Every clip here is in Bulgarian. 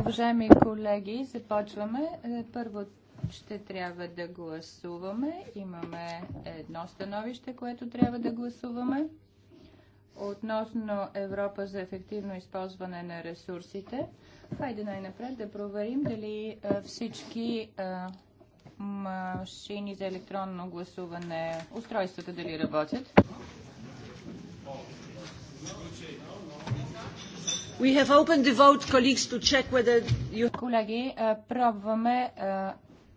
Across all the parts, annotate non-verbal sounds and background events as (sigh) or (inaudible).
Уважаеми колеги, започваме. Е, първо ще трябва да гласуваме. Имаме едно становище, което трябва да гласуваме относно Европа за ефективно използване на ресурсите. Хайде най-напред да проверим дали е, всички е, машини за електронно гласуване, устройствата дали работят. We have opened the vote, colleagues, to check whether you... Колеги, пробваме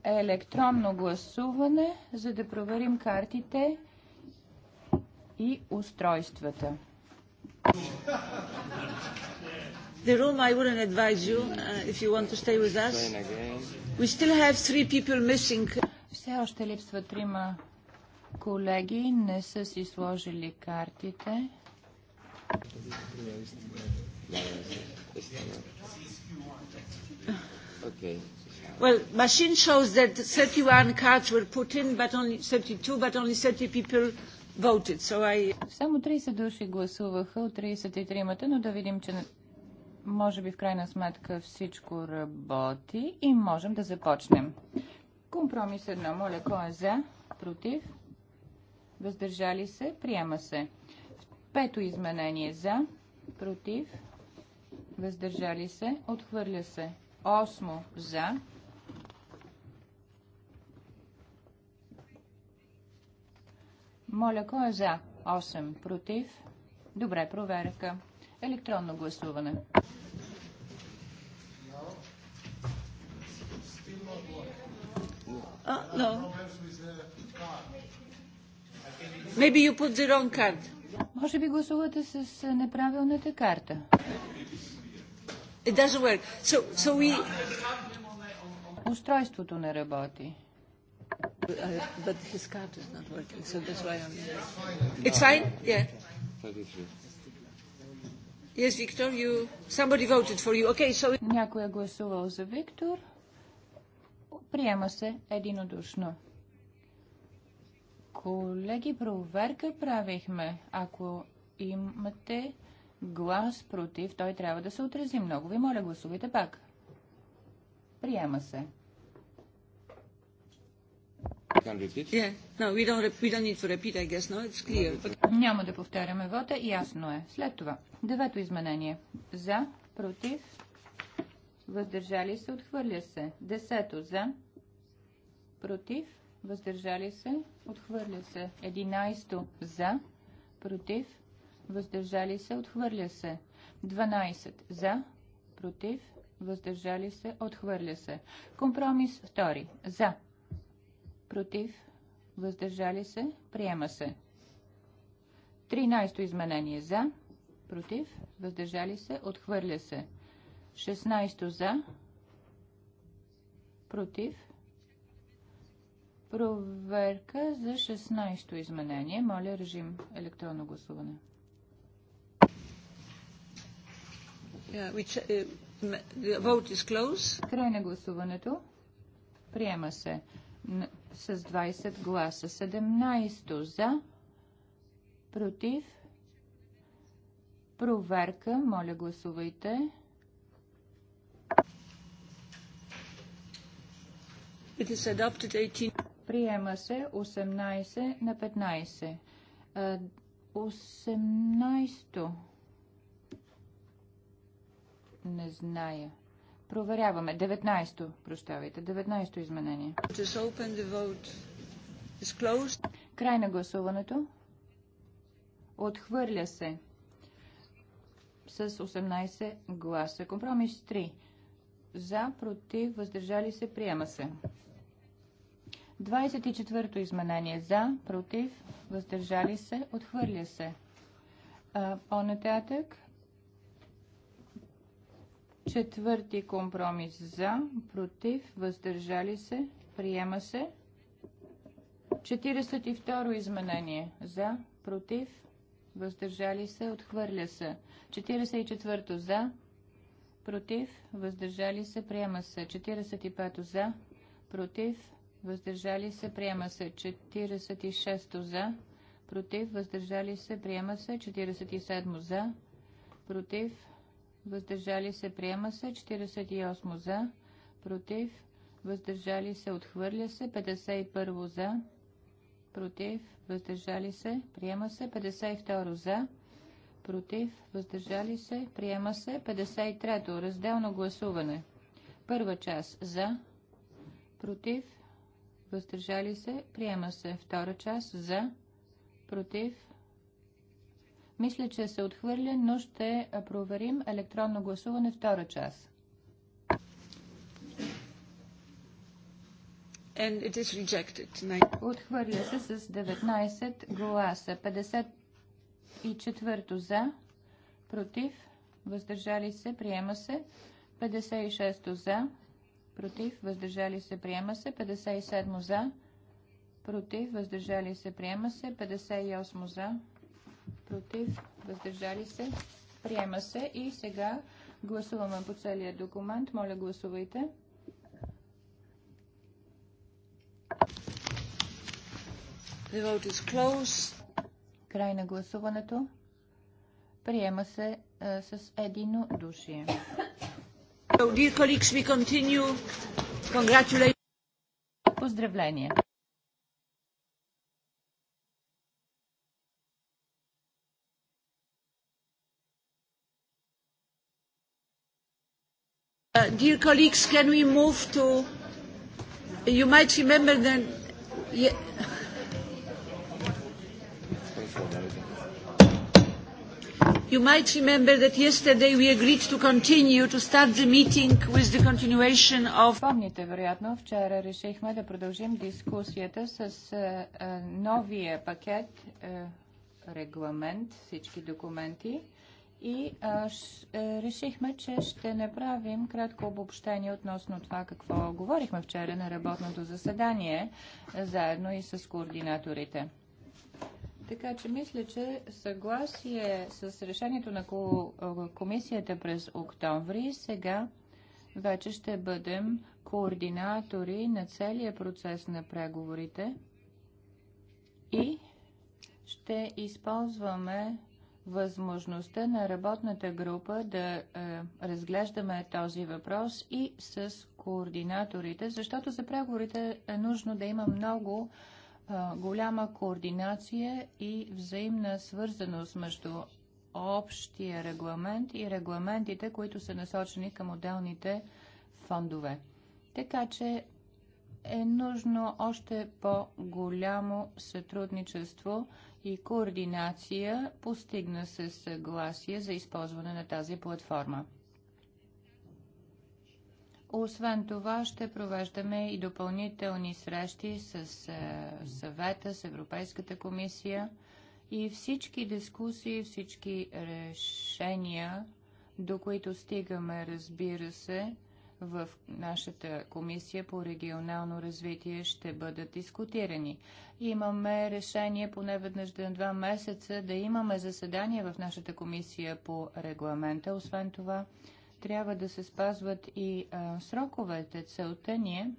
електронно гласуване, за да проверим картите и устройствата. The room, I wouldn't advise you, uh, if you want to stay with us. We still have three people missing. Все още липсват трима колеги, не са си сложили картите. Okay. Well, machine shows that 31 cards were put in, but only 32, but only 30 people voted. So I... Само 30 души гласуваха от 33-мата, но да видим, че може би в крайна сметка всичко работи и можем да започнем. Компромис едно. Моля, кой е за? Против? Въздържали се? Приема се. Пето изменение за? Против? Против? въздържали се, отхвърля се. Осмо за. Моля, кой е за? 8 против. Добре, проверка. Електронно гласуване. Uh, no. Maybe you put the wrong card. Може би гласувате с неправилната карта. It doesn't work. So, so we... Устройството не работи. Uh, but his card is not working, so that's why I'm... It's fine? Yeah. Yes, Victor, you... Somebody voted for you. Okay, so... Някой е гласувал за Виктор. Приема се единодушно. Колеги, проверка правихме. Ако имате глас против, той трябва да се отрази. Много ви моля, гласувайте пак. Приема се. Няма да повтаряме вода, ясно е. След това, девето изменение. За, против, въздържали се, отхвърля се. Десето, за, против, въздържали се, отхвърля се. Единайсто, за, против, въздържали се, отхвърля се. 12 за, против, въздържали се, отхвърля се. Компромис 2 за, против, въздържали се, приема се. 13 изменение за, против, въздържали се, отхвърля се. 16 за, против. Проверка за 16-то изменение. Моля, режим електронно гласуване. Uh, Край на гласуването. Приема се с 20 гласа. 17 за, против, проверка. Моля, гласувайте. Приема се 18 на 15. 18. Е, не зная. Проверяваме. 19-то, прощавайте. 19-то изменение. Край на гласуването. Отхвърля се с 18 гласа. Компромис 3. За, против, въздържали се, приема се. 24-то изменение. За, против, въздържали се, отхвърля се. По-нататък Четвърти компромис за, против, въздържали се, приема се. 42 изменение за, против, въздържали се, отхвърля се. 44 за, против, въздържали се, приема се. 45 за, против, въздържали се, приема се. 46 за, против, въздържали се, приема се. 47 за, против, въздържали се, приема се. 48 за, против, въздържали се, отхвърля се. 51 за, против, въздържали се, приема се. 52 за, против, въздържали се, приема се. 53 разделно гласуване. Първа част за, против, въздържали се, приема се. Втора част за, против, мисля, че се отхвърля, но ще проверим електронно гласуване втора част. And it is rejected. Отхвърля се с 19 гласа. 54 за, против, въздържали се, приема се. 56 за, против, въздържали се, приема се. 57 за, против, въздържали се, приема се. 58 за, против, въздържали се, приема се. И сега гласуваме по целия документ. Моля, гласувайте. The vote is closed. Край на гласуването. Приема се а, е, с едино душие. So, dear colleagues, we continue. Congratulations. Поздравления. dear colleagues, can we move to? You might remember that. Yeah. You might remember that yesterday we agreed to continue to start the meeting with the continuation of. Помните, вероятно, вчера решихме да продължим дискусията с uh, новия пакет uh, регламент, всички документи и а, ш, е, решихме, че ще направим кратко обобщение относно това какво говорихме вчера на работното заседание, заедно и с координаторите. Така че мисля, че съгласие с решението на комисията през октомври, сега вече ще бъдем координатори на целия процес на преговорите и ще използваме възможността на работната група да е, разглеждаме този въпрос и с координаторите, защото за преговорите е нужно да има много е, голяма координация и взаимна свързаност между общия регламент и регламентите, които са насочени към отделните фондове. Така че е нужно още по-голямо сътрудничество и координация постигна се съгласие за използване на тази платформа. Освен това, ще провеждаме и допълнителни срещи с е, съвета, с Европейската комисия и всички дискусии, всички решения, до които стигаме, разбира се, в нашата комисия по регионално развитие ще бъдат дискутирани. Имаме решение поне веднъж на два месеца да имаме заседание в нашата комисия по регламента. Освен това, трябва да се спазват и а, сроковете. Целта ни е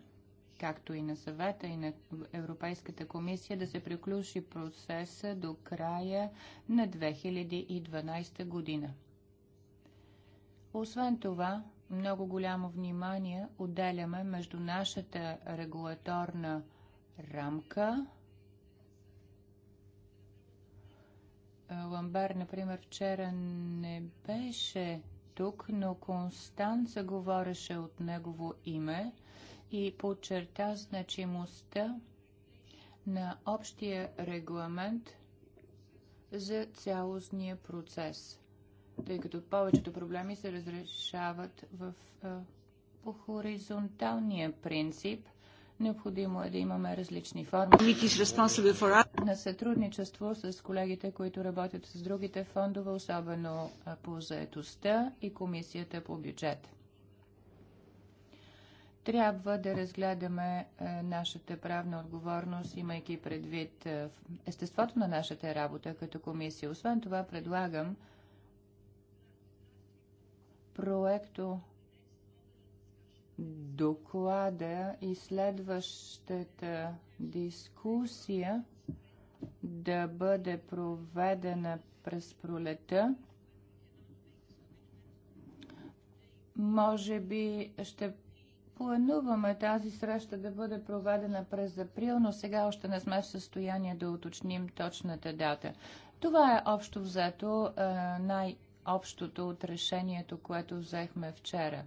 както и на съвета и на Европейската комисия да се приключи процеса до края на 2012 година. Освен това, много голямо внимание отделяме между нашата регулаторна рамка. Е, Ламбер, например, вчера не беше тук, но Констанца говореше от негово име и подчерта значимостта на общия регламент за цялостния процес – тъй като повечето проблеми се разрешават в, по хоризонталния принцип. Необходимо е да имаме различни форми на сътрудничество с колегите, които работят с другите фондове, особено по заетостта и комисията по бюджет трябва да разгледаме нашата правна отговорност, имайки предвид естеството на нашата работа като комисия. Освен това предлагам проекто доклада и следващата дискусия да бъде проведена през пролета. Може би ще плануваме тази среща да бъде проведена през април, но сега още не сме в състояние да уточним точната дата. Това е общо взето е, най- общото от решението, което взехме вчера.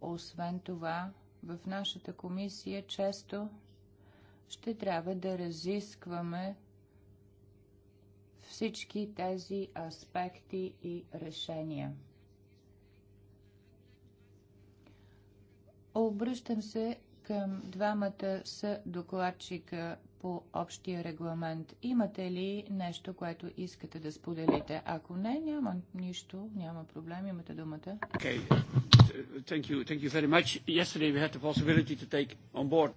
Освен това, в нашата комисия често ще трябва да разискваме всички тези аспекти и решения. Обръщам се към двамата са докладчика по общия регламент. Имате ли нещо, което искате да споделите? Ако не, няма нищо, няма проблем, имате думата. Okay. Thank you. Thank you very much. Yesterday we had the possibility to take on board.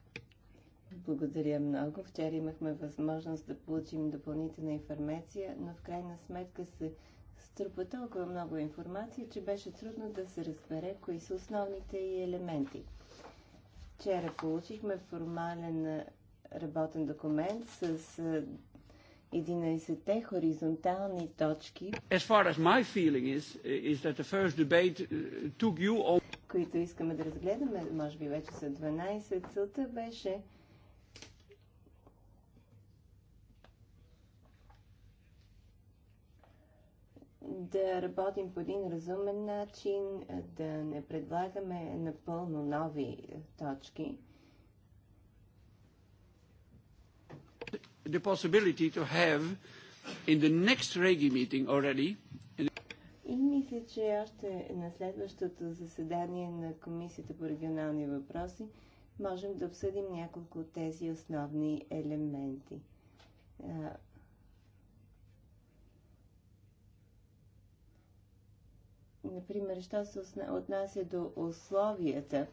Благодаря много. Вчера имахме възможност да получим допълнителна информация, но в крайна сметка се струпа толкова много информация, че беше трудно да се разбере кои са основните и елементи. Вчера получихме формален работен документ с 11-те е, хоризонтални точки, as far as my feeling is, is that the first debate uh, took you on... които искаме да разгледаме, може би вече са 12. Целта беше да работим по един разумен начин, да не предлагаме напълно нови е, точки – the possibility to have in the next Regi meeting already. И мисля, че още на следващото заседание на Комисията по регионални въпроси можем да обсъдим няколко от тези основни елементи. Например, що се отнася до условията,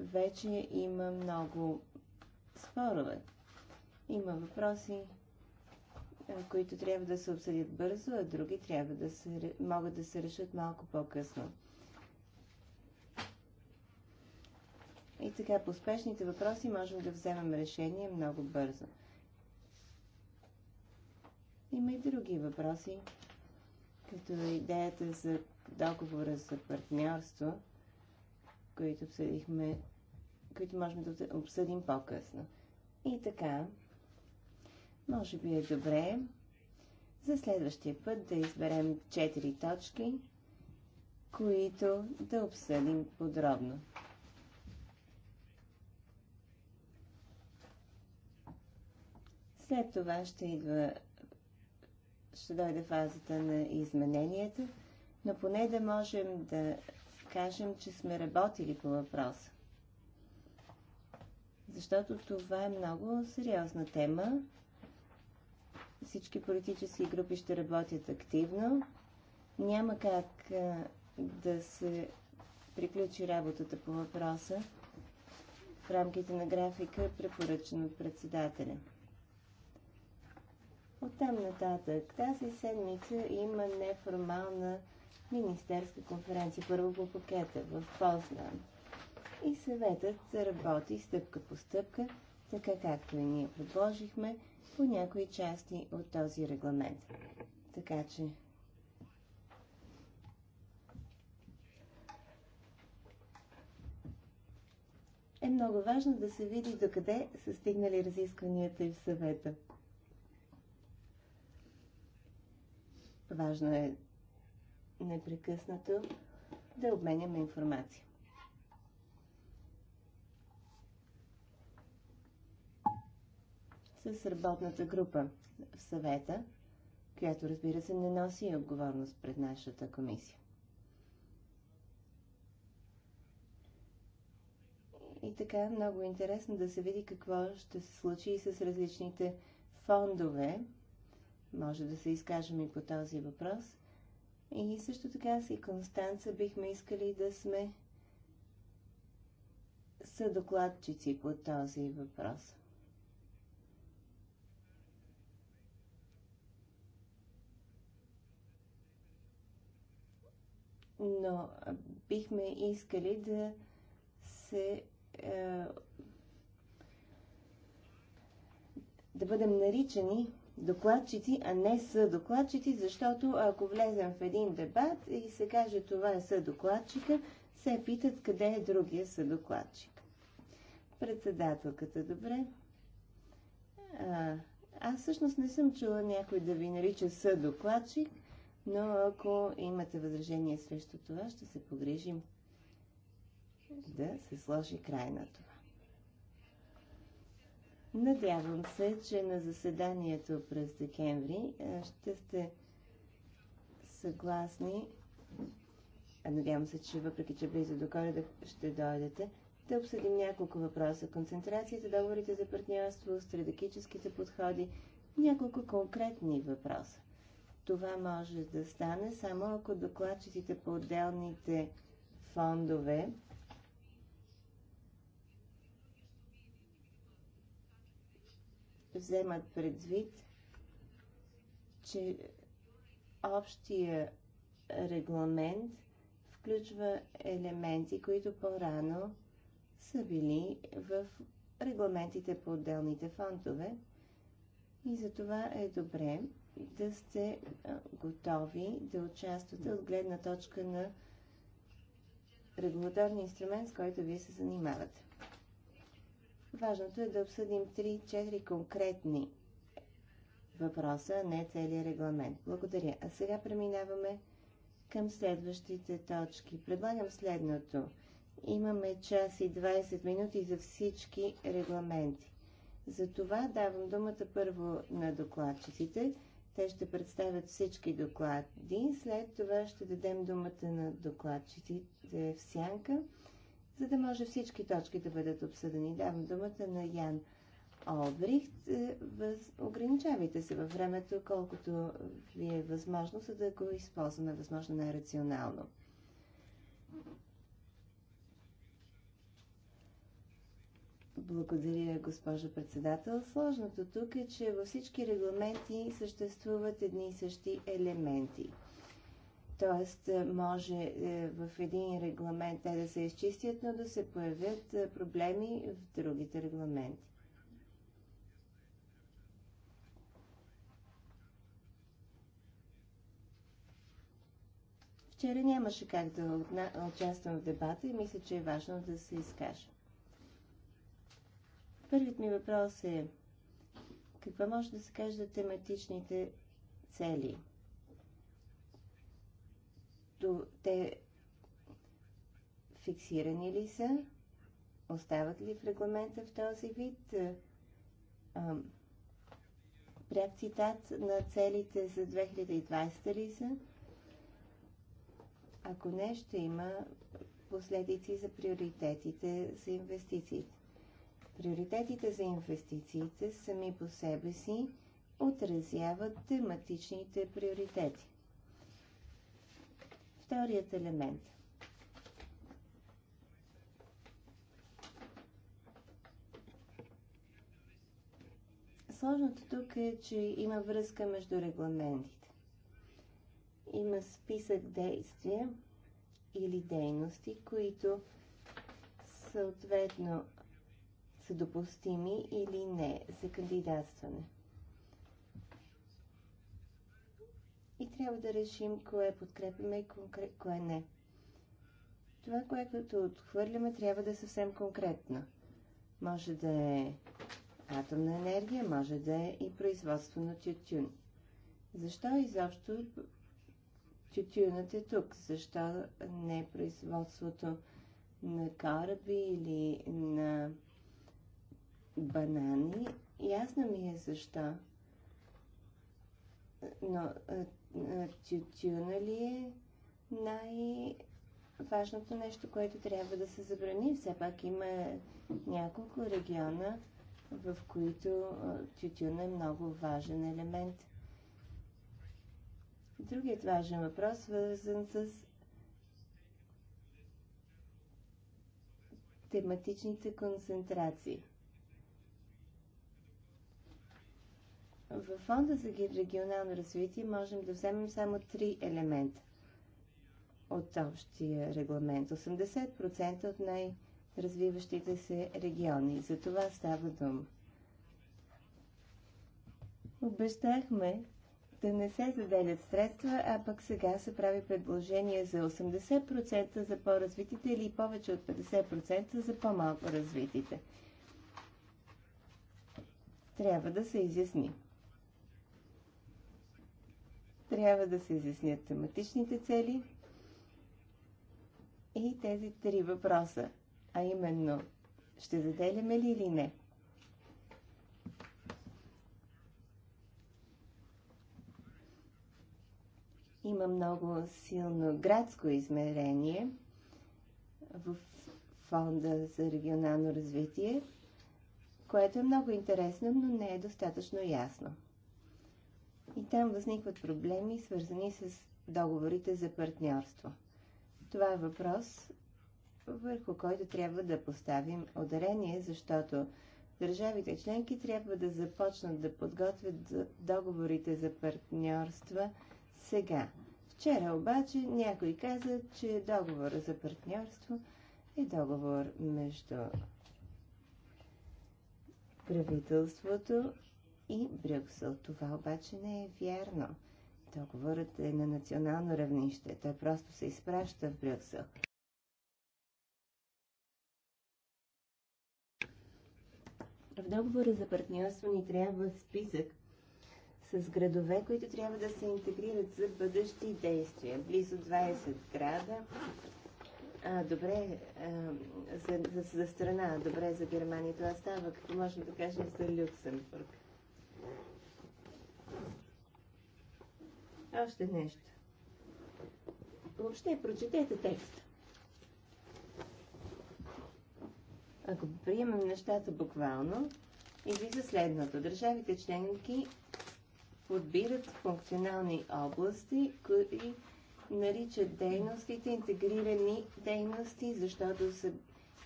вече има много спорове. Има въпроси, е, които трябва да се обсъдят бързо, а други трябва да се, могат да се решат малко по-късно. И така, по спешните въпроси можем да вземем решение много бързо. Има и други въпроси, като идеята за договора за партньорство, които обсъдихме, които можем да обсъдим по-късно. И така, може би е добре за следващия път да изберем четири точки, които да обсъдим подробно. След това ще идва ще дойде фазата на измененията, но поне да можем да кажем, че сме работили по въпроса. Защото това е много сериозна тема, всички политически групи ще работят активно. Няма как да се приключи работата по въпроса в рамките на графика, препоръчен от председателя. Оттам нататък тази седмица има неформална министерска конференция, първо по пакета в Познан. И съветът работи стъпка по стъпка, така както и ние предложихме – по някои части от този регламент. Така че е много важно да се види до къде са стигнали разискванията и в съвета. Важно е непрекъснато да обменяме информация. с работната група в съвета, която разбира се не носи отговорност пред нашата комисия. И така много интересно да се види какво ще се случи и с различните фондове. Може да се изкажем и по този въпрос. И също така с и Констанца бихме искали да сме съдокладчици по този въпрос. но бихме искали да се е, да бъдем наричани докладчици, а не са докладчици, защото ако влезем в един дебат и се каже това е съдокладчика, се питат къде е другия съдокладчик. Председателката, добре. А, аз всъщност не съм чула някой да ви нарича съдокладчик, но ако имате възражение срещу това, ще се погрижим да се сложи край на това. Надявам се, че на заседанието през декември ще сте съгласни, а надявам се, че въпреки, че близо до коледа ще дойдете, да обсъдим няколко въпроса. Концентрацията, договорите за партньорство, стратегическите подходи, няколко конкретни въпроса. Това може да стане само ако докладчиците по отделните фондове вземат предвид, че общия регламент включва елементи, които по-рано са били в регламентите по отделните фондове и за това е добре да сте готови да участвате от гледна точка на регулаторния инструмент, с който вие се занимавате. Важното е да обсъдим 3-4 конкретни въпроса, а не целият регламент. Благодаря. А сега преминаваме към следващите точки. Предлагам следното. Имаме час и 20 минути за всички регламенти. Затова давам думата първо на докладчиците, те ще представят всички доклади. След това ще дадем думата на докладчиците в сянка, за да може всички точки да бъдат обсъдени. Давам думата на Ян Обрихт. Е, ограничавайте се във времето, колкото ви е възможно, за да го използваме възможно най-рационално. Благодаря, госпожо председател. Сложното тук е, че във всички регламенти съществуват едни и същи елементи. Тоест, е, може е, в един регламент те да се изчистят, но да се появят е, проблеми в другите регламенти. Вчера нямаше как да участвам в дебата и мисля, че е важно да се изкажа. Първият ми въпрос е какво може да се каже за тематичните цели? Те фиксирани ли са? Остават ли в регламента в този вид? Пряк цитат на целите за 2020 ли са? Ако не, ще има последици за приоритетите за инвестициите. Приоритетите за инвестициите сами по себе си отразяват тематичните приоритети. Вторият елемент. Сложното тук е, че има връзка между регламентите. Има списък действия или дейности, които съответно са допустими или не за кандидатстване. И трябва да решим кое подкрепяме и кое не. Това, което отхвърляме, трябва да е съвсем конкретно. Може да е атомна енергия, може да е и производство на тютюн. Защо изобщо тютюнът е тук? Защо не производството на кораби или на банани. Ясно ми е защо. Но тютюна ли е най-важното нещо, което трябва да се забрани? Все пак има няколко региона, в които тютюна е много важен елемент. Другият важен въпрос, свързан с тематичните концентрации. В фонда за регионално развитие можем да вземем само три елемента от общия регламент. 80% от най-развиващите се региони. За това става дума. Обещахме да не се заделят средства, а пък сега се прави предложение за 80% за по-развитите или повече от 50% за по-малко развитите. Трябва да се изясни трябва да се изяснят тематичните цели и тези три въпроса, а именно ще заделяме ли или не. Има много силно градско измерение в Фонда за регионално развитие, което е много интересно, но не е достатъчно ясно и там възникват проблеми, свързани с договорите за партньорство. Това е въпрос, върху който трябва да поставим ударение, защото държавите членки трябва да започнат да подготвят договорите за партньорства сега. Вчера обаче някой каза, че договор за партньорство е договор между правителството и Брюксел. Това обаче не е вярно. Договорът е на национално равнище. Той просто се изпраща в Брюксел. В договора за партньорство ни трябва списък с градове, които трябва да се интегрират за бъдещи действия. Близо 20 града. А, добре, а, за, за, за страна, добре за Германия. Това става, като можем да кажем, за Люксембург. Още нещо. Въобще, прочетете текста. Ако приемем нещата буквално, излиза следното. Държавите членки подбират функционални области, които наричат дейностите интегрирани дейности, защото са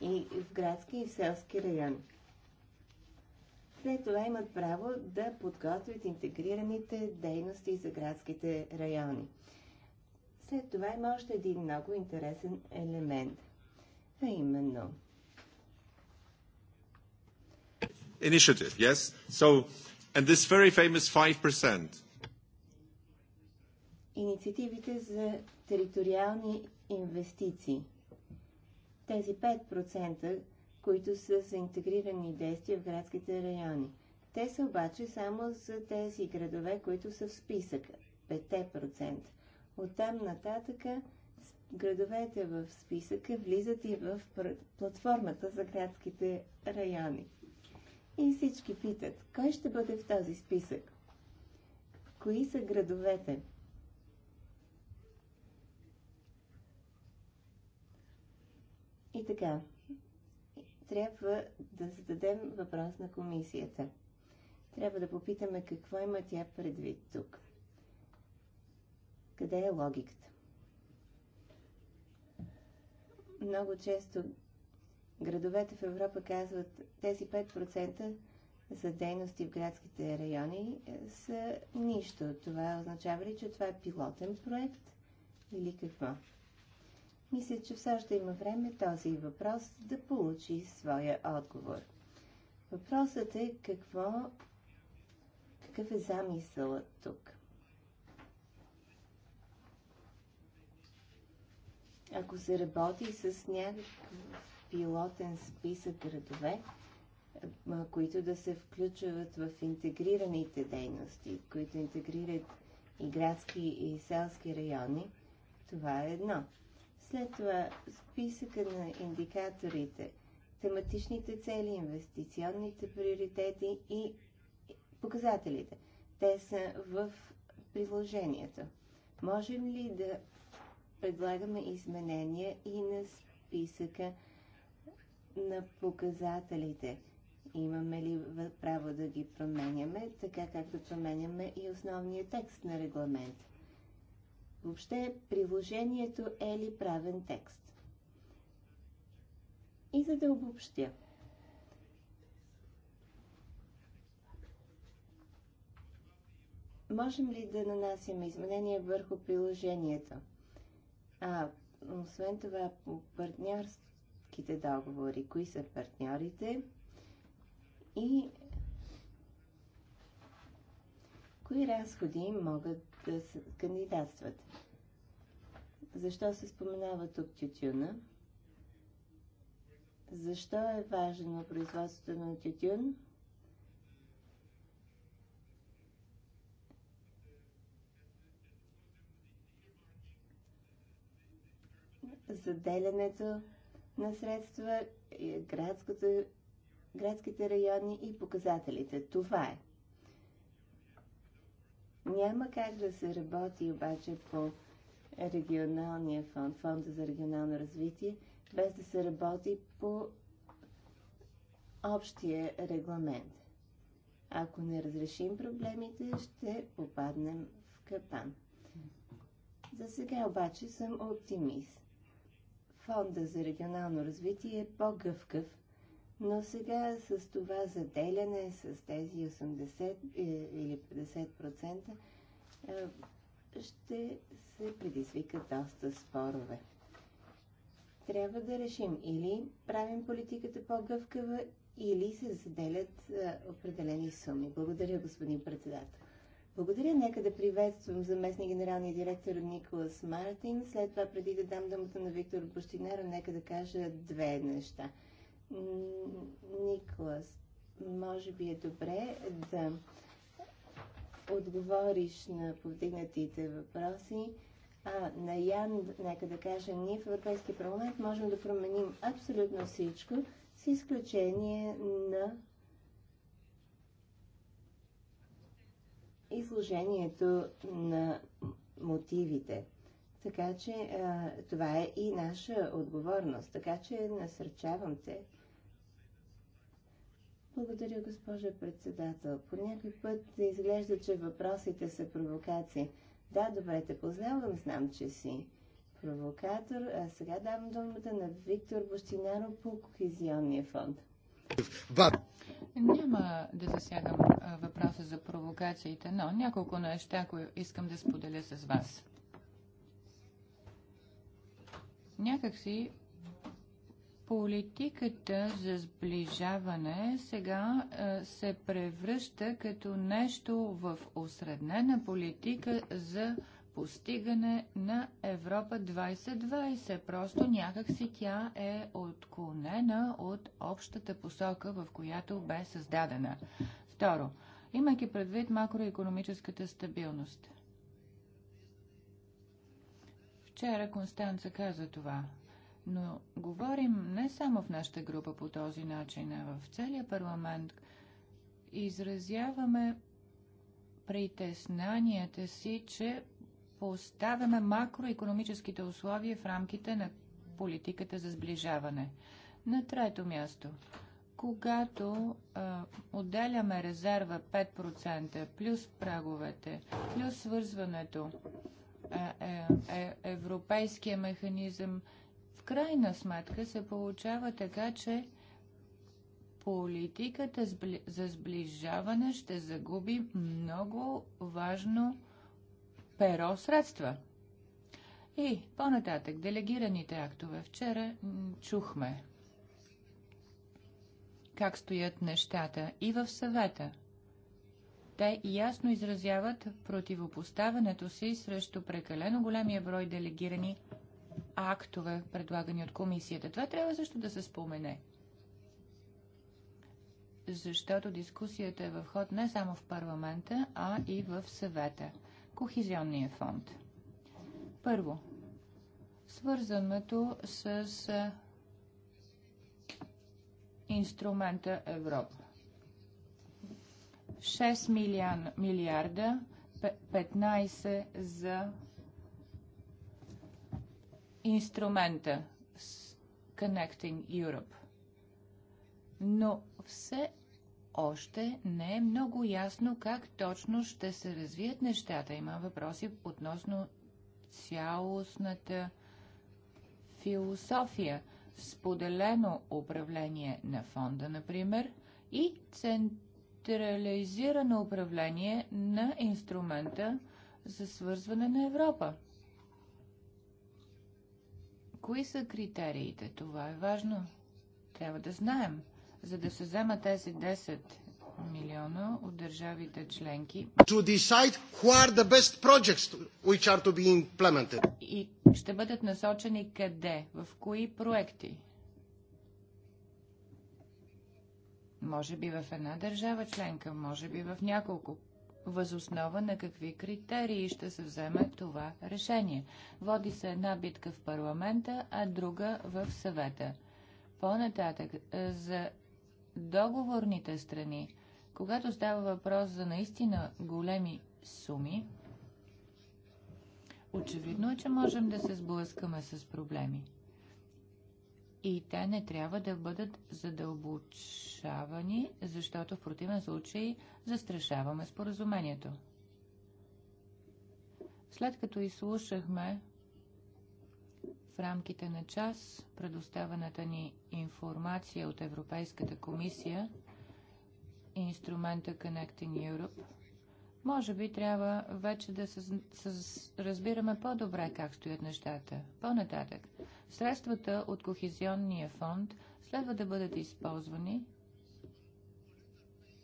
и в градски, и в селски райони след това имат право да подготвят интегрираните дейности за градските райони. След това има още един много интересен елемент, а именно initiative, yes? So, and this very famous 5%. Инициативите за териториални инвестиции. Тези 5% които са за интегрирани действия в градските райони. Те са обаче само за тези градове, които са в списъка 5%. Оттам нататъка градовете в списъка влизат и в платформата за градските райони. И всички питат, кой ще бъде в този списък? Кои са градовете? И така, трябва да зададем въпрос на комисията. Трябва да попитаме какво има тя предвид тук. Къде е логиката? Много често градовете в Европа казват, тези 5% за дейности в градските райони е, са нищо. Това означава ли, че това е пилотен проект или какво? Мисля, че все още има време този въпрос да получи своя отговор. Въпросът е какво, какъв е замисълът тук. Ако се работи с някакъв пилотен списък градове, които да се включват в интегрираните дейности, които интегрират и градски и селски райони, това е едно. След това списъка на индикаторите, тематичните цели, инвестиционните приоритети и показателите. Те са в приложението. Можем ли да предлагаме изменения и на списъка на показателите? Имаме ли право да ги променяме, така както променяме и основния текст на регламента? Въобще, приложението е ли правен текст? И за да обобщя. Можем ли да нанасяме изменения върху приложението? А, освен това, партньорските договори, кои са партньорите и кои разходи могат да кандидатстват. Защо се споменава тук тютюна? Защо е важно производството на тютюн? заделянето на средства, градските райони и показателите. Това е. Няма как да се работи обаче по регионалния фонд, фонда за регионално развитие, без да се работи по общия регламент. Ако не разрешим проблемите, ще попаднем в капан. За сега обаче съм оптимист. Фонда за регионално развитие е по-гъвкав но сега с това заделяне, с тези 80 е, или 50%, е, ще се предизвикат доста спорове. Трябва да решим или правим политиката по-гъвкава, или се заделят е, определени суми. Благодаря, господин председател. Благодаря. Нека да приветствам заместни генералния директор Николас Мартин. След това, преди да дам думата на Виктор Бощинаро, нека да кажа две неща. Никлас, може би е добре да отговориш на повдигнатите въпроси. А, на Ян, нека да кажа, ние в Европейския парламент можем да променим абсолютно всичко, с изключение на изложението на мотивите. Така че а, това е и наша отговорност. Така че насърчавам те благодаря, госпожа председател. По някой път изглежда, че въпросите са провокации. Да, добре те познавам, знам, че си провокатор. А сега давам думата на Виктор Бощинаро по Кохезионния фонд. Няма да засягам въпроса за провокациите, но няколко неща, които искам да споделя с вас. Някакси Политиката за сближаване сега е, се превръща като нещо в осреднена политика за постигане на Европа 2020. Просто някакси тя е отклонена от общата посока, в която бе създадена. Второ, имайки предвид макроекономическата стабилност. Вчера Констанца каза това. Но говорим не само в нашата група по този начин, а в целия парламент. Изразяваме притеснанията си, че поставяме макроекономическите условия в рамките на политиката за сближаване. На трето място, когато а, отделяме резерва 5%, плюс праговете, плюс свързването, е, е, европейския механизъм в крайна сметка се получава така, че политиката за сближаване ще загуби много важно перо средства. И по-нататък, делегираните актове. Вчера чухме как стоят нещата и в съвета. Те ясно изразяват противопоставането си срещу прекалено големия брой делегирани актове, предлагани от комисията. Това трябва също да се спомене. Защото дискусията е в ход не само в парламента, а и в съвета. Кохизионния фонд. Първо, свързаното с инструмента Европа. 6 милиарда, 15 за инструмента Connecting Europe. Но все още не е много ясно как точно ще се развият нещата. Има въпроси относно цялостната философия, споделено управление на фонда, например, и централизирано управление на инструмента за свързване на Европа. Кои са критериите? Това е важно. Трябва да знаем. За да се взема тези 10 милиона от държавите членки. To decide who are the best projects which are to be implemented. И ще бъдат насочени къде? В кои проекти? Може би в една държава членка, може би в няколко възоснова на какви критерии ще се вземе това решение. Води се една битка в парламента, а друга в съвета. По-нататък, е, за договорните страни, когато става въпрос за наистина големи суми, очевидно е, че можем да се сблъскаме с проблеми и те не трябва да бъдат задълбочавани, защото в противен случай застрашаваме споразумението. След като изслушахме в рамките на час предоставената ни информация от Европейската комисия и инструмента Connecting Europe, може би трябва вече да с, с, разбираме по-добре как стоят нещата. По-нататък. Средствата от Кохезионния фонд следва да бъдат използвани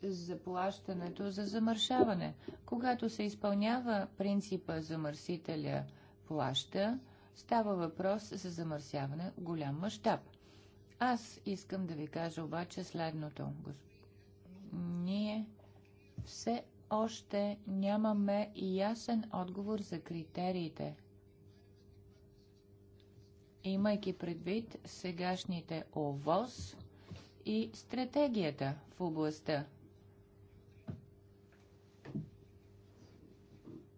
заплащането за замършаване. Когато се изпълнява принципа замърсителя плаща, става въпрос за замърсяване в голям мащаб. Аз искам да ви кажа обаче следното. Ние все още нямаме ясен отговор за критериите, имайки предвид сегашните ОВОС и стратегията в областта.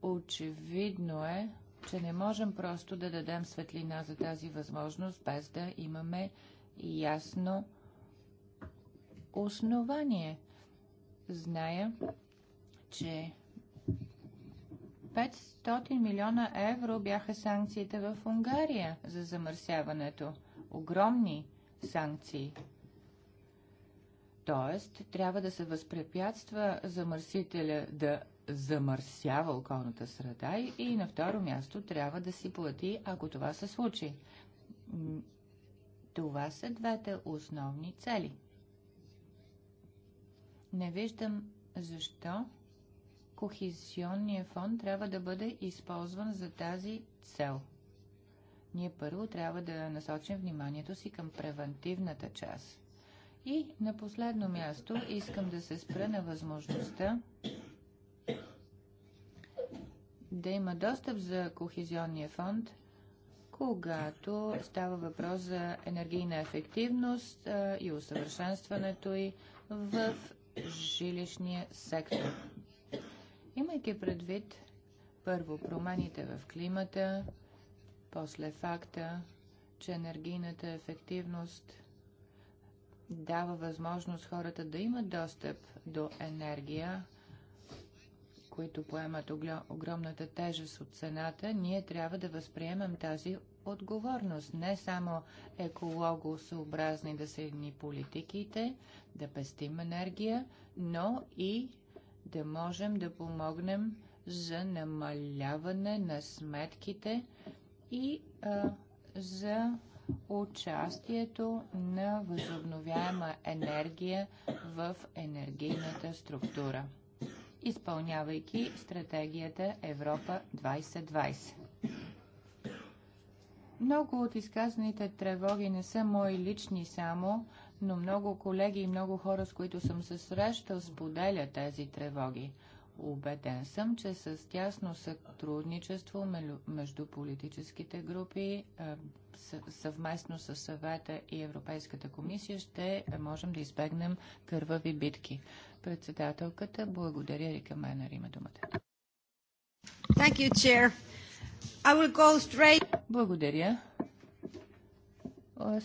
Очевидно е, че не можем просто да дадем светлина за тази възможност, без да имаме ясно основание. Зная, че 500 милиона евро бяха санкциите в Унгария за замърсяването. Огромни санкции. Тоест, трябва да се възпрепятства замърсителя да замърсява околната среда и на второ място трябва да си плати, ако това се случи. Това са двете основни цели. Не виждам защо Кохезионният фонд трябва да бъде използван за тази цел. Ние първо трябва да насочим вниманието си към превентивната част. И на последно място искам да се спра на възможността да има достъп за Кохезионния фонд когато става въпрос за енергийна ефективност и усъвършенстването й в жилищния сектор. Имайки предвид първо промените в климата, после факта, че енергийната ефективност дава възможност хората да имат достъп до енергия, които поемат огромната тежест от цената, ние трябва да възприемем тази отговорност. Не само екологосъобразни да са ни политиките, да пестим енергия, но и да можем да помогнем за намаляване на сметките и а, за участието на възобновяема енергия в енергийната структура, изпълнявайки стратегията Европа 2020. Много от изказаните тревоги не са мои лични само, но много колеги и много хора, с които съм се срещал, споделят тези тревоги. Убеден съм, че с тясно сътрудничество между политическите групи, е, съвместно с съвета и Европейската комисия, ще можем да избегнем кървави битки. Председателката, благодаря Рика Менер, има думата. Thank you, chair. I will go straight... Благодаря.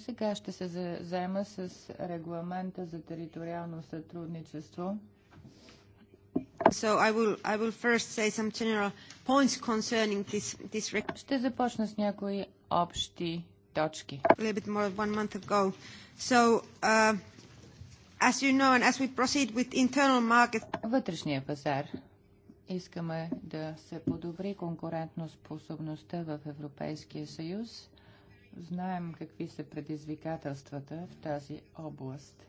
Сега ще се заема с регламента за териториално сътрудничество. So I will, I will first say some general points concerning this, this... Ще започна с някои общи точки. A little bit more than one month ago. So, uh, as you know and as we proceed with internal market... Вътрешния пазар. Искаме да се подобри конкурентно способността в Европейския съюз Знаем какви са предизвикателствата в тази област.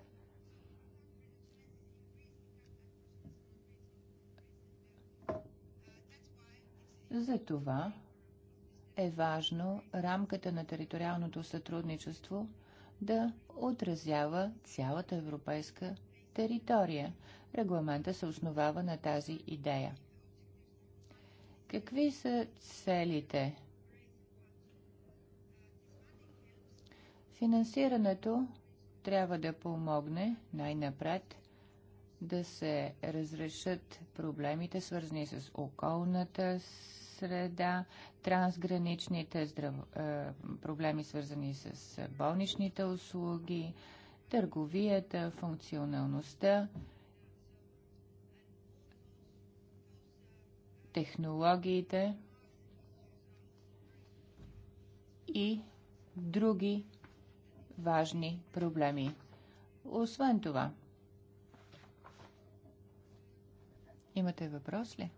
Затова е важно рамката на териториалното сътрудничество да отразява цялата европейска територия. Регламента се основава на тази идея. Какви са целите Финансирането трябва да помогне най-напред да се разрешат проблемите, свързани с околната среда, трансграничните здрав... Е, проблеми, свързани с болничните услуги, търговията, функционалността, технологиите и други важни проблеми. Освен това, имате въпрос ли?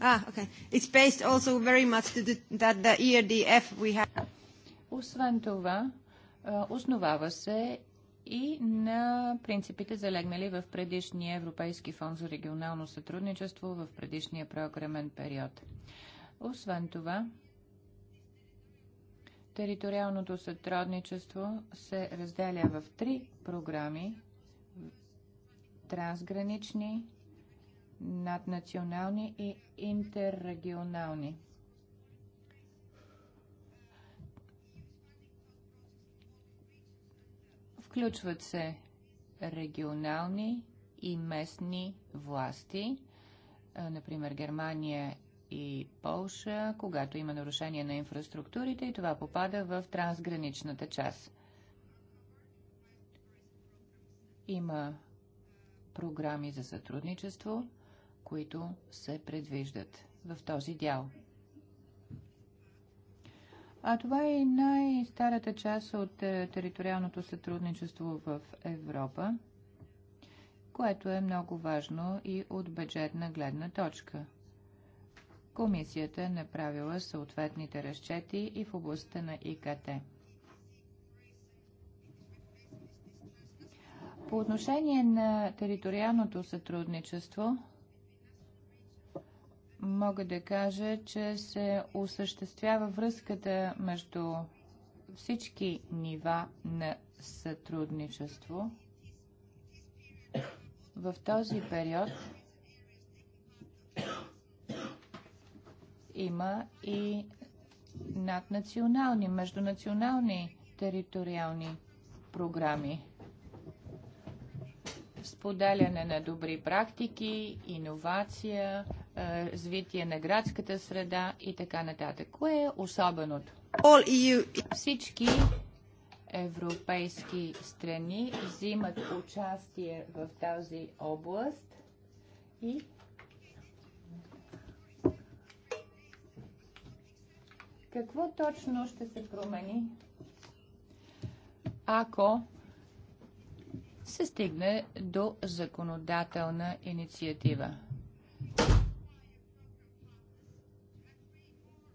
Ah, okay. It's based also very much to the, that the ERDF we have. Освен това, основава се и на принципите залегнали в предишния Европейски фонд за регионално сътрудничество в предишния програмен период. Освен това, Териториалното сътрудничество се разделя в три програми трансгранични, наднационални и интеррегионални. Включват се регионални и местни власти. Например, Германия и Полша, когато има нарушение на инфраструктурите и това попада в трансграничната част. Има програми за сътрудничество, които се предвиждат в този дял. А това е най-старата част от е, териториалното сътрудничество в Европа, което е много важно и от бюджетна гледна точка – Комисията е направила съответните разчети и в областта на ИКТ. По отношение на териториалното сътрудничество, мога да кажа, че се осъществява връзката между всички нива на сътрудничество. В този период има и наднационални, междунационални териториални програми. Споделяне на добри практики, иновация, е, развитие на градската среда и така нататък. Кое е особеното? Всички европейски страни взимат участие в тази област и Какво точно ще се промени, ако се стигне до законодателна инициатива?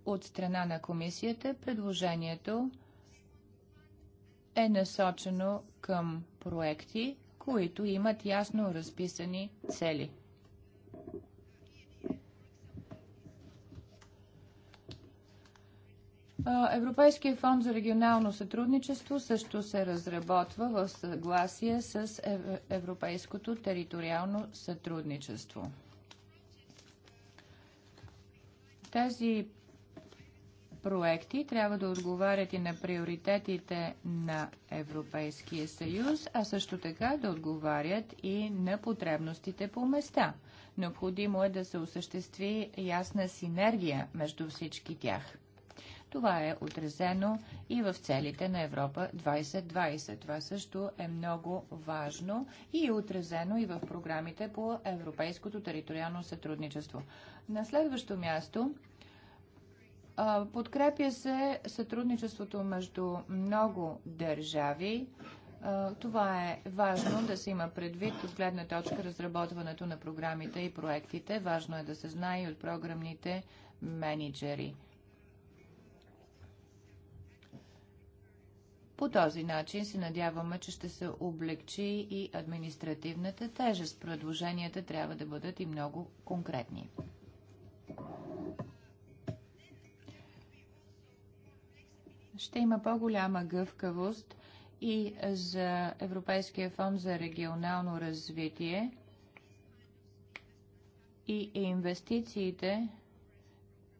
От страна на комисията предложението е насочено към проекти, които имат ясно разписани цели – Европейския фонд за регионално сътрудничество също се разработва в съгласие с Европейското териториално сътрудничество. Тези проекти трябва да отговарят и на приоритетите на Европейския съюз, а също така да отговарят и на потребностите по места. Необходимо е да се осъществи ясна синергия между всички тях. Това е отразено и в целите на Европа 2020. Това също е много важно и е отразено и в програмите по Европейското териториално сътрудничество. На следващо място подкрепя се сътрудничеството между много държави. Това е важно да се има предвид от гледна точка разработването на програмите и проектите. Важно е да се знае и от програмните менеджери – По този начин се надяваме, че ще се облегчи и административната тежест. Предложенията трябва да бъдат и много конкретни. Ще има по-голяма гъвкавост и за Европейския фонд за регионално развитие и инвестициите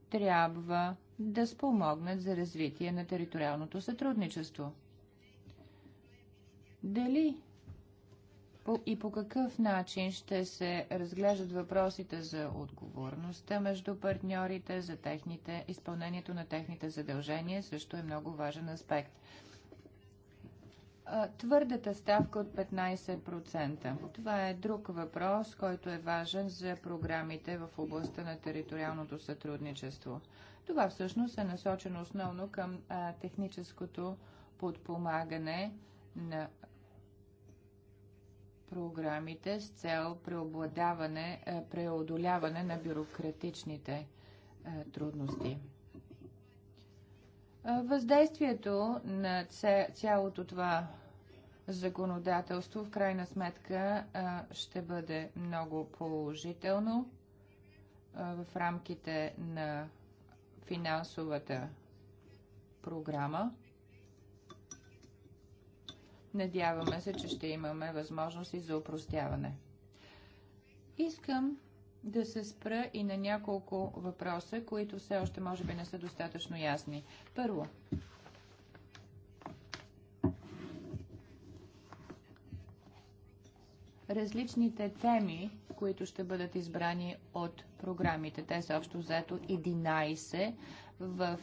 трябва да спомогнат за развитие на териториалното сътрудничество. Дали и по какъв начин ще се разглеждат въпросите за отговорността между партньорите, за техните, изпълнението на техните задължения също е много важен аспект. Твърдата ставка от 15%. Това е друг въпрос, който е важен за програмите в областта на териториалното сътрудничество. Това всъщност е насочено основно към техническото подпомагане на програмите с цел е, преодоляване на бюрократичните е, трудности. Е, въздействието на цялото това законодателство в крайна сметка ще бъде много положително в рамките на финансовата програма. Надяваме се, че ще имаме възможности за упростяване. Искам да се спра и на няколко въпроса, които все още може би не са достатъчно ясни. Първо, различните теми, които ще бъдат избрани от програмите. Те са общо взето 11 в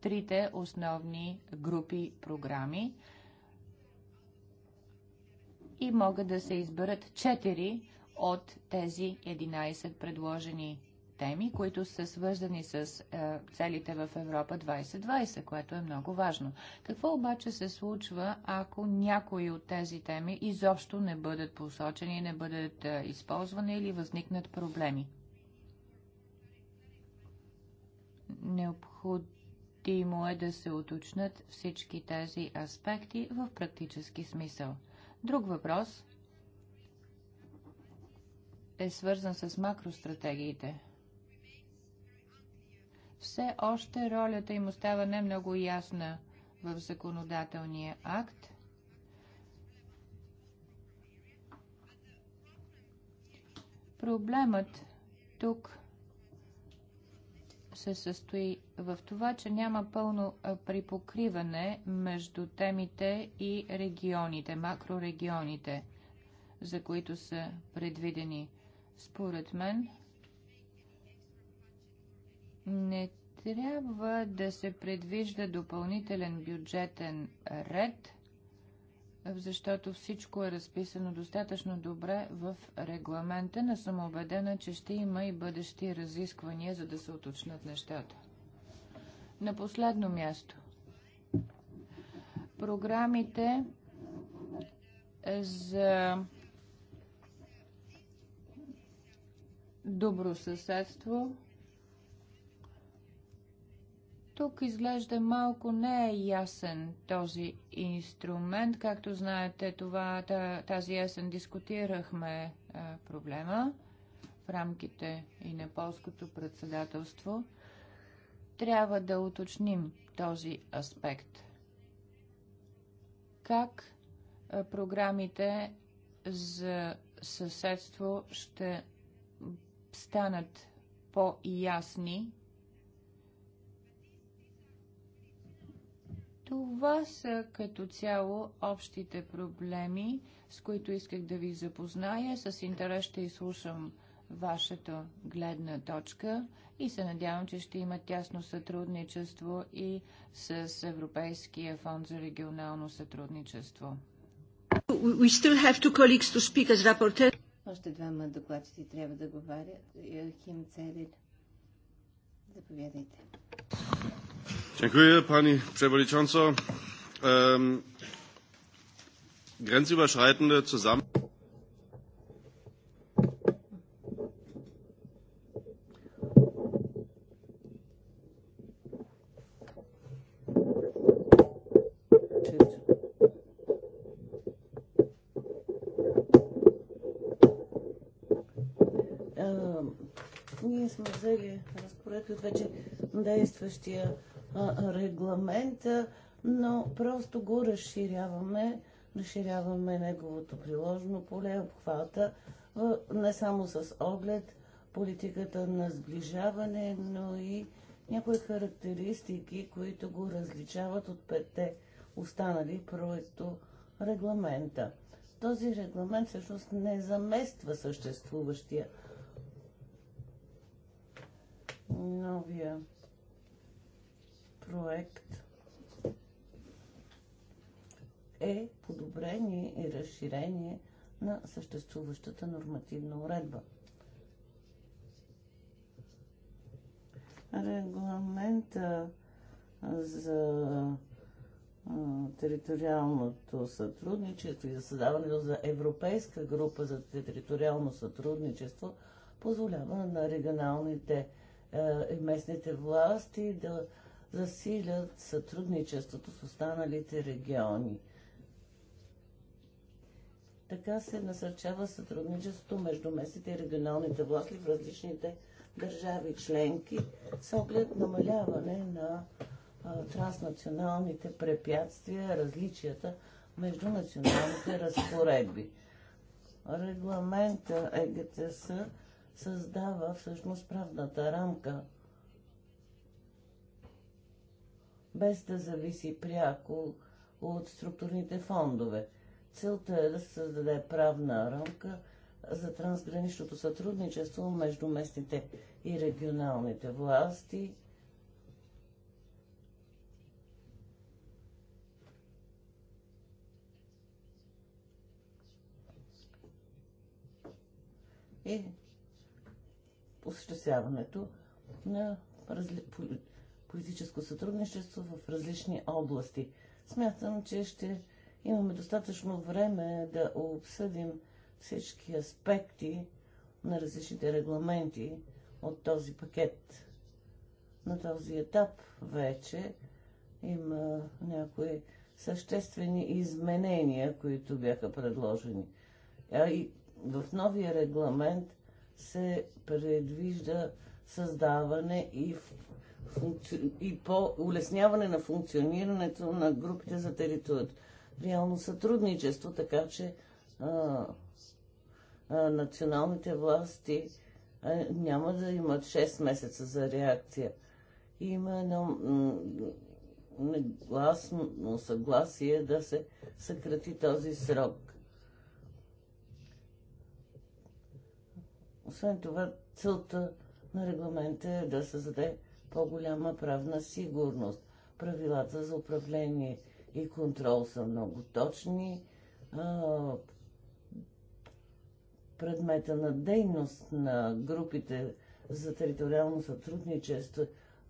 трите основни групи програми и могат да се изберат 4 от тези 11 предложени теми, които са свързани с е, целите в Европа 2020, което е много важно. Какво обаче се случва, ако някои от тези теми изобщо не бъдат посочени, не бъдат е, използвани или възникнат проблеми? Необходимо е да се уточнат всички тези аспекти в практически смисъл – Друг въпрос е свързан с макростратегиите. Все още ролята им остава не много ясна в законодателния акт. Проблемът тук се състои в това, че няма пълно припокриване между темите и регионите, макрорегионите, за които са предвидени. Според мен не трябва да се предвижда допълнителен бюджетен ред – защото всичко е разписано достатъчно добре в регламента, но съм убедена, че ще има и бъдещи разисквания, за да се уточнат нещата. На последно място. Програмите е, за добросъседство тук изглежда малко не е ясен този инструмент. Както знаете, това, тази ясен дискутирахме е, проблема в рамките и на полското председателство. Трябва да уточним този аспект. Как е, програмите за съседство ще станат по-ясни Това са като цяло общите проблеми, с които исках да ви запозная. С интерес ще изслушам вашата гледна точка и се надявам, че ще има тясно сътрудничество и с Европейския фонд за регионално сътрудничество. We still have two colleagues to speak as rapporteur. Още двама докладчици трябва да говорят. Хим Целин. Заповядайте. Dziękuję Pani Przewodnicząca. Ähm, grenzüberschreitende Zusammen Ние сме взели разпоредби от вече действащия регламента, но просто го разширяваме, разширяваме неговото приложено поле, обхвата, не само с оглед политиката на сближаване, но и някои характеристики, които го различават от петте останали проекто регламента. Този регламент всъщност не замества съществуващия новия проект е подобрение и разширение на съществуващата нормативна уредба. Регламента за териториалното сътрудничество и за създаването за Европейска група за териториално сътрудничество позволява на регионалните и местните власти да засилят сътрудничеството с останалите региони. Така се насърчава сътрудничеството между местните и регионалните власти в различните държави членки с оглед намаляване на транснационалните препятствия, различията между националните разпоредби. Регламента ЕГТС създава всъщност правната рамка без да зависи пряко от структурните фондове. Целта е да се създаде правна рамка за трансграничното сътрудничество между местните и регионалните власти. И осъществяването на разли политическо сътрудничество в различни области. Смятам, че ще имаме достатъчно време да обсъдим всички аспекти на различните регламенти от този пакет. На този етап вече има някои съществени изменения, които бяха предложени. А и в новия регламент се предвижда създаване и и по улесняване на функционирането на групите за Реално сътрудничество, така че а, а, националните власти а, няма да имат 6 месеца за реакция. Има едно негласно съгласие да се съкрати този срок. Освен това, целта на регламента е да създаде по-голяма правна сигурност. Правилата за управление и контрол са много точни. Предмета на дейност на групите за териториално сътрудничество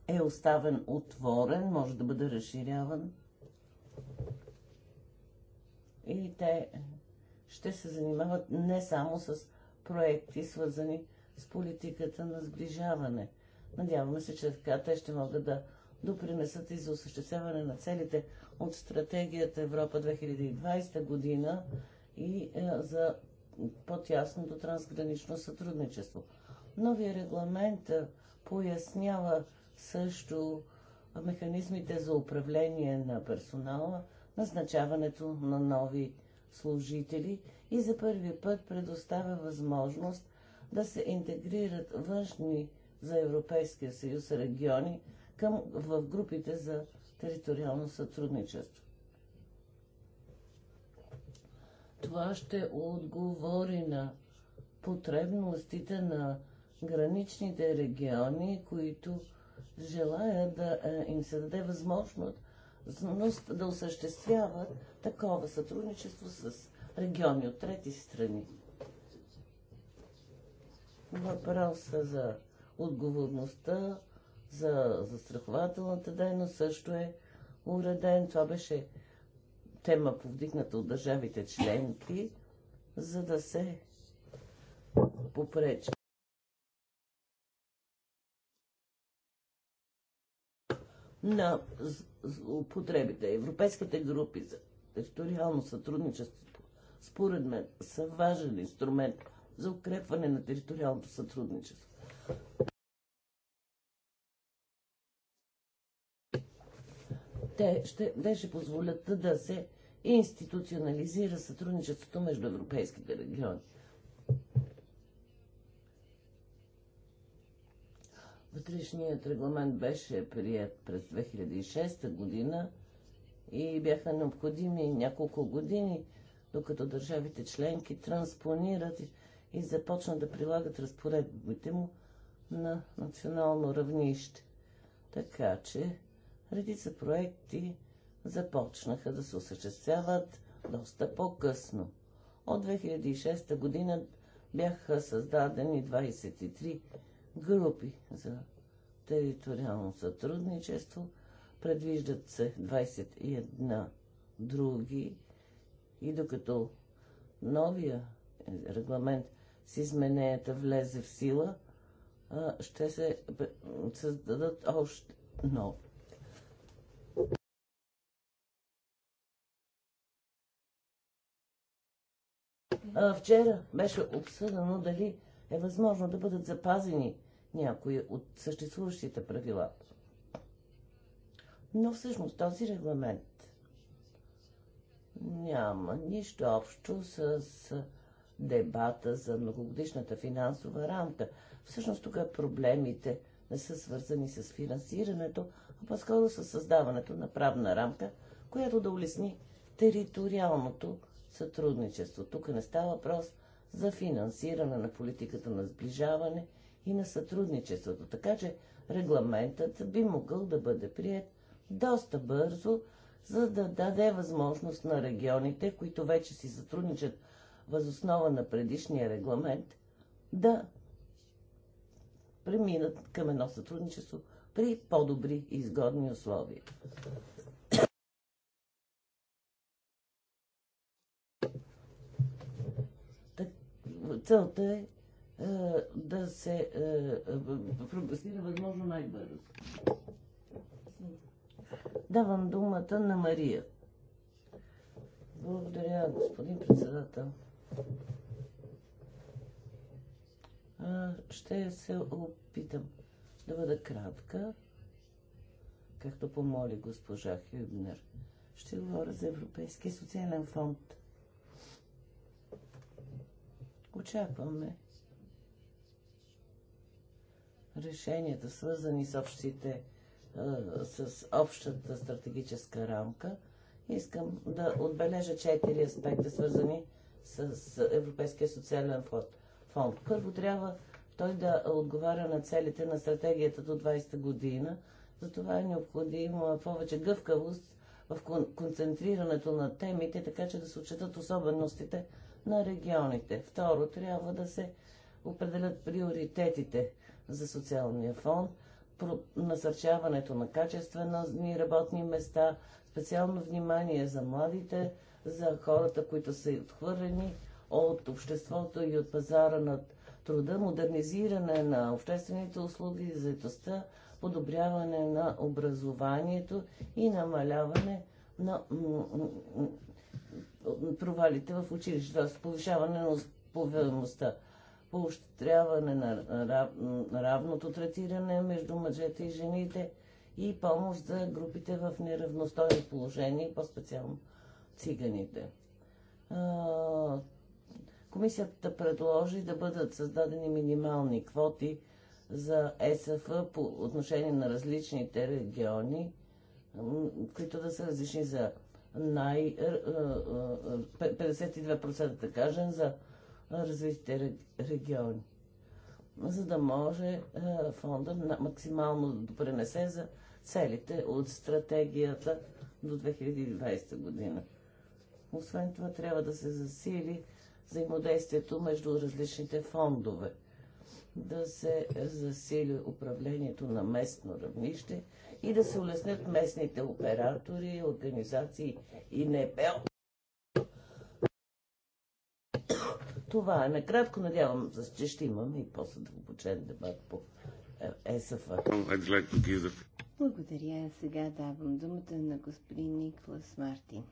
е оставен отворен, може да бъде разширяван. И те ще се занимават не само с проекти, свързани с политиката на сближаване – Надяваме се, че така те ще могат да допринесат и за осъществяване на целите от стратегията Европа 2020 година и е, за по-тясното трансгранично сътрудничество. Новия регламент е, пояснява също механизмите за управление на персонала, назначаването на нови служители и за първи път предоставя възможност да се интегрират външни за Европейския съюз региони към, в групите за териториално сътрудничество. Това ще отговори на потребностите на граничните региони, които желаят да е, им се даде възможност да осъществяват такова сътрудничество с региони от трети страни. Въпроса за отговорността за застрахователната дейност също е уреден. Това беше тема повдигната от държавите членки, за да се попречи. на употребите. Европейските групи за териториално сътрудничество, според мен, са важен инструмент за укрепване на териториалното сътрудничество. те ще, те ще позволят да се институционализира сътрудничеството между европейските региони. Вътрешният регламент беше прият през 2006 година и бяха необходими няколко години, докато държавите членки транспонират и, и започнат да прилагат разпоредбите му на национално равнище. Така че редица проекти започнаха да се осъществяват доста по-късно. От 2006 година бяха създадени 23 групи за териториално сътрудничество. Предвиждат се 21 други и докато новия регламент с измененията влезе в сила, ще се създадат още нови. А, вчера беше обсъдено дали е възможно да бъдат запазени някои от съществуващите правила. Но всъщност този регламент няма нищо общо с дебата за многогодишната финансова рамка. Всъщност тук проблемите не са свързани с финансирането, а по-скоро с създаването на правна рамка, която да улесни териториалното сътрудничество. Тук не става въпрос за финансиране на политиката на сближаване и на сътрудничеството. Така че регламентът би могъл да бъде прият доста бързо, за да даде възможност на регионите, които вече си сътрудничат възоснова на предишния регламент, да преминат към едно сътрудничество при по-добри и изгодни условия. целта е, е да се е, е, прогресира възможно най-бързо. Давам думата на Мария. Благодаря, господин председател. Ще се опитам да бъда кратка, както помоли госпожа Хюбнер. Ще говоря за Европейския социален фонд. Очакваме решенията, свързани с общите е, с общата стратегическа рамка. Искам да отбележа четири аспекта, свързани с Европейския социален фонд. Първо трябва той да отговаря на целите на стратегията до 20-та година. Затова е необходимо повече гъвкавост в концентрирането на темите, така че да се отчитат особеностите на регионите. Второ, трябва да се определят приоритетите за социалния фонд, насърчаването на качествено работни места, специално внимание за младите, за хората, които са отхвърлени от обществото и от пазара на труда, модернизиране на обществените услуги, заедостта, подобряване на образованието и намаляване на провалите в училище, т.е. повишаване на успеваемостта, поощряване на, равното третиране между мъжете и жените и помощ за групите в неравностойно положение, по-специално циганите. Комисията предложи да бъдат създадени минимални квоти за СФ по отношение на различните региони, които да са различни за най... 52% е, е, е, да кажем за развитите региони. За да може фонда максимално да допренесе за целите от стратегията до 2020 година. Освен това трябва да се засили взаимодействието между различните фондове, да се засили управлението на местно равнище и да се улеснят местните оператори, организации и НПО. Това е накратко. Надявам се, че ще имаме и после дълбочен дебат по е, ЕСФ. Благодаря. Сега давам думата на господин Николас Мартин.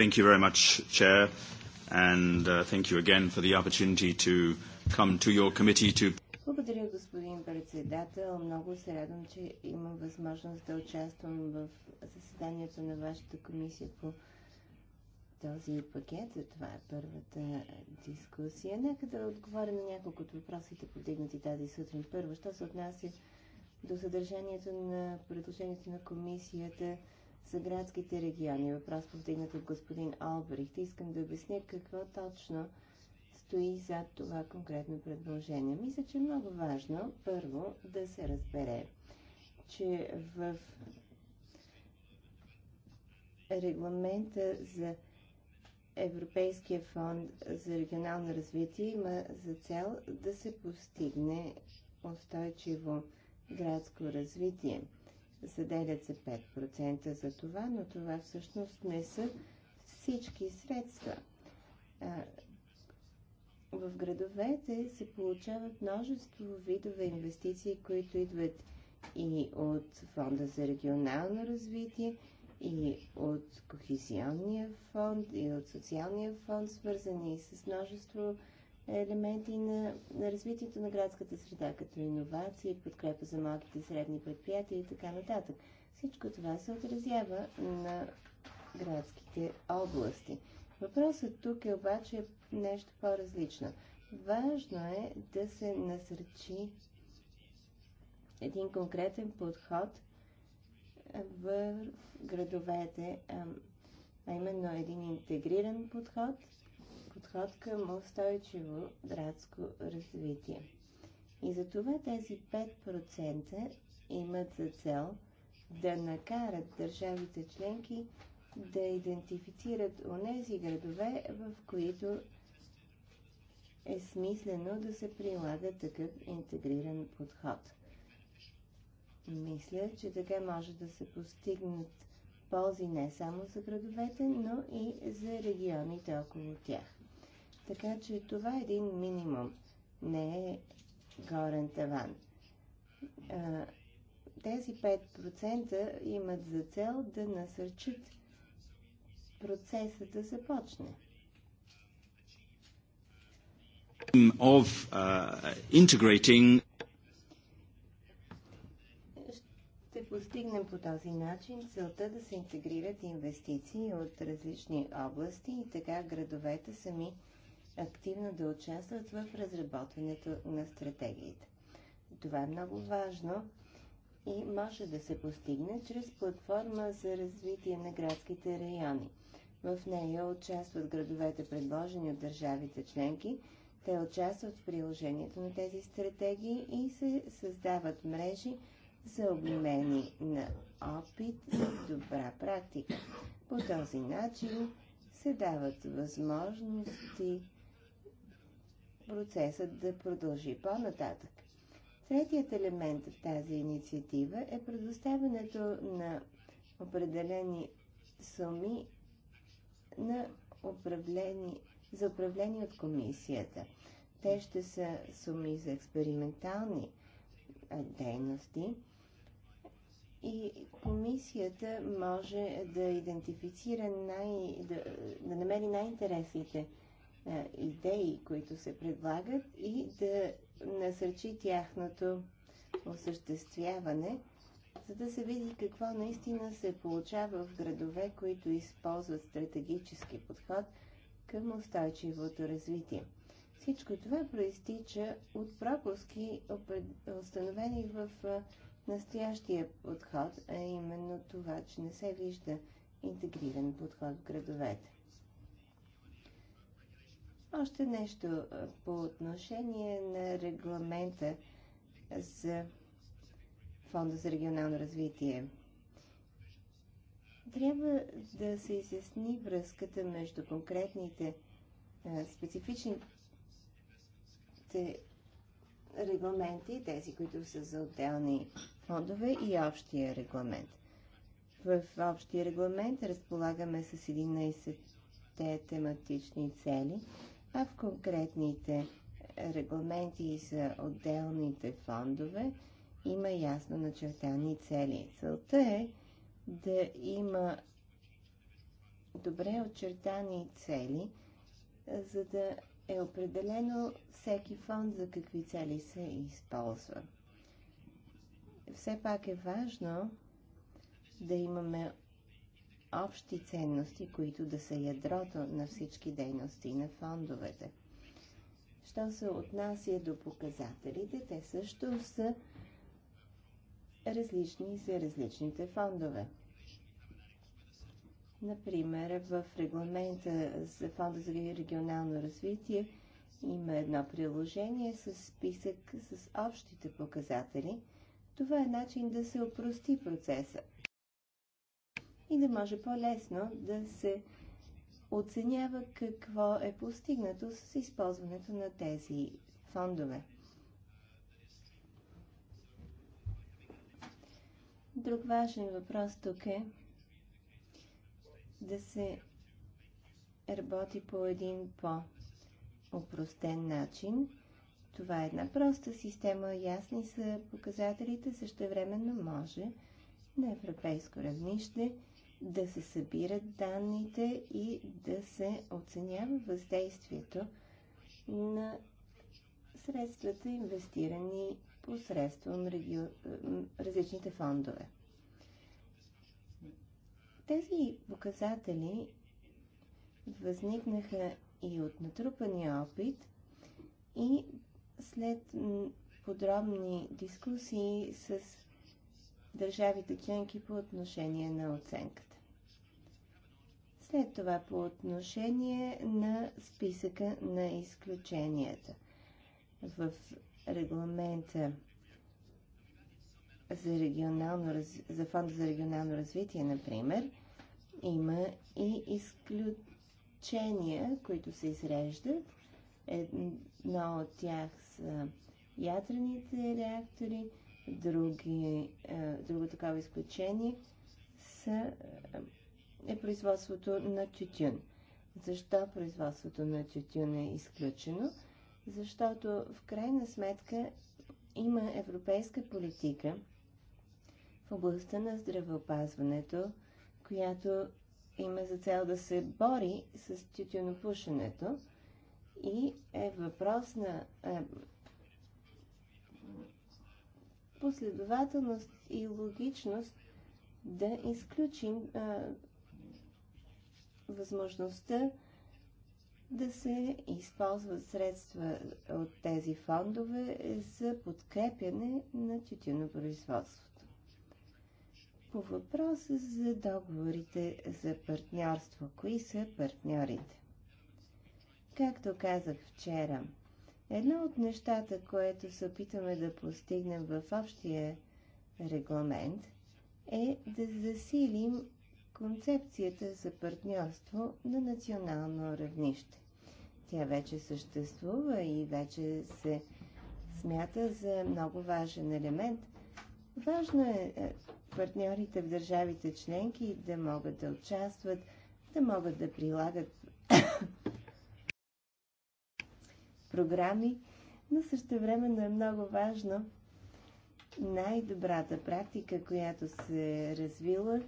Thank you very much, Chair, and uh, thank you again for the opportunity to come to your committee to благодаря, господин председател. Много се радвам, че имам възможност да участвам в заседанието на вашата комисия по този пакет. Това е първата дискусия. Нека да отговоря на няколко от въпросите, повдигнати тази сутрин. Първо, що се отнася до съдържанието на предложението на комисията за градските региони. Въпрос повдигнат от господин Албрихт. Искам да обясня какво точно стои зад това конкретно предложение. Мисля, че е много важно първо да се разбере, че в регламента за Европейския фонд за регионално развитие има за цел да се постигне устойчиво градско развитие. Заделят се 5% за това, но това всъщност не са всички средства в градовете се получават множество видове инвестиции, които идват и от Фонда за регионално развитие, и от Кохезионния фонд, и от Социалния фонд, свързани с множество елементи на, на развитието на градската среда, като иновации, подкрепа за малките и средни предприятия и така нататък. Всичко това се отразява на градските области. Въпросът тук е обаче нещо по-различно. Важно е да се насърчи един конкретен подход в градовете, а именно един интегриран подход, подход към устойчиво градско развитие. И за това тези 5% имат за цел да накарат държавите членки да идентифицират онези градове, в които е смислено да се прилага такъв интегриран подход. Мисля, че така може да се постигнат ползи не само за градовете, но и за регионите около тях. Така че това е един минимум, не е горен таван. Тези 5% имат за цел да насърчат процесът да започне. Of, uh, integrating... Ще постигнем по този начин целта да се интегрират инвестиции от различни области и така градовете сами активно да участват в разработването на стратегиите. Това е много важно и може да се постигне чрез платформа за развитие на градските райони. В нея участват градовете, предложени от държавите членки. Те участват в приложението на тези стратегии и се създават мрежи за обмени на опит и добра практика. По този начин се дават възможности процесът да продължи по-нататък. Третият елемент в тази инициатива е предоставянето на определени суми на управление, за управление от комисията. Те ще са суми за експериментални дейности и комисията може да идентифицира най, да, да намери най-интересните идеи, които се предлагат и да насърчи тяхното осъществяване за да се види какво наистина се получава в градове, които използват стратегически подход към устойчивото развитие. Всичко това проистича от пропуски, установени в настоящия подход, а именно това, че не се вижда интегриран подход в градовете. Още нещо по отношение на регламента за Фонда за регионално развитие. Трябва да се изясни връзката между конкретните е, специфичните регламенти, тези, които са за отделни фондове и общия регламент. В общия регламент разполагаме с 11-те тематични цели, а в конкретните регламенти за отделните фондове има ясно начертани цели. Целта е да има добре очертани цели, за да е определено всеки фонд за какви цели се използва. Все пак е важно да имаме общи ценности, които да са ядрото на всички дейности на фондовете. Що се отнася до показателите, те също са различни за различните фондове. Например, в регламента за Фонда за регионално развитие има едно приложение с списък с общите показатели. Това е начин да се опрости процеса и да може по-лесно да се оценява какво е постигнато с използването на тези фондове. Друг важен въпрос тук е да се работи по един по-опростен начин. Това е една проста система, ясни са показателите, същевременно може на европейско равнище да се събират данните и да се оценява въздействието на средствата, инвестирани посредством реги... различните фондове. Тези показатели възникнаха и от натрупания опит и след подробни дискусии с държавите членки по отношение на оценката. След това по отношение на списъка на изключенията. В регламента за, регионално, за фонда за регионално развитие, например, има и изключения, които се изреждат. Едно от тях са ядрените реактори, други, е, друго такава изключение са, е, е производството на тютюн. Защо производството на тютюн е изключено? защото в крайна сметка има европейска политика в областта на здравеопазването, която има за цел да се бори с тютюнопушенето и е въпрос на е, последователност и логичност да изключим е, възможността да се използват средства от тези фондове за подкрепяне на тютюнопроизводството. По въпроса за договорите за партньорство, кои са партньорите? Както казах вчера, едно от нещата, което се опитваме да постигнем в общия регламент, е да засилим концепцията за партньорство на национално равнище. Тя вече съществува и вече се смята за много важен елемент. Важно е, е партньорите в държавите членки да могат да участват, да могат да прилагат (coughs) програми, но също времено е много важно най-добрата практика, която се е развила,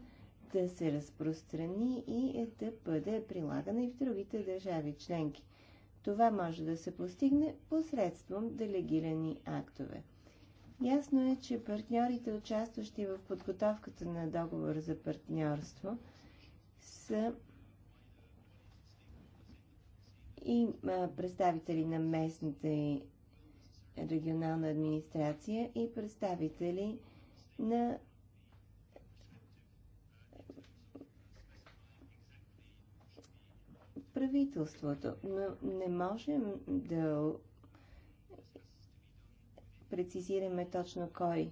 да се разпространи и да бъде прилагана и в другите държави членки. Това може да се постигне посредством делегирани актове. Ясно е, че партньорите, участващи в подготовката на договор за партньорство, са и представители на местната и регионална администрация и представители на правителството. Но не можем да прецизираме точно кой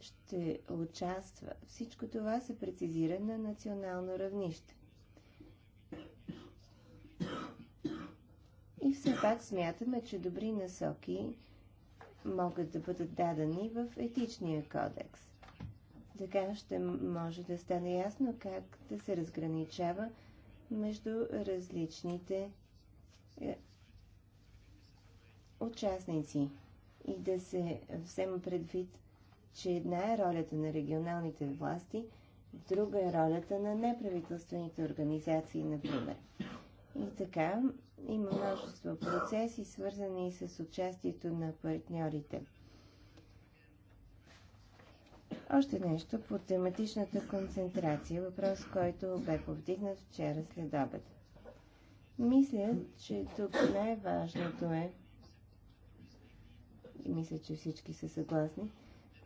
ще участва. Всичко това се прецизира на национално равнище. И все пак смятаме, че добри насоки могат да бъдат дадени в етичния кодекс. Така ще може да стане ясно как да се разграничава между различните е, участници и да се взема предвид, че една е ролята на регионалните власти, друга е ролята на неправителствените организации, например. И така, има множество процеси, свързани с участието на партньорите – още нещо по тематичната концентрация, въпрос, който бе повдигнат вчера след обед. Мисля, че тук най-важното е, и мисля, че всички са съгласни,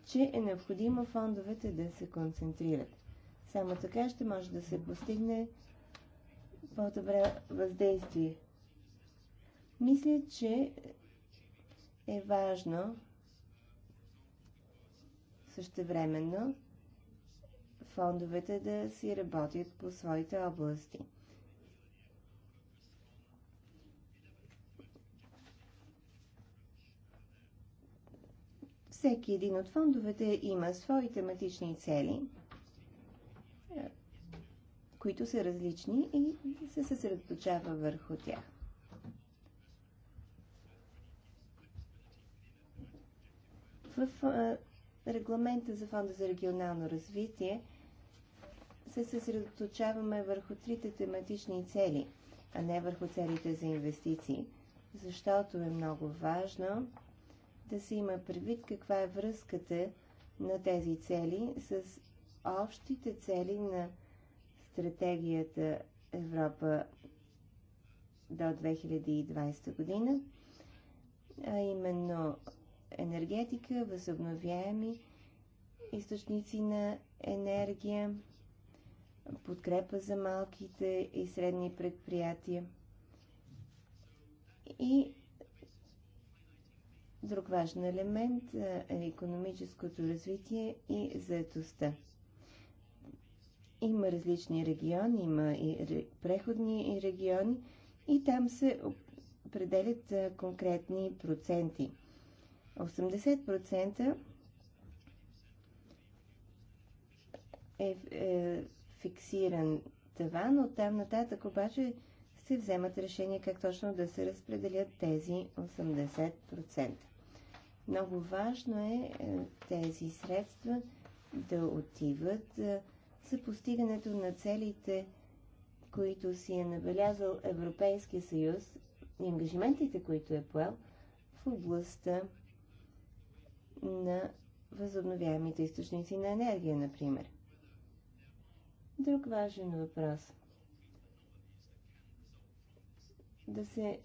че е необходимо фондовете да се концентрират. Само така ще може да се постигне по-добре въздействие. Мисля, че е важно същевременно фондовете да си работят по своите области. Всеки един от фондовете има свои тематични цели, които са различни и се съсредоточава върху тях. В регламента за Фонда за регионално развитие се съсредоточаваме върху трите тематични цели, а не върху целите за инвестиции, защото е много важно да се има предвид каква е връзката на тези цели с общите цели на стратегията Европа до 2020 година, а именно енергетика, възобновяеми източници на енергия, подкрепа за малките и средни предприятия. И друг важен елемент е економическото развитие и заетостта. Има различни региони, има и преходни региони и там се определят конкретни проценти – 80% е, е фиксиран таван, там нататък обаче се вземат решения как точно да се разпределят тези 80%. Много важно е, е тези средства да отиват е, за постигането на целите, които си е набелязал Европейския съюз и ангажиментите, които е поел в областта на възобновяемите източници на енергия, например. Друг важен въпрос. Да се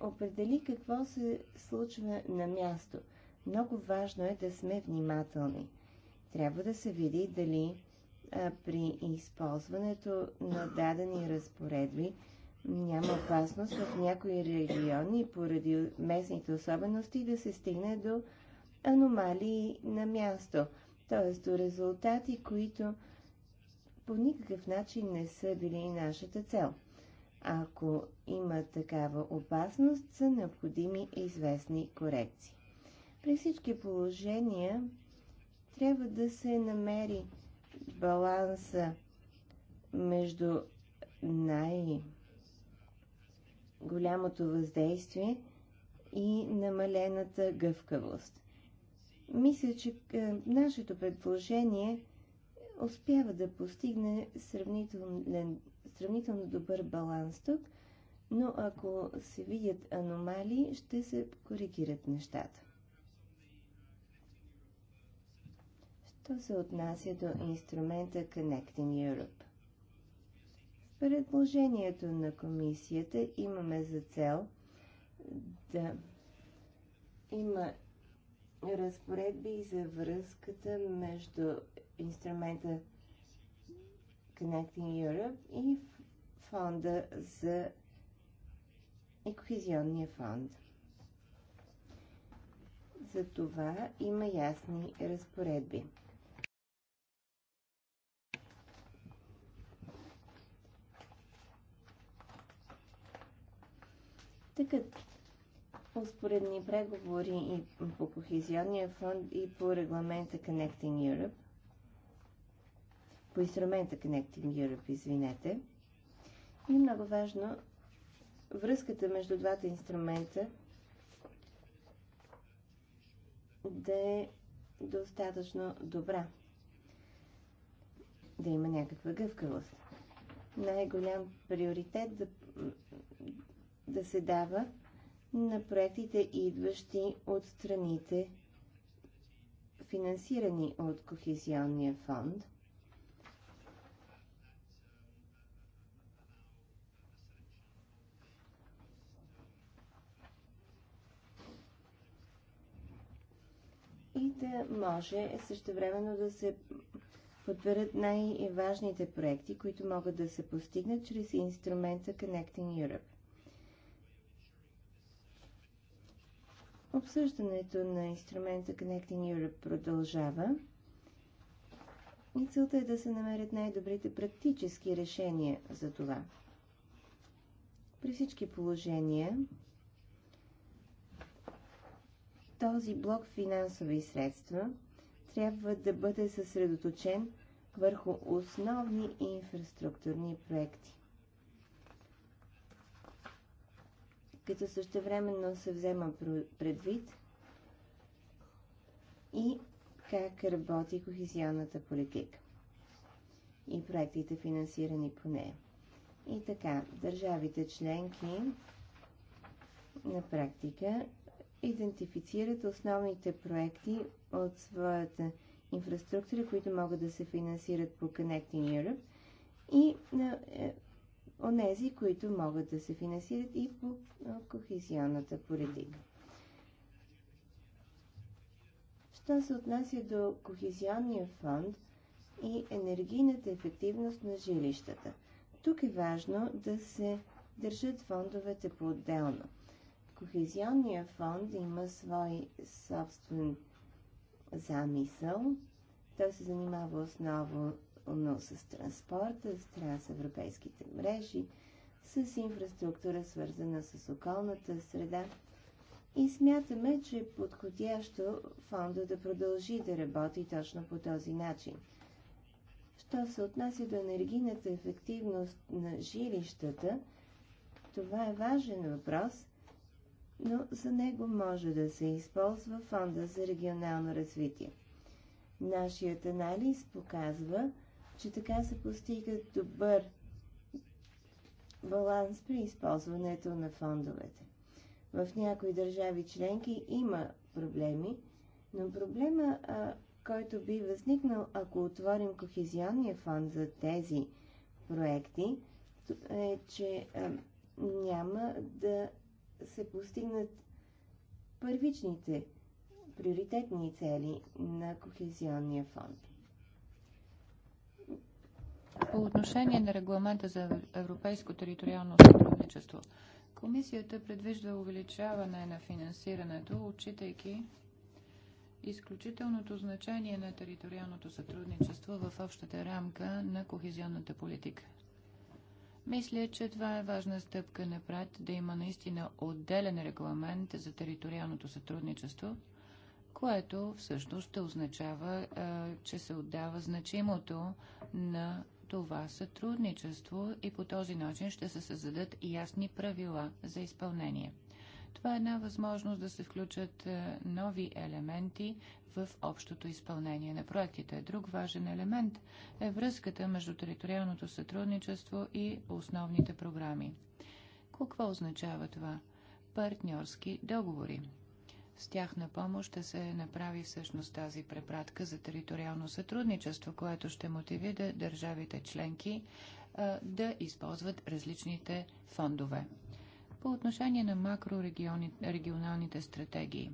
определи какво се случва на място. Много важно е да сме внимателни. Трябва да се види дали а, при използването на дадени разпоредби няма опасност в някои региони поради местните особености да се стигне до аномалии на място, т.е. до резултати, които по никакъв начин не са били нашата цел. Ако има такава опасност, са необходими известни корекции. При всички положения трябва да се намери баланса между най- голямото въздействие и намалената гъвкавост. Мисля, че е, нашето предложение успява да постигне сравнителен, сравнително добър баланс тук, но ако се видят аномалии, ще се коригират нещата. Що се отнася до инструмента Connecting Europe? Предложението на комисията имаме за цел да има разпоредби за връзката между инструмента Connecting Europe и фонда за и Кохезионния фонд. За това има ясни разпоредби. текат успоредни преговори и по Кохезионния фонд и по регламента Connecting Europe, по инструмента Connecting Europe, извинете. И много важно връзката между двата инструмента да е достатъчно добра. Да има някаква гъвкавост. Най-голям приоритет за да се дава на проектите, идващи от страните, финансирани от Кохезионния фонд. И да може същевременно да се подберат най-важните проекти, които могат да се постигнат чрез инструмента Connecting Europe. Обсъждането на инструмента Connecting Europe продължава и целта е да се намерят най-добрите практически решения за това. При всички положения този блок финансови средства трябва да бъде съсредоточен върху основни инфраструктурни проекти. като същевременно се взема предвид и как работи кохезионната политика и проектите финансирани по нея. И така, държавите членки на практика идентифицират основните проекти от своята инфраструктура, които могат да се финансират по Connecting Europe и е, онези, които могат да се финансират и по кохезионната политика. Що се отнася до кохезионния фонд и енергийната ефективност на жилищата? Тук е важно да се държат фондовете по-отделно. Кохезионния фонд има свой собствен замисъл. Той се занимава основно но с транспорта, с трансевропейските мрежи, с инфраструктура, свързана с околната среда. И смятаме, че е подходящо фонда да продължи да работи точно по този начин. Що се отнася до енергийната ефективност на жилищата, това е важен въпрос, но за него може да се използва фонда за регионално развитие. Нашият анализ показва, че така се постига добър баланс при използването на фондовете. В някои държави членки има проблеми, но проблема, а, който би възникнал, ако отворим Кохезионния фонд за тези проекти, е, че а, няма да се постигнат първичните приоритетни цели на Кохезионния фонд. По отношение на регламента за европейско териториално сътрудничество, комисията предвижда увеличаване на финансирането, отчитайки изключителното значение на териториалното сътрудничество в общата рамка на кохезионната политика. Мисля, че това е важна стъпка напред да има наистина отделен регламент за териториалното сътрудничество, което всъщност ще означава, че се отдава значимото на това сътрудничество и по този начин ще се създадат ясни правила за изпълнение. Това е една възможност да се включат е, нови елементи в общото изпълнение на проектите. Друг важен елемент е връзката между териториалното сътрудничество и основните програми. Какво означава това? Партньорски договори. С тяхна помощ ще се направи всъщност тази препратка за териториално сътрудничество, което ще мотивира държавите членки а, да използват различните фондове. По отношение на макрорегионалните стратегии.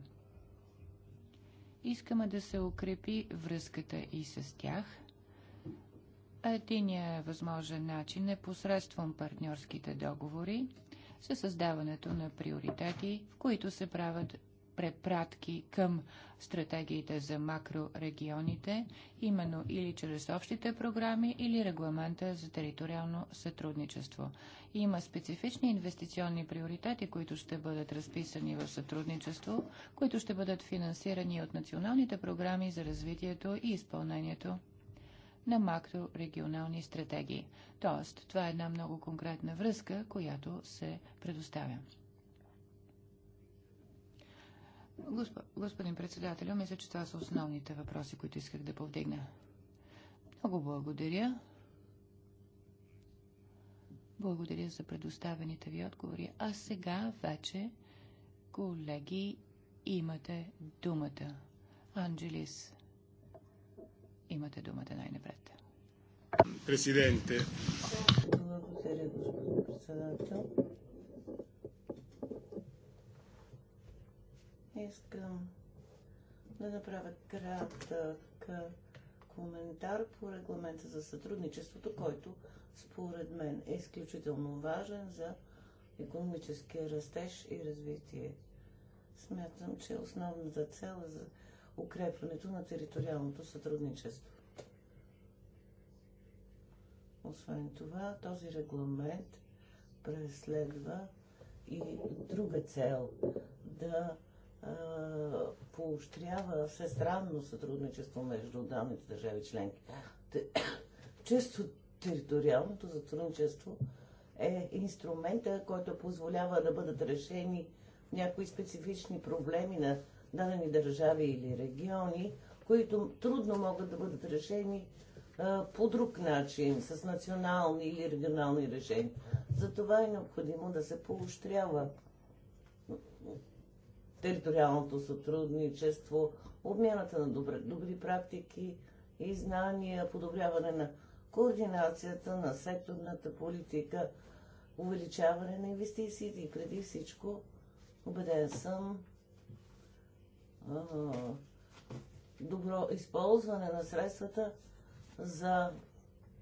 Искаме да се укрепи връзката и с тях – Единият е възможен начин е посредством партньорските договори, за създаването на приоритети, в които се правят препратки към стратегиите за макрорегионите, именно или чрез общите програми или регламента за териториално сътрудничество. Има специфични инвестиционни приоритети, които ще бъдат разписани в сътрудничество, които ще бъдат финансирани от националните програми за развитието и изпълнението на макрорегионални стратегии. Тоест, това е една много конкретна връзка, която се предоставя. Госп... Господин председател, мисля, че това са основните въпроси, които исках да повдигна. Много благодаря. Благодаря за предоставените ви отговори. А сега вече, колеги, имате думата. Анджелис, имате думата най-напред. Президенте. Благодаря, господин председател. Искам да направя кратък коментар по регламента за сътрудничеството, който според мен е изключително важен за економическия растеж и развитие. Смятам, че основната цел е за укрепването на териториалното сътрудничество. Освен това, този регламент преследва и друга цел да поощрява всестранно сътрудничество между данните държави членки. (coughs) Често териториалното сътрудничество е инструмента, който позволява да бъдат решени някои специфични проблеми на дадени държави или региони, които трудно могат да бъдат решени а, по друг начин, с национални или регионални решения. Затова е необходимо да се поощрява териториалното сътрудничество, обмяната на добри, добри практики и знания, подобряване на координацията на секторната политика, увеличаване на инвестициите и преди всичко, убеден съм, добро използване на средствата за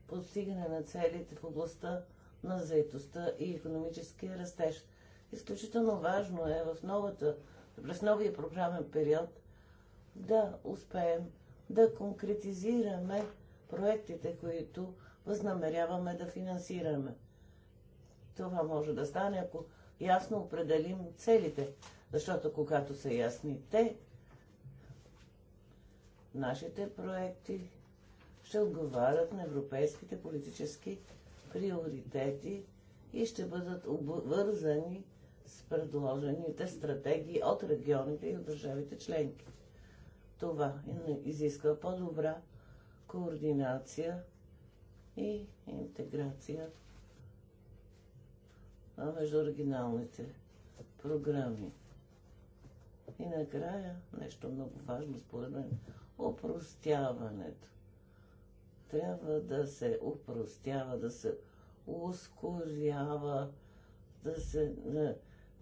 постигане на целите в областта на заетостта и економическия растеж. Изключително важно е в новата през новия програмен период да успеем да конкретизираме проектите, които възнамеряваме да финансираме. Това може да стане, ако ясно определим целите, защото когато са ясни те, нашите проекти ще отговарят на европейските политически приоритети и ще бъдат обвързани с предложените стратегии от регионите и от държавите членки. Това изисква по-добра координация и интеграция между оригиналните програми. И накрая, нещо много важно според мен, опростяването. Трябва да се опростява, да се ускорява, да се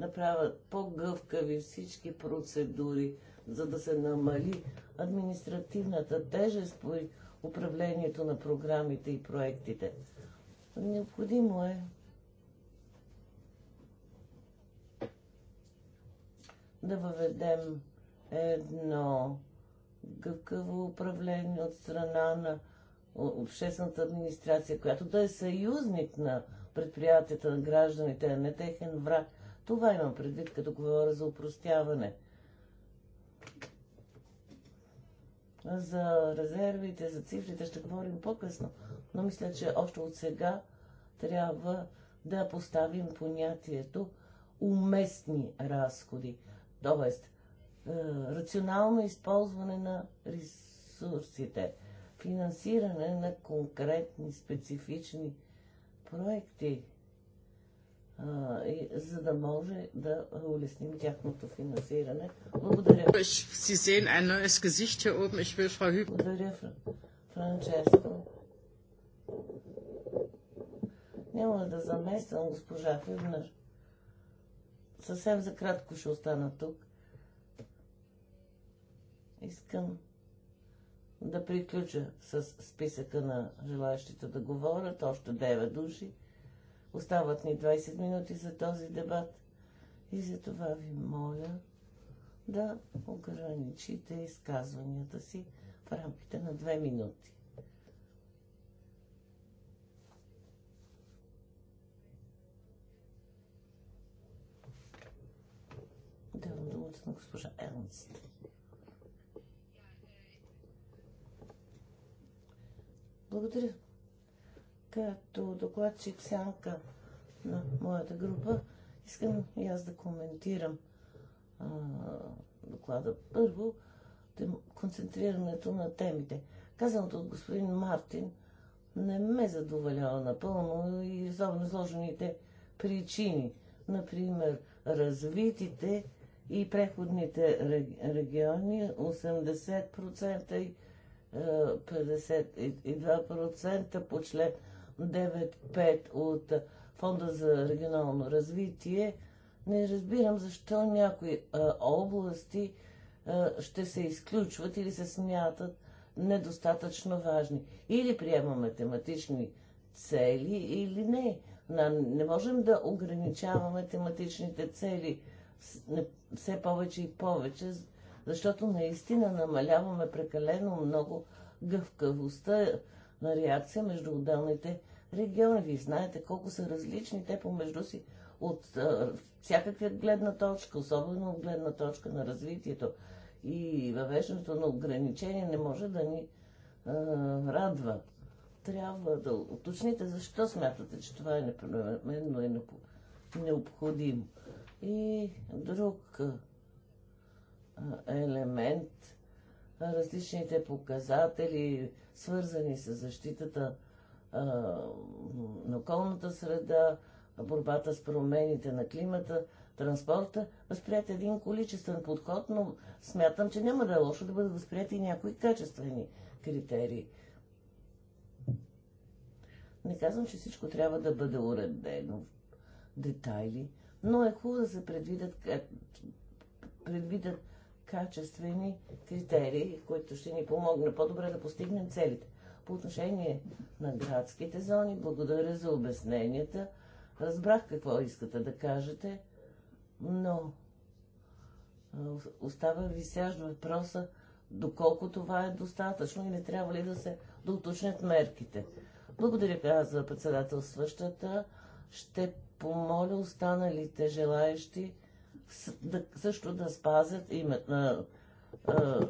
направят по-гъвкави всички процедури, за да се намали административната тежест по управлението на програмите и проектите. Необходимо е да въведем едно гъвкаво управление от страна на обществената администрация, която да е съюзник на предприятията на гражданите, а не техен враг – това имам предвид, като говоря за упростяване. За резервите, за цифрите ще говорим по-късно, но мисля, че още от сега трябва да поставим понятието уместни разходи, т.е. рационално използване на ресурсите, финансиране на конкретни специфични проекти за да може да улесним тяхното финансиране. Благодаря. Си sehen ein neues Gesicht hier oben. Ich will Frau Благодаря, Франческо. Няма да замествам госпожа Хюбнер. Съвсем за кратко ще остана тук. Искам да приключа с списъка на желаящите да говорят. Още 9 души. Остават ни 20 минути за този дебат и за това ви моля да ограничите изказванията си в рамките на 2 минути. Давам думата на госпожа Ернст. Благодаря. Като докладчик сянка на моята група, искам и аз да коментирам а, доклада. Първо, концентрирането на темите. Казаното от господин Мартин не ме задоволява напълно и особено сложените причини. Например, развитите и преходните региони 80% и 52% по член 95 от Фонда за регионално развитие, не разбирам защо някои а, области а, ще се изключват или се смятат недостатъчно важни. Или приемаме тематични цели, или не. Не можем да ограничаваме тематичните цели все повече и повече, защото наистина намаляваме прекалено много гъвкавостта на реакция между отделните региона. Вие знаете колко са различни те помежду си от а, всякаква гледна точка, особено от гледна точка на развитието и въвеждането на ограничения не може да ни а, радва. Трябва да уточните защо смятате, че това е непременно е необходимо. И друг а, елемент, различните показатели, свързани с защитата на околната среда, борбата с промените на климата, транспорта, възприят един количествен подход, но смятам, че няма да е лошо да бъдат възприяти и някои качествени критерии. Не казвам, че всичко трябва да бъде уредено в детайли, но е хубаво да се предвидят, предвидят качествени критерии, които ще ни помогнат по-добре да постигнем целите по отношение на градските зони. Благодаря за обясненията. Разбрах какво искате да кажете, но остава висящ въпроса доколко това е достатъчно и не трябва ли да се уточнят мерките. Благодаря, за председателстващата. Ще помоля останалите желаящи да, също да спазят името на, а, а,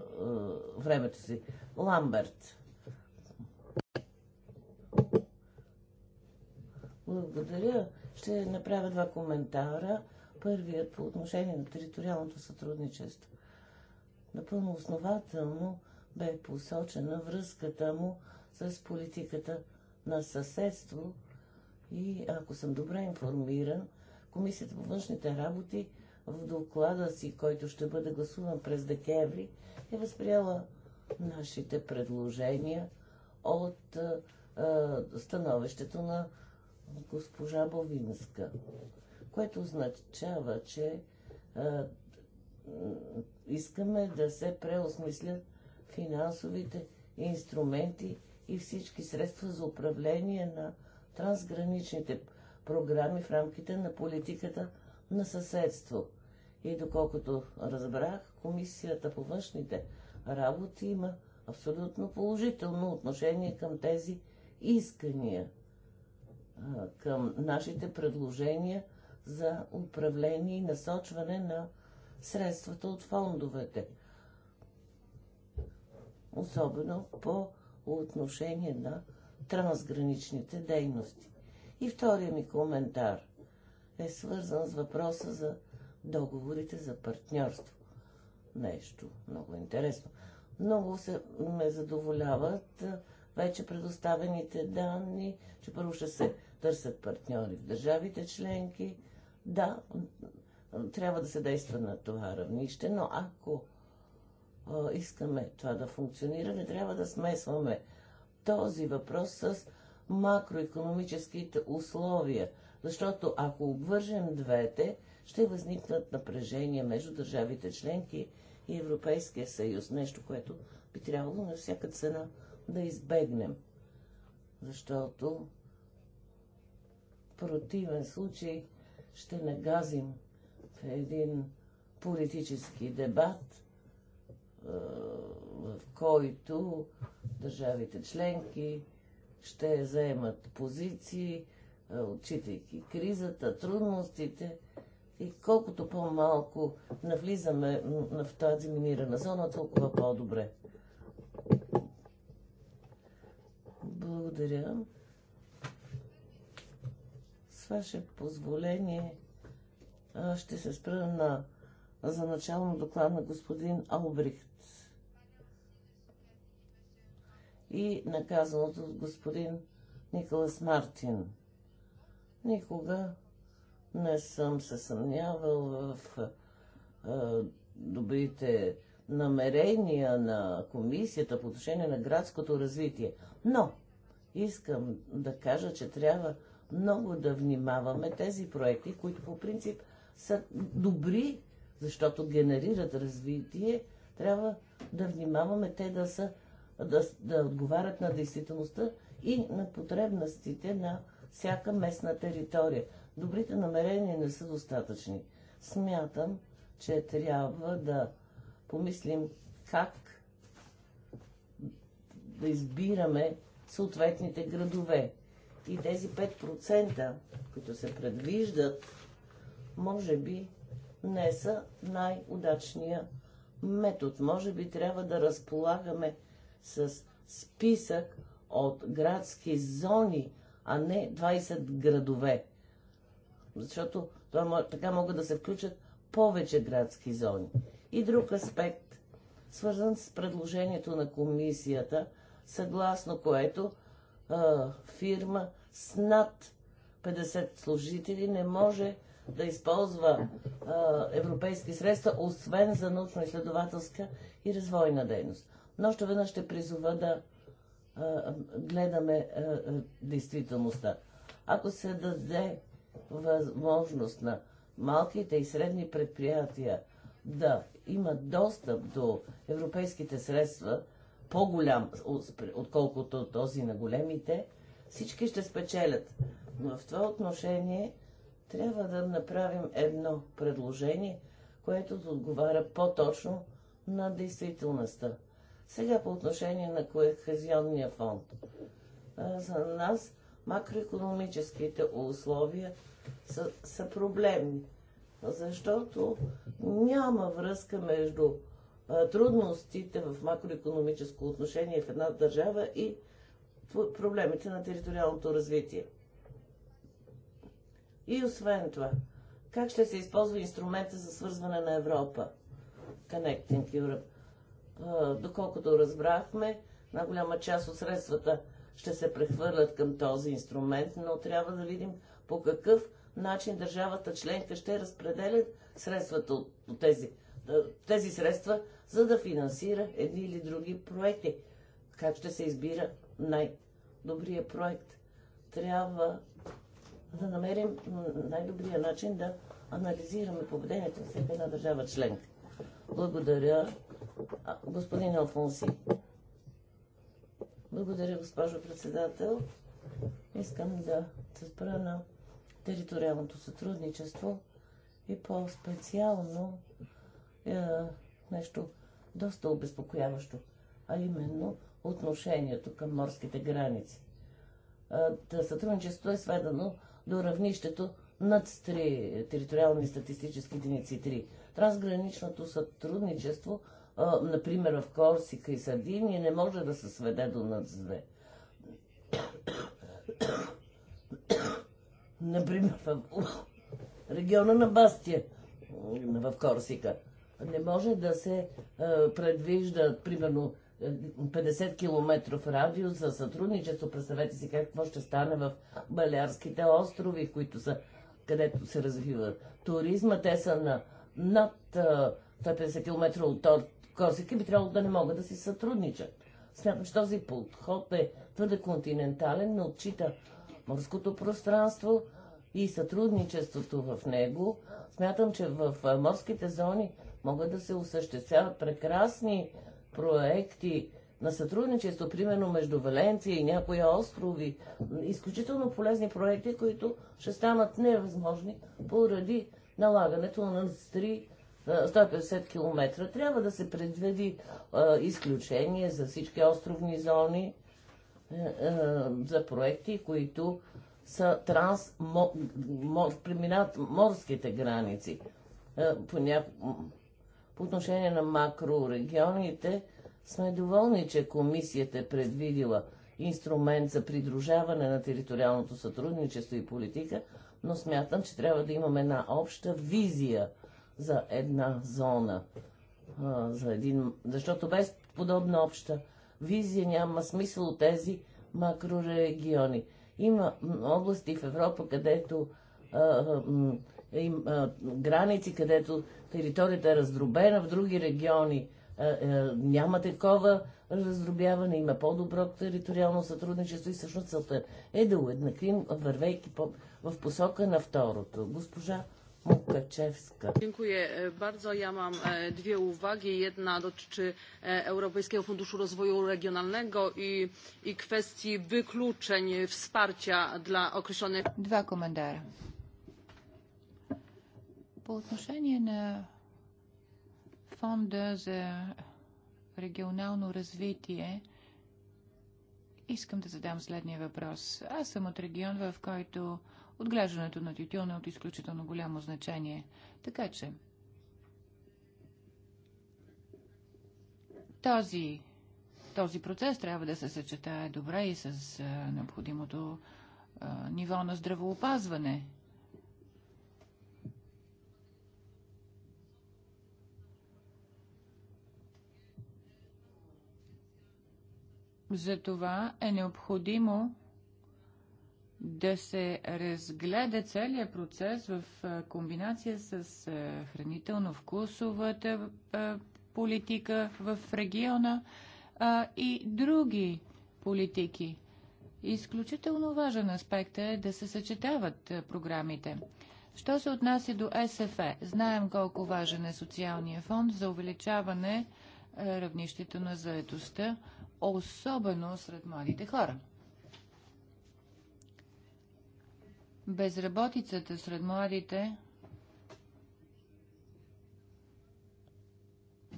времето си. Ламберт. Благодаря. Ще направя два коментара. Първият по отношение на териториалното сътрудничество. Напълно основателно бе посочена връзката му с политиката на съседство и, ако съм добре информиран, Комисията по външните работи в доклада си, който ще бъде гласуван през декември, е възприела нашите предложения от а, становището на госпожа Бовинска, което означава, че а, искаме да се преосмислят финансовите инструменти и всички средства за управление на трансграничните програми в рамките на политиката на съседство. И доколкото разбрах, Комисията по външните работи има абсолютно положително отношение към тези искания към нашите предложения за управление и насочване на средствата от фондовете. Особено по отношение на трансграничните дейности. И втория ми коментар е свързан с въпроса за договорите за партньорство. Нещо много интересно. Много се ме задоволяват вече предоставените данни, че първо ще се търсят партньори в държавите членки. Да, трябва да се действа на това равнище, но ако а, искаме това да функционира, не трябва да смесваме този въпрос с макроекономическите условия, защото ако обвържем двете, ще възникнат напрежения между държавите членки и Европейския съюз, нещо, което би трябвало на всяка цена да избегнем. Защото противен случай ще нагазим в един политически дебат, е, в който държавите членки ще заемат позиции, е, отчитайки кризата, трудностите и колкото по-малко навлизаме в тази минирана зона, толкова по-добре. Благодаря ваше позволение ще се спра на за начално доклад на господин Албрихт и наказаното от господин Николас Мартин. Никога не съм се съмнявал в добрите намерения на комисията по отношение на градското развитие. Но искам да кажа, че трябва много да внимаваме тези проекти, които по принцип са добри, защото генерират развитие, трябва да внимаваме те да, са, да, да отговарят на действителността и на потребностите на всяка местна територия. Добрите намерения не са достатъчни. Смятам, че трябва да помислим как да избираме съответните градове. И тези 5%, които се предвиждат, може би не са най-удачния метод. Може би трябва да разполагаме с списък от градски зони, а не 20 градове. Защото това, така могат да се включат повече градски зони. И друг аспект, свързан с предложението на комисията, съгласно което фирма с над 50 служители не може да използва а, европейски средства, освен за научно-изследователска и развойна дейност. Но още веднъж ще призова да а, гледаме а, действителността. Ако се даде възможност на малките и средни предприятия да имат достъп до европейските средства, по-голям, отколкото този на големите, всички ще спечелят. Но в това отношение трябва да направим едно предложение, което да отговаря по-точно на действителността. Сега по отношение на Кохезионния фонд. За нас макроекономическите условия са, са проблемни, защото няма връзка между трудностите в макроекономическо отношение в една държава и проблемите на териториалното развитие. И освен това, как ще се използва инструмента за свързване на Европа? Connecting Europe. Доколкото разбрахме, на голяма част от средствата ще се прехвърлят към този инструмент, но трябва да видим по какъв начин държавата членка ще разпределя средствата от тези, тези средства за да финансира едни или други проекти. Как ще се избира най-добрия проект? Трябва да намерим най-добрия начин да анализираме поведението на всяка една държава членка. Благодаря, господин Алфонси. Благодаря, госпожо председател. Искам да се спра на териториалното сътрудничество и по-специално е, нещо, доста обезпокояващо, а именно отношението към морските граници. Та сътрудничеството е сведено до равнището над 3 териториални статистически единици 3. Трансграничното сътрудничество, например в Корсика и Сардиния, не може да се сведе до над 2. например в региона на Бастия, в Корсика – не може да се е, предвижда, примерно, 50 е, км радиус за сътрудничество. Представете си какво ще стане в Балярските острови, които са, където се развива туризма. Те са на над 150 е, км от и би трябвало да не могат да си сътрудничат. Смятам, че този подход е твърде континентален, не отчита морското пространство и сътрудничеството в него. Смятам, че в морските зони могат да се осъществяват прекрасни проекти на сътрудничество, примерно между Валенция и някои острови. Изключително полезни проекти, които ще станат невъзможни поради налагането на 3 150 км. Трябва да се предвиди а, изключение за всички островни зони, е, е, за проекти, които са транс, мо, мо, морските граници. По отношение на макрорегионите сме доволни, че комисията е предвидила инструмент за придружаване на териториалното сътрудничество и политика, но смятам, че трябва да имаме една обща визия за една зона. за един... Защото без подобна обща визия няма смисъл от тези макрорегиони. Има области в Европа, където а, им, а, граници, където територията е раздробена, в други региони а, а, няма такова раздробяване, има по-добро териториално сътрудничество и всъщност целта е да уеднаквим, вървейки по, в посока на второто. Госпожа Mukaczewska. Dziękuję е, bardzo. Ja mam dwie е, uwagi. Jedna dotyczy е, Europejskiego Funduszu Rozwoju Regionalnego i, i kwestii wykluczeń wsparcia dla określonych... Dwa komentarze. По отношение на фонда за регионално развитие, искам да задам следния въпрос. Аз съм от регион, в който отглеждането на тютюна е от изключително голямо значение. Така че, този, този процес трябва да се съчетае добре и с необходимото а, ниво на здравоопазване – Затова е необходимо да се разгледа целият процес в комбинация с хранително-вкусовата политика в региона и други политики. Изключително важен аспект е да се съчетават програмите. Що се отнася до СФЕ? Знаем колко важен е социалния фонд за увеличаване равнището на заедостта, особено сред младите хора. Безработицата сред младите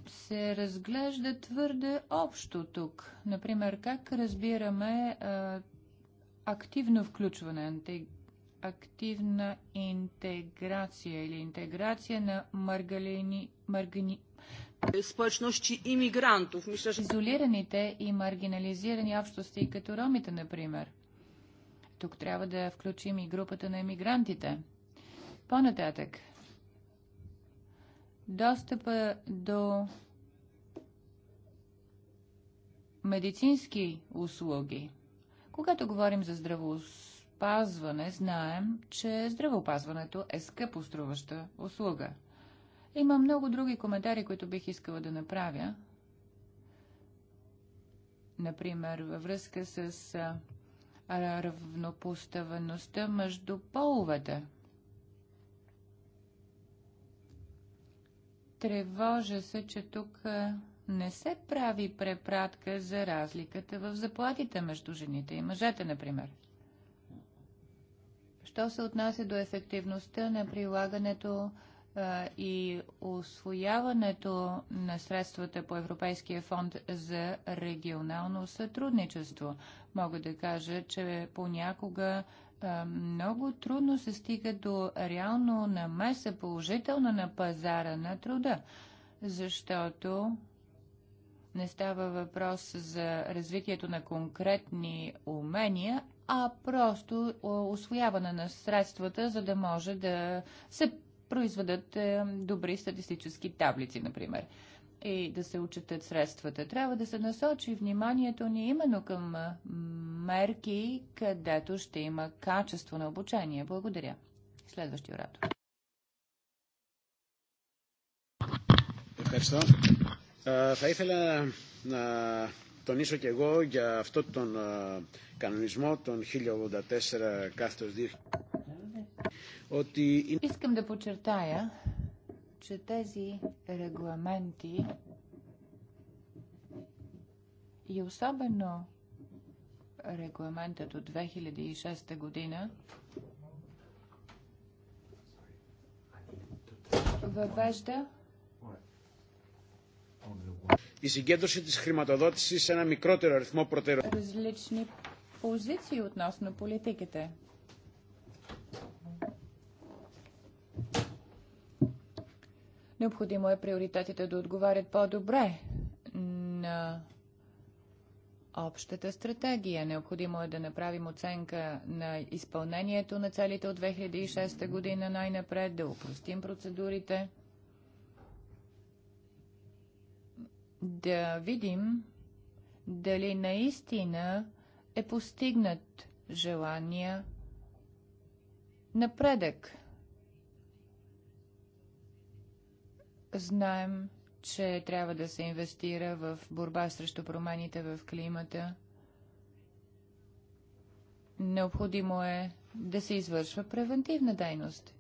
се разглежда твърде общо тук. Например, как разбираме а, активно включване, активна интеграция или интеграция на маргалини, маргани, Изолираните и маргинализирани общности, като ромите, например. Тук трябва да включим и групата на емигрантите. По-нататък. Достъпа до медицински услуги. Когато говорим за здравоопазване, знаем, че здравоопазването е скъпоструваща услуга – има много други коментари, които бих искала да направя. Например, във връзка с равнопоставеността между половете. Тревожа се, че тук не се прави препратка за разликата в заплатите между жените и мъжете, например. Що се отнася до ефективността на прилагането и освояването на средствата по Европейския фонд за регионално сътрудничество. Мога да кажа, че понякога много трудно се стига до реално намеса положителна на пазара на труда, защото не става въпрос за развитието на конкретни умения, а просто освояване на средствата, за да може да се произведат е, добри статистически таблици, например и да се учетат средствата. Трябва да се насочи вниманието ни именно към е, мерки, където ще има качество на обучение. Благодаря. Следващия оратор. Ευχαριστώ. Θα ήθελα να τονίσω και εγώ για αυτό τον κανονισμό των 1084 κάθετος 2000. Искам да подчертая, че тези регламенти и особено регламентът от 2006 година въвежда η συγκέντρωση της χρηματοδότησης ένα μικρότερο αριθμό προτεραιότητων. Различни позиции относно политиките. Необходимо е приоритетите да отговарят по-добре на общата стратегия. Необходимо е да направим оценка на изпълнението на целите от 2006 година най-напред, да упростим процедурите, да видим дали наистина е постигнат желания напредък Знаем, че трябва да се инвестира в борба срещу промените в климата. Необходимо е да се извършва превентивна дейност.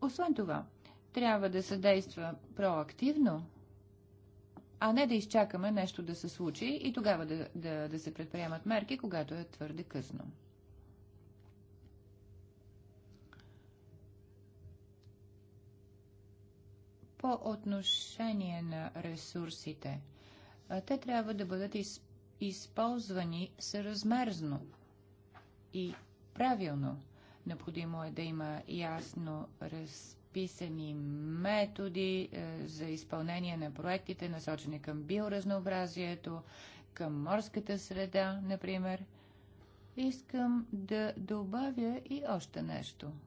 Освен това, трябва да се действа проактивно, а не да изчакаме нещо да се случи и тогава да, да, да се предприемат мерки, когато е твърде късно. по отношение на ресурсите. Те трябва да бъдат използвани съразмерно и правилно. Необходимо е да има ясно разписани методи е, за изпълнение на проектите, насочени към биоразнообразието, към морската среда, например. Искам да добавя и още нещо –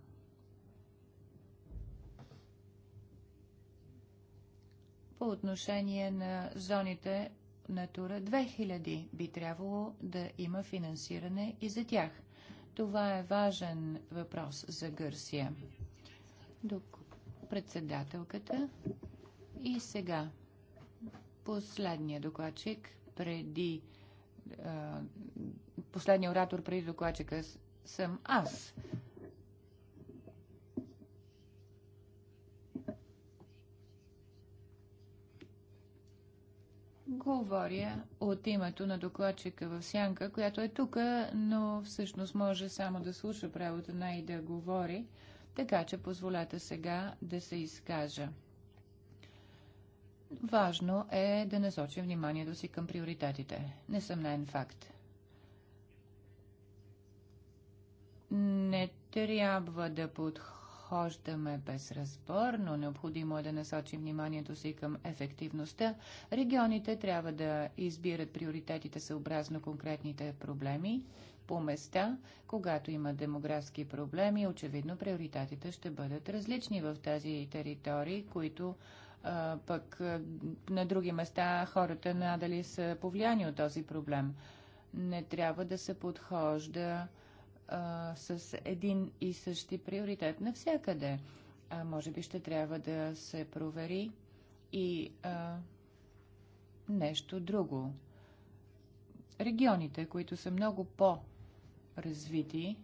по отношение на зоните Натура 2000 би трябвало да има финансиране и за тях. Това е важен въпрос за Гърсия. Док председателката и сега последния докладчик преди последния оратор преди докладчика съм аз. Говоря от името на докладчика в Сянка, която е тук, но всъщност може само да слуша правото на и да говори, така че позволете сега да се изкажа. Важно е да насочим вниманието си към приоритетите. Несъмнен факт. Не трябва да подходим подхождаме безразборно, необходимо е да насочим вниманието си към ефективността. Регионите трябва да избират приоритетите съобразно конкретните проблеми. По места, когато има демографски проблеми, очевидно приоритетите ще бъдат различни в тези територии, които а, пък а, на други места хората надали са повлияни от този проблем. Не трябва да се подхожда а, с един и същи приоритет навсякъде. А, може би ще трябва да се провери и а, нещо друго. Регионите, които са много по-развити,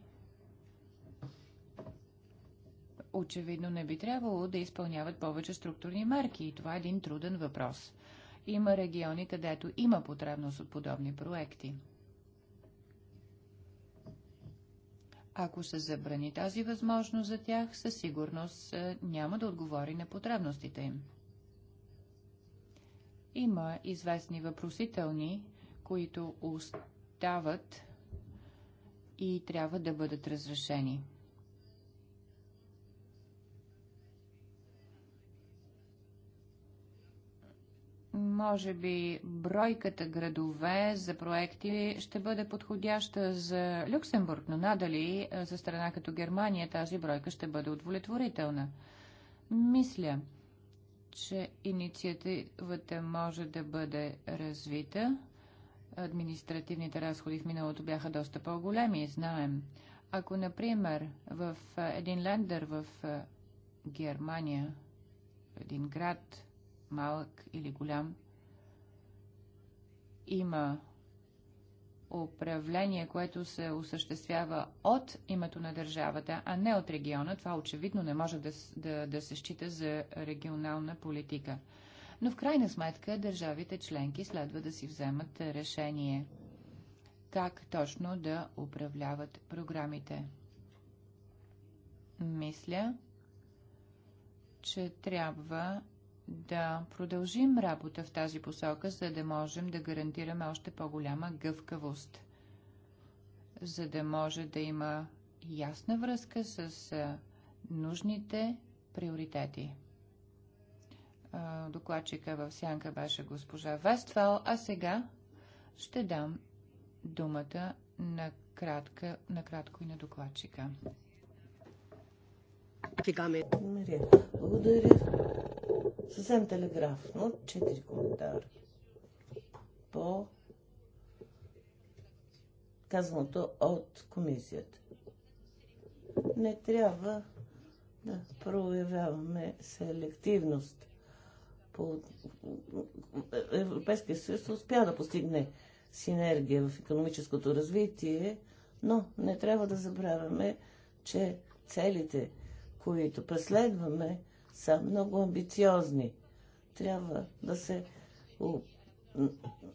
очевидно не би трябвало да изпълняват повече структурни мерки. И това е един труден въпрос. Има региони, където има потребност от подобни проекти. Ако се забрани тази възможност за тях, със сигурност е, няма да отговори на потребностите им. Има известни въпросителни, които остават и трябва да бъдат разрешени. може би бройката градове за проекти ще бъде подходяща за Люксембург, но надали за страна като Германия тази бройка ще бъде удовлетворителна. Мисля, че инициативата може да бъде развита. Административните разходи в миналото бяха доста по-големи, знаем. Ако, например, в един лендър в Германия, в един град, малък или голям, има управление, което се осъществява от името на държавата, а не от региона, това очевидно не може да, да, да се счита за регионална политика. Но в крайна сметка държавите членки следва да си вземат решение как точно да управляват програмите. Мисля, че трябва да продължим работа в тази посока, за да можем да гарантираме още по-голяма гъвкавост, за да може да има ясна връзка с нужните приоритети. Докладчика в сянка беше госпожа Вестфал, а сега ще дам думата на, кратка, на кратко и на докладчика. Благодаря. Съвсем телеграфно, четири коментара по казаното от комисията. Не трябва да проявяваме селективност. По... Европейския съюз успя да постигне синергия в економическото развитие, но не трябва да забравяме, че целите, които преследваме, са много амбициозни. Трябва да се.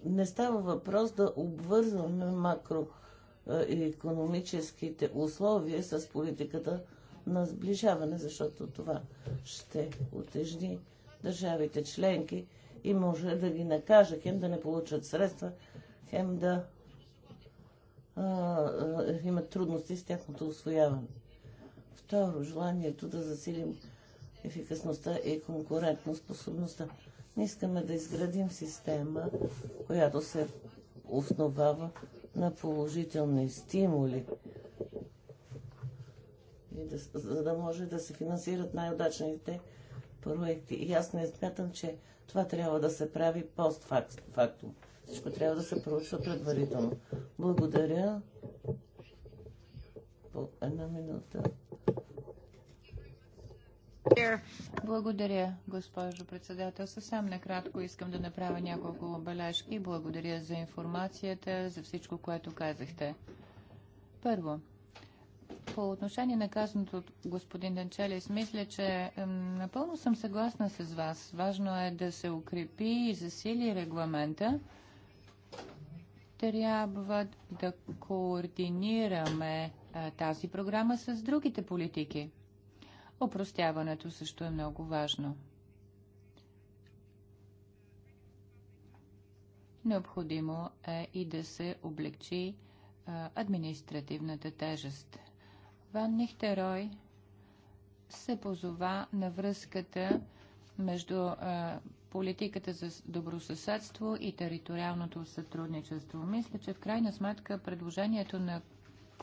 Не става въпрос да обвързваме макроекономическите условия с политиката на сближаване, защото това ще отежни държавите членки и може да ги накаже хем да не получат средства, хем да а, а, имат трудности с тяхното освояване. Второ, желанието да засилим ефикасността и конкурентоспособността. Ние искаме да изградим система, която се основава на положителни стимули, и да, за да може да се финансират най-удачните проекти. И аз не смятам, че това трябва да се прави постфактум. Всичко трябва да се проучва предварително. Благодаря. По една минута. Благодаря, госпожо председател. Съвсем накратко искам да направя няколко обележки. Благодаря за информацията, за всичко, което казахте. Първо, по отношение на казаното от господин Денчелис, мисля, че напълно съм съгласна с вас. Важно е да се укрепи и засили регламента. Трябва да координираме е, тази програма с другите политики. Опростяването също е много важно. Необходимо е и да се облегчи административната тежест. Ван Нихтерой се позова на връзката между политиката за добросъседство и териториалното сътрудничество. Мисля, че в крайна сметка предложението на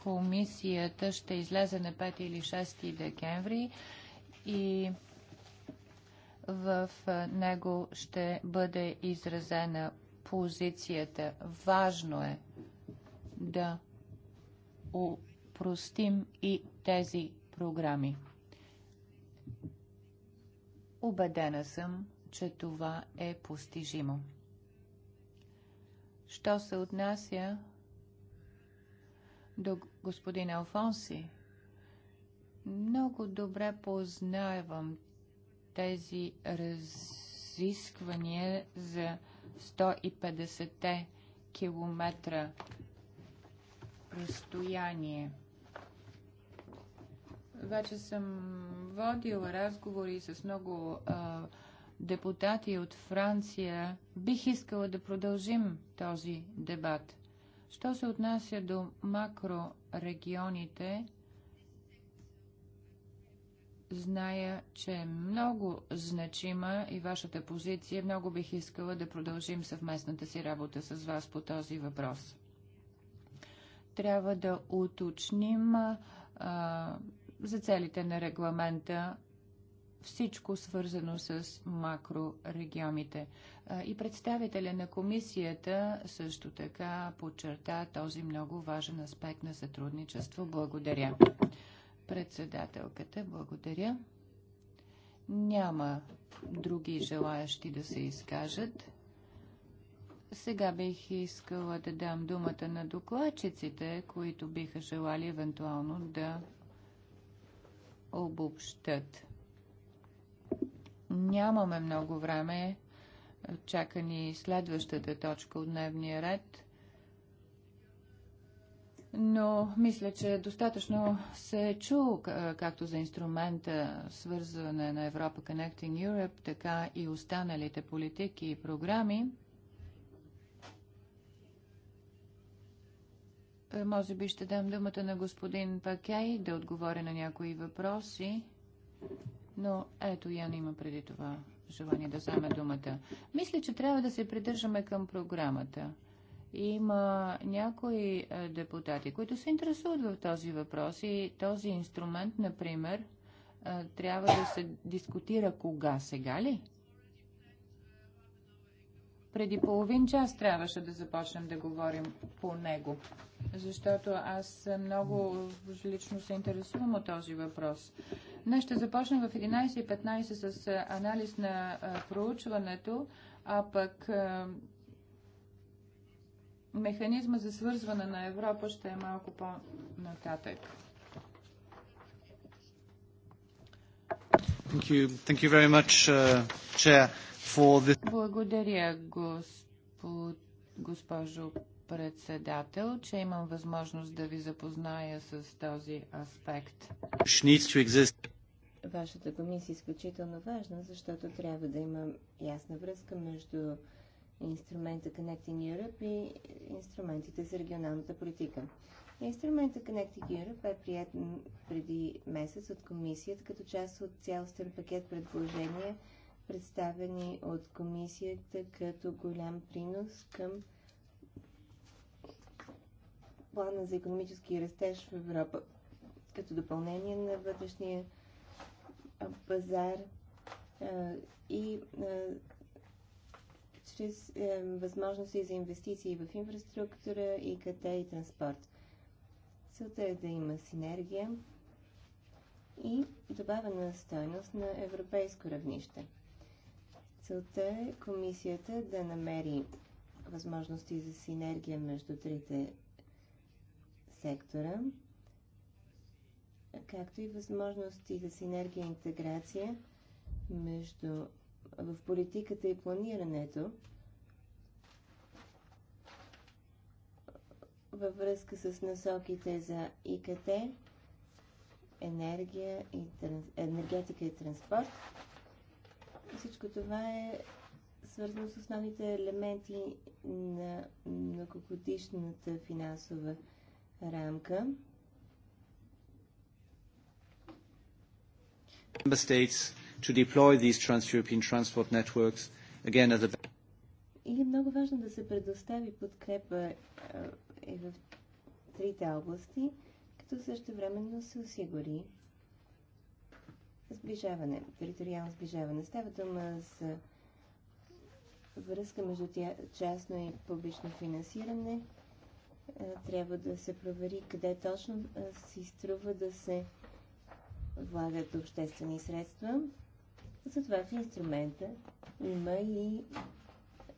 комисията ще излезе на 5 или 6 декември и в него ще бъде изразена позицията. Важно е да упростим и тези програми. Убедена съм, че това е постижимо. Що се отнася до господин Алфонси. Много добре познавам тези разисквания за 150-те километра разстояние. Вече съм водил разговори с много а, депутати от Франция. Бих искала да продължим този дебат. Що се отнася до макрорегионите, зная, че е много значима и вашата позиция. Много бих искала да продължим съвместната си работа с вас по този въпрос. Трябва да уточним а, за целите на регламента всичко свързано с макрорегионите. И представителя на комисията също така подчерта този много важен аспект на сътрудничество. Благодаря. Председателката, благодаря. Няма други желаящи да се изкажат. Сега бих искала да дам думата на докладчиците, които биха желали евентуално да обобщат Нямаме много време. Чака ни следващата точка от дневния ред. Но мисля, че достатъчно се е чул както за инструмента свързване на Европа Connecting Europe, така и останалите политики и програми. Е, може би ще дам думата на господин Пакей да отговори на някои въпроси но ето Яна има преди това желание да вземе думата. Мисля, че трябва да се придържаме към програмата. Има някои е, депутати, които се интересуват в този въпрос и този инструмент, например, е, трябва да се дискутира кога сега ли? Преди половин час трябваше да започнем да говорим по него, защото аз много лично се интересувам от този въпрос. Днес ще започнем в 11.15 с анализ на проучването, а пък механизма за свързване на Европа ще е малко по-нататък. Thank you. Thank you very much, uh, Chair. Благодаря, господ, госпожо председател, че имам възможност да ви запозная с този аспект. Вашата комисия е изключително важна, защото трябва да има ясна връзка между инструмента Connecting Europe и инструментите за регионалната политика. Инструмента Connecting Europe е прият преди месец от комисията като част от цялостен пакет предложения – представени от комисията като голям принос към плана за економически растеж в Европа, като допълнение на вътрешния пазар и чрез е, възможности за инвестиции в инфраструктура, и КТ и транспорт. Целта е да има синергия и добавена стойност на европейско равнище. Целта е комисията да намери възможности за синергия между трите сектора, както и възможности за синергия и интеграция между, в политиката и планирането във връзка с насоките за ИКТ, енергия и, енергетика и транспорт, всичко това е свързано с основните елементи на многогодишната финансова рамка. Member States to deploy these trans-European transport networks again и е много важно да се предостави подкрепа е, е в трите области, като същевременно се осигури сближаване, териториално сближаване. Става дума за връзка между тя, частно и публично финансиране. Е, трябва да се провери къде точно е, си струва да се влагат обществени средства. Затова в инструмента има и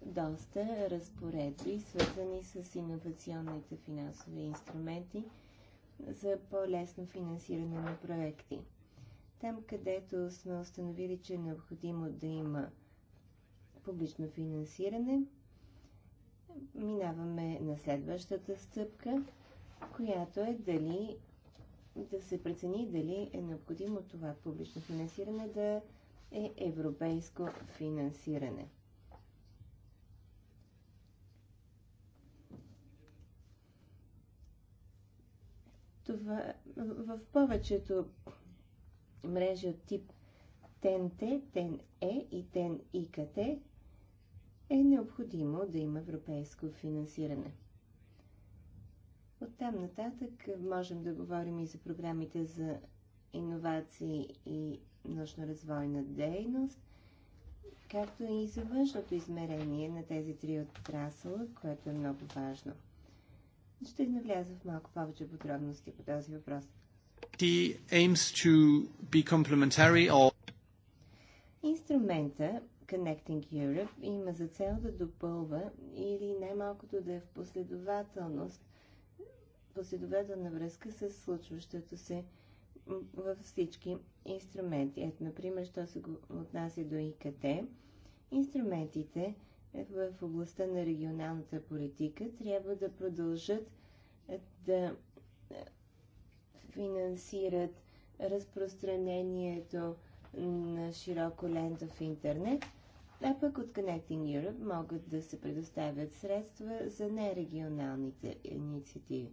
доста разпоредби, свързани с иновационните финансови инструменти за по-лесно финансиране на проекти. Там, където сме установили, че е необходимо да има публично финансиране, минаваме на следващата стъпка, която е дали да се прецени дали е необходимо това публично финансиране да е европейско финансиране. Това в повечето мрежи от тип ТНТ, ТНЕ и ТНИКТ е необходимо да има европейско финансиране. От там нататък можем да говорим и за програмите за иновации и научно-развойна дейност, както и за външното измерение на тези три отрасъла, което е много важно. Ще навляза в малко повече подробности по този въпрос aims to be complementary or... Инструмента Connecting Europe има за цел да допълва или най-малкото да е в последователност, последователна връзка с случващото се във всички инструменти. Ето, например, що се отнася до ИКТ, инструментите в областта на регионалната политика трябва да продължат да финансират разпространението на широко лентов интернет, а пък от Connecting Europe могат да се предоставят средства за нерегионалните инициативи.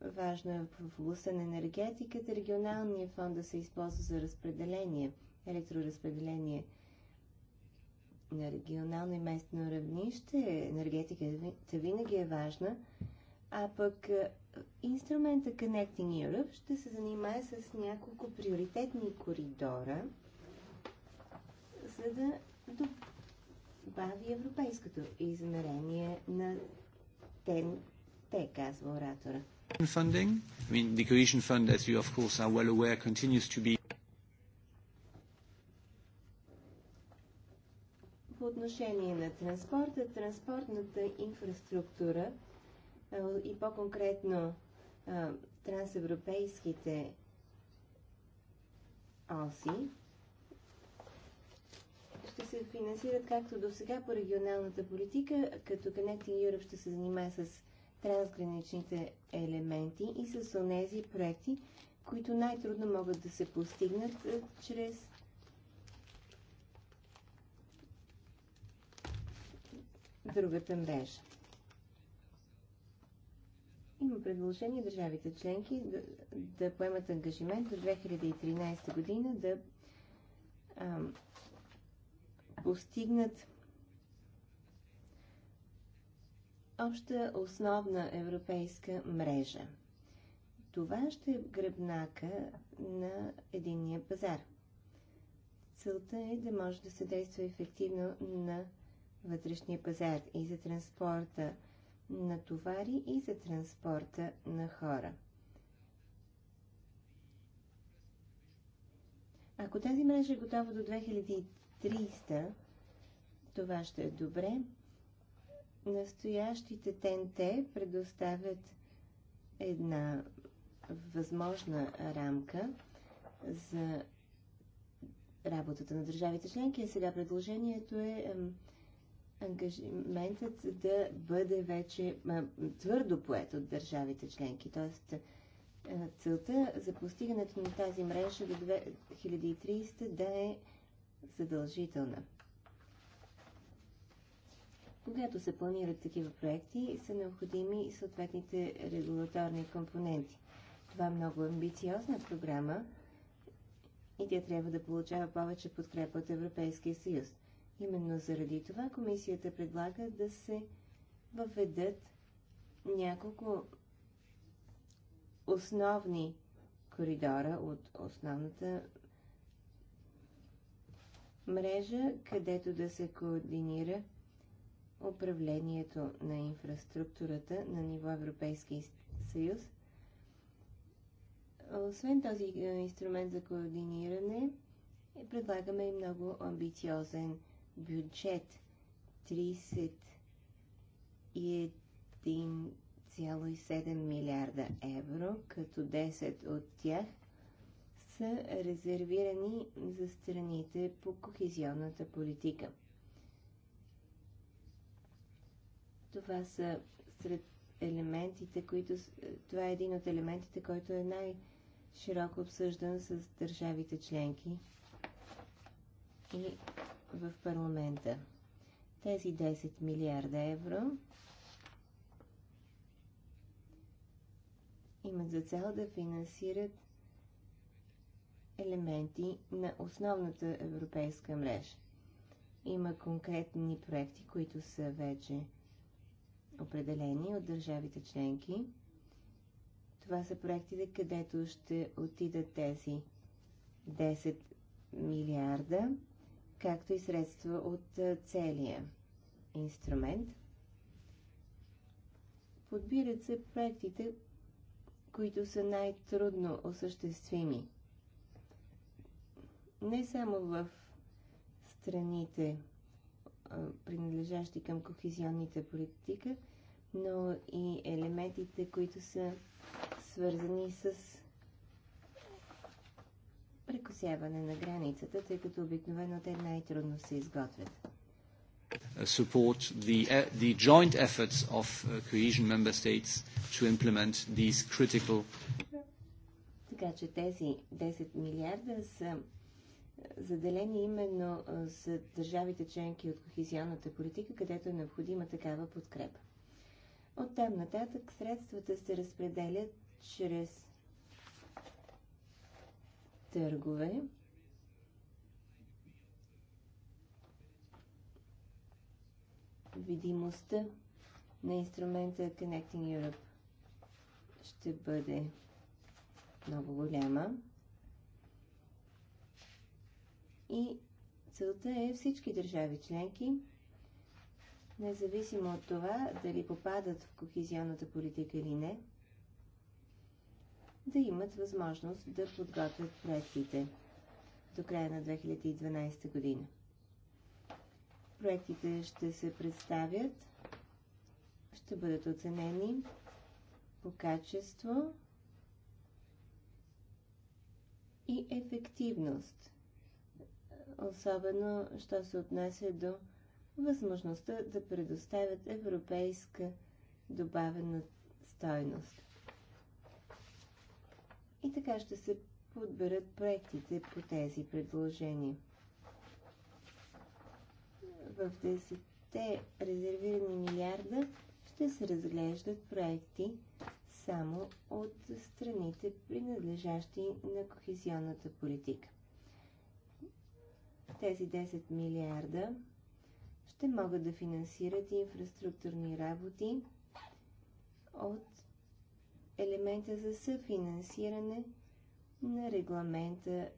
Важно е в областта на енергетиката регионалния фонд да се използва за разпределение, електроразпределение на регионално и местно равнище. Енергетиката винаги е важна, а пък Инструмента Connecting Europe ще се занимае с няколко приоритетни коридора, за да добави европейското измерение на ТЕН, те казва оратора. Funding. I mean, the cohesion fund, as you of course are well aware, continues to be по отношение на транспорта, транспортната инфраструктура – е, и по-конкретно е, трансевропейските оси ще се финансират както до сега по регионалната политика, като Connecting Europe ще се занимава с трансграничните елементи и с онези проекти, които най-трудно могат да се постигнат е, чрез другата мрежа. Има предложение държавите членки да, да поемат ангажимент до 2013 година да а, постигнат обща основна европейска мрежа. Това ще е гръбнака на единния пазар. Целта е да може да се действа ефективно на вътрешния пазар и за транспорта, на товари и за транспорта на хора. Ако тази мрежа е готова до 2300, това ще е добре. Настоящите ТНТ предоставят една възможна рамка за работата на държавите членки. А сега предложението е ангажиментът да бъде вече твърдо поет от държавите членки. Тоест, целта за постигането на тази мрежа до 2030 да е задължителна. Когато се планират такива проекти, са необходими и съответните регулаторни компоненти. Това е много амбициозна програма и тя трябва да получава повече подкрепа от Европейския съюз. Именно заради това комисията предлага да се въведат няколко основни коридора от основната мрежа, където да се координира управлението на инфраструктурата на ниво Европейски съюз. Освен този е, инструмент за координиране, предлагаме и много амбициозен бюджет 31,7 милиарда евро, като 10 от тях са резервирани за страните по кохезионната политика. Това са сред елементите, които... Това е един от елементите, който е най-широко обсъждан с държавите членки и в парламента. Тези 10 милиарда евро имат за цел да финансират елементи на основната европейска мрежа. Има конкретни проекти, които са вече определени от държавите членки. Това са проектите, където ще отидат тези 10 милиарда както и средства от целия инструмент. Подбират се проектите, които са най-трудно осъществими. Не само в страните, принадлежащи към кохезионната политика, но и елементите, които са свързани с прекосяване на границата, тъй като обикновено те най-трудно се изготвят. Support the, uh, the joint efforts of uh, cohesion member states to implement these critical. Така че тези 10 милиарда са е, заделени именно е, за държавите членки от кохезионната политика, където е необходима такава подкрепа. Оттам нататък средствата се разпределят чрез търгове. Видимостта на инструмента Connecting Europe ще бъде много голяма. И целта е всички държави членки, независимо от това дали попадат в кохизионната политика или не, да имат възможност да подготвят проектите до края на 2012 година. Проектите ще се представят, ще бъдат оценени по качество и ефективност, особено що се отнася до възможността да предоставят европейска добавена стойност и така ще се подберат проектите по тези предложения. В 10-те резервирани милиарда ще се разглеждат проекти само от страните, принадлежащи на кохезионната политика. Тези 10 милиарда ще могат да финансират инфраструктурни работи от елемента за съфинансиране на регламента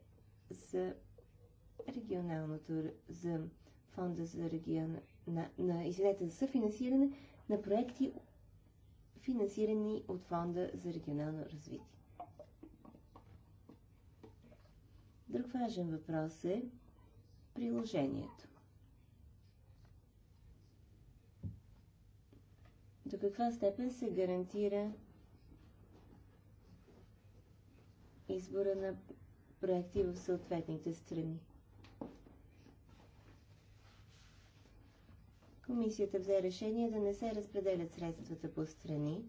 за регионалното, за фонда за региона, на, на извинете, за съфинансиране на проекти, финансирани от фонда за регионално развитие. Друг важен въпрос е приложението. До каква степен се гарантира избора на проекти в съответните страни. Комисията взе решение да не се разпределят средствата по страни,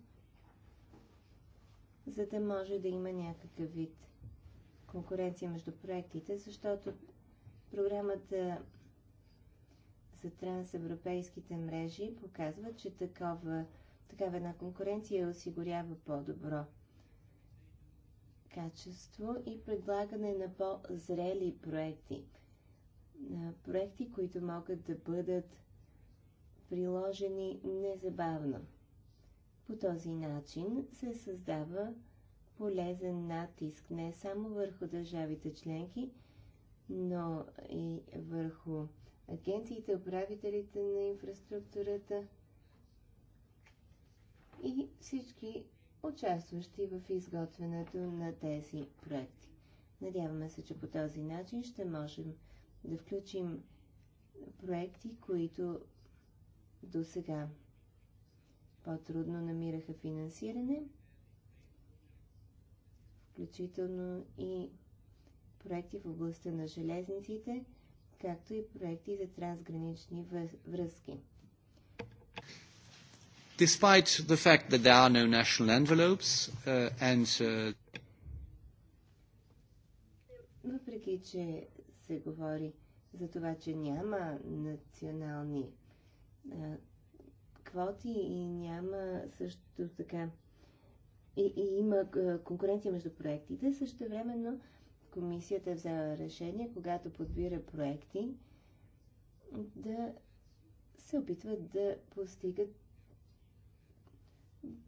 за да може да има някакъв вид конкуренция между проектите, защото програмата за трансевропейските мрежи показва, че такова, такава една конкуренция осигурява по-добро качество и предлагане на по-зрели проекти. Проекти, които могат да бъдат приложени незабавно. По този начин се създава полезен натиск не само върху държавите членки, но и върху агенциите, управителите на инфраструктурата и всички участващи в изготвянето на тези проекти. Надяваме се, че по този начин ще можем да включим проекти, които до сега по-трудно намираха финансиране, включително и проекти в областта на железниците, както и проекти за трансгранични връзки despite the fact that there are no national envelopes uh, and uh, въпреки, че се говори за това, че няма национални а, квоти и няма също така и, и има конкуренция между проектите, също времено комисията е взела решение, когато подбира проекти, да се опитват да постигат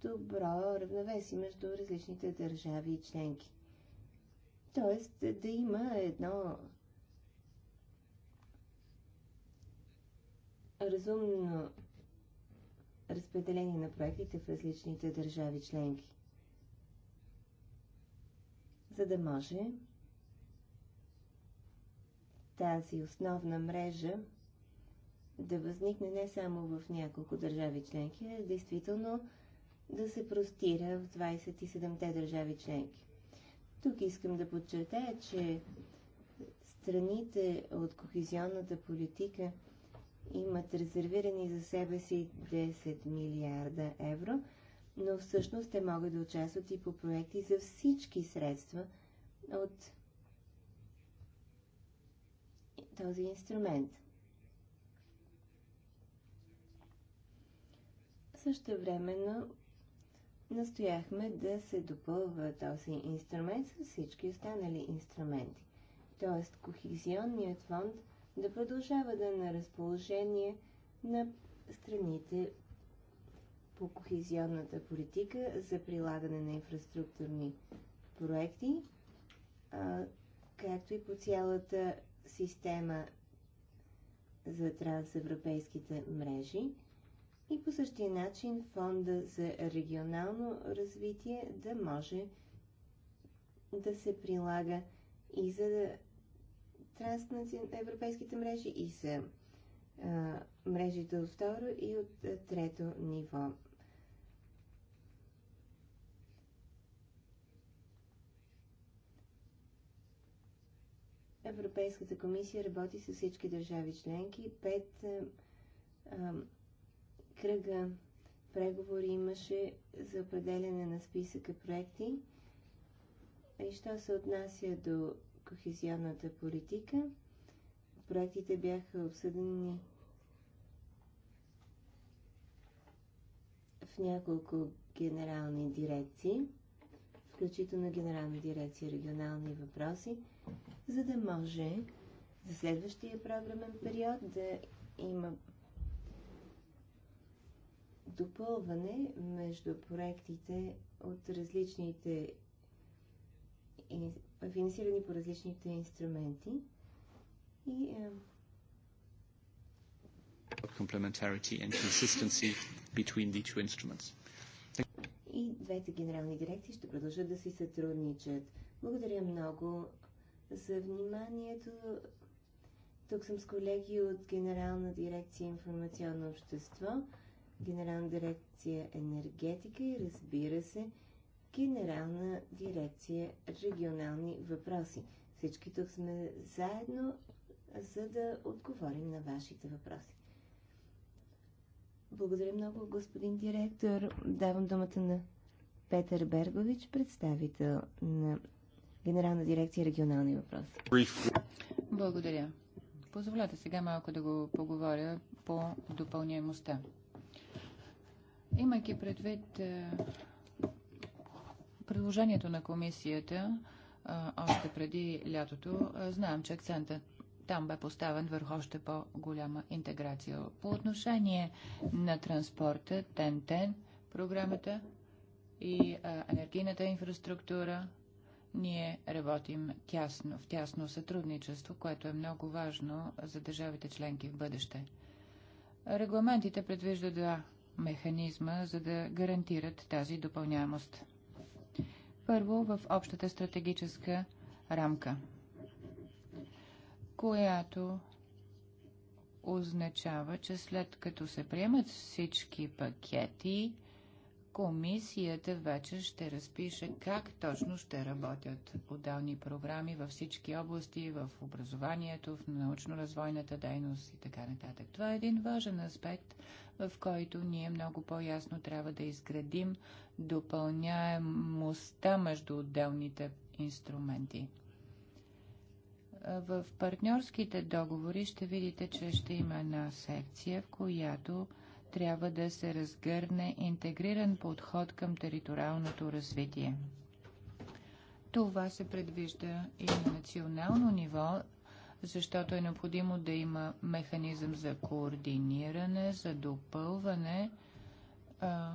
добро равновесие между различните държави и членки. Тоест да има едно разумно разпределение на проектите в различните държави членки, за да може тази основна мрежа да възникне не само в няколко държави членки, а действително да се простира в 27-те държави членки. Тук искам да подчертая, че страните от кохезионната политика имат резервирани за себе си 10 милиарда евро, но всъщност те могат да участват и по проекти за всички средства от този инструмент. Също времено настояхме да се допълва този инструмент с всички останали инструменти. Тоест, Кохизионният фонд да продължава да е на разположение на страните по Кохизионната политика за прилагане на инфраструктурни проекти, а, както и по цялата система за трансевропейските мрежи, и по същия начин фонда за регионално развитие да може да се прилага и за транснационал... европейските мрежи, и за а, мрежите от второ и от а, трето ниво. Европейската комисия работи с всички държави членки. Пет а, кръга преговори имаше за определяне на списъка проекти. И що се отнася до кохезионната политика, проектите бяха обсъдени в няколко генерални дирекции, включително Генерална дирекция регионални въпроси, за да може за следващия програмен период да има допълване между проектите от различните финансирани по различните инструменти и е, complementarity and consistency between the two instruments. И двете генерални дирекции ще продължат да си сътрудничат. Благодаря много за вниманието. Тук съм с колеги от Генерална дирекция информационно общество. Генерална дирекция енергетика и разбира се, Генерална дирекция регионални въпроси. Всички тук сме заедно, за да отговорим на вашите въпроси. Благодаря много, господин директор. Давам думата на Петър Бергович, представител на Генерална дирекция регионални въпроси. Благодаря. Позволете сега малко да го поговоря по допълняемостта. Имайки предвид е, предложението на комисията е, още преди лятото, е, знаем, че акцентът там бе поставен върху още по-голяма интеграция. По отношение на транспорта, ТЕН-ТЕН, програмата и енергийната инфраструктура, ние работим тясно, в тясно сътрудничество, което е много важно за държавите членки в бъдеще. Регламентите предвиждат два механизма, за да гарантират тази допълняемост. Първо в общата стратегическа рамка, която означава, че след като се приемат всички пакети, комисията вече ще разпише как точно ще работят отделни програми във всички области, в образованието, в научно-развойната дейност и така нататък. Това е един важен аспект в който ние много по-ясно трябва да изградим допълняемостта между отделните инструменти. В партньорските договори ще видите, че ще има една секция, в която трябва да се разгърне интегриран подход към териториалното развитие. Това се предвижда и на национално ниво защото е необходимо да има механизъм за координиране, за допълване а,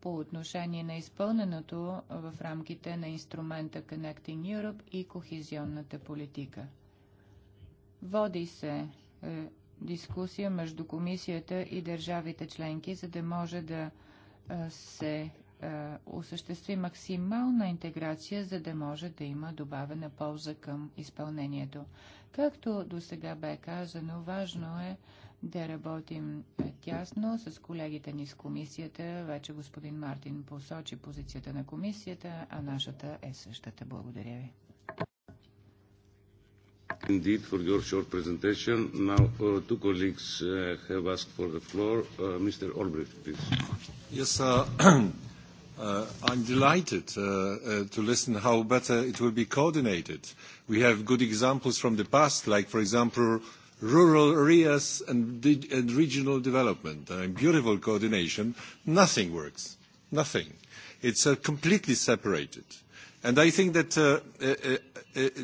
по отношение на изпълненото в рамките на инструмента Connecting Europe и кохезионната политика. Води се е, дискусия между комисията и държавите членки, за да може да се е, осъществи максимална интеграция, за да може да има добавена полза към изпълнението. Както до сега бе казано, важно е да работим е, тясно с колегите ни с комисията. Вече господин Мартин посочи позицията на комисията, а нашата е същата. Благодаря ви. Indeed, for your short presentation. Now, uh, two colleagues uh, have asked for the floor. Uh, Mr. Olbrich, please. Yes, uh, (clears throat) I'm delighted to listen how better it will be coordinated. We have good examples from the past, like, for example, rural areas and regional development. Beautiful coordination. Nothing works. Nothing. It's completely separated. I think that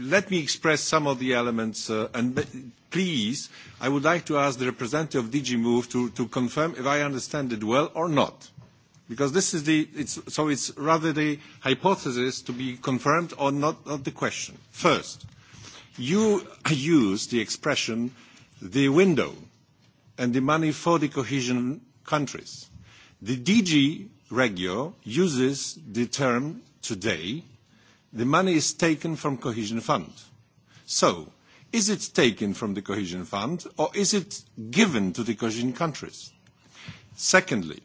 let me express some of the elements, and please, I would like to ask the representative of DG Move to confirm if I understand it well or not Because this is the, it's, so it's rather the hypothesis to be confirmed or not, not the question. First, you use the expression the window and the money for the cohesion countries. The DG Regio uses the term today, the money is taken from cohesion fund. So, is it taken from the cohesion fund or is it given to the cohesion countries? Secondly,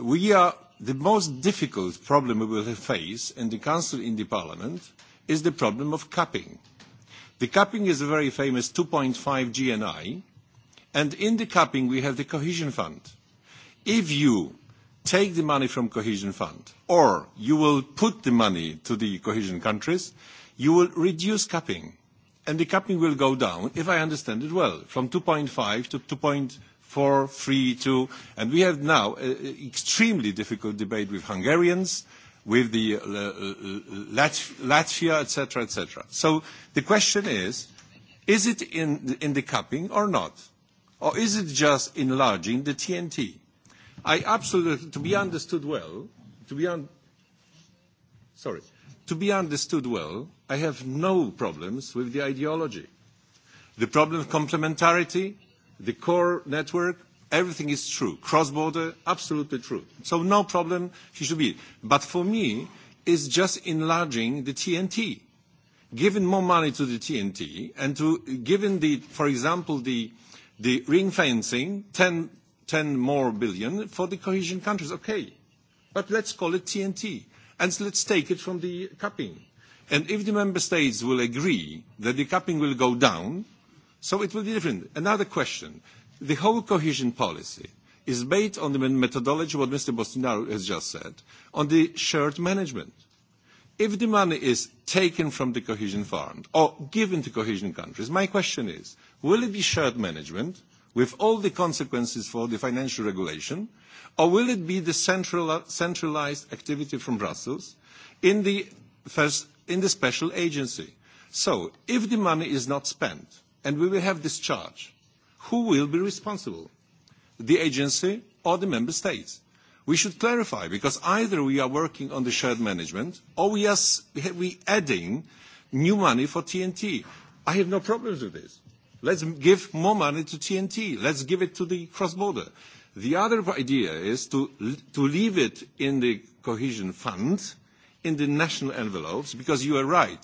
we are the most difficult problem we will face in the Council in the Parliament is the problem of capping. The capping is a very famous 2.5 GNI, and in the capping we have the cohesion fund. If you take the money from cohesion fund, or you will put the money to the cohesion countries, you will reduce capping, and the capping will go down, if I understand it well, from 2.5 to 2.2 four, three, two, and we have now an extremely difficult debate with Hungarians, with the Latvia, etc., etc. So the question is, is it in, in the capping or not? Or is it just enlarging the TNT? I absolutely, to be understood well, to be un- sorry, to be understood well, I have no problems with the ideology. The problem of complementarity, the core network, everything is true. Cross-border, absolutely true. So no problem, he should be. But for me, it's just enlarging the TNT. Giving more money to the TNT and to giving the, for example, the the ring fencing, 10 10 more billion for the cohesion countries. Okay, but let's call it TNT, and let's take it from the capping. And if the member states will agree that the capping will go down, So it will be different. Another question. The whole cohesion policy is based on the methodology, what Mr. Bostinaro has just said, on the shared management. If the money is taken from the cohesion fund or given to cohesion countries, my question is, will it be shared management with all the consequences for the financial regulation, or will it be the centralized activity from Brussels in the, first, in the special agency? So if the money is not spent, and we will have this charge. Who will be responsible? The agency or the member states? We should clarify because either we are working on the shared management or we are adding new money for TNT. I have no problems with this. Let's give more money to TNT. Let's give it to the cross-border. The other idea is to leave it in the cohesion fund in the national envelopes because you are right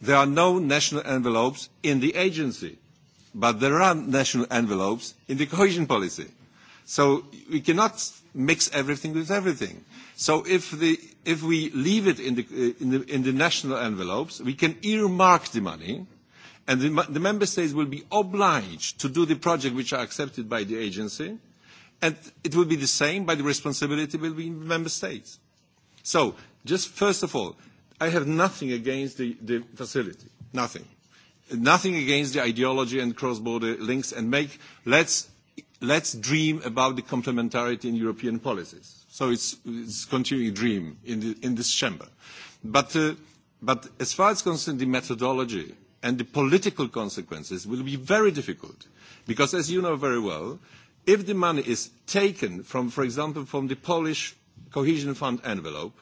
There are no national envelopes in the agency, but there are national envelopes in the cohesion policy. So we cannot mix everything with everything. So if, the, if we leave it in the, in, the, in the national envelopes, we can earmark the money, and the, the member states will be obliged to do the projects which are accepted by the agency, and it will be the same, but the responsibility will be in the member states. So just first of all, I have nothing against the, the facility, nothing. Nothing against the ideology and cross-border links and make, let's, let's dream about the complementarity in European policies. So it's, it's continuing dream in, the, in this chamber. But, uh, but as far as concerned the methodology and the political consequences will be very difficult. Because as you know very well, if the money is taken from, for example, from the Polish cohesion fund envelope,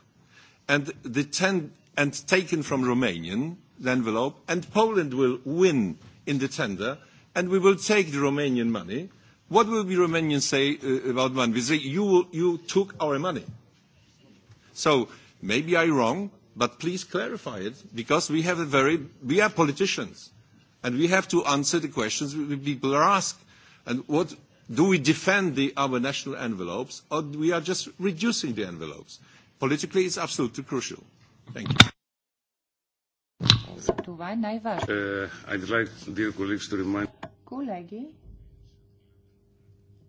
and the ten and taken from Romanian, the envelope, and Poland will win in the tender, and we will take the Romanian money. What will the Romanians say uh, about money? They say, you, you took our money. So maybe I'm wrong, but please clarify it, because we have a very, we are politicians, and we have to answer the questions people are asked. And what, do we defend the, our national envelopes, or we are just reducing the envelopes? Politically, it's absolutely crucial. Thank you. Това е най-важно. Uh, like, remind... Колеги,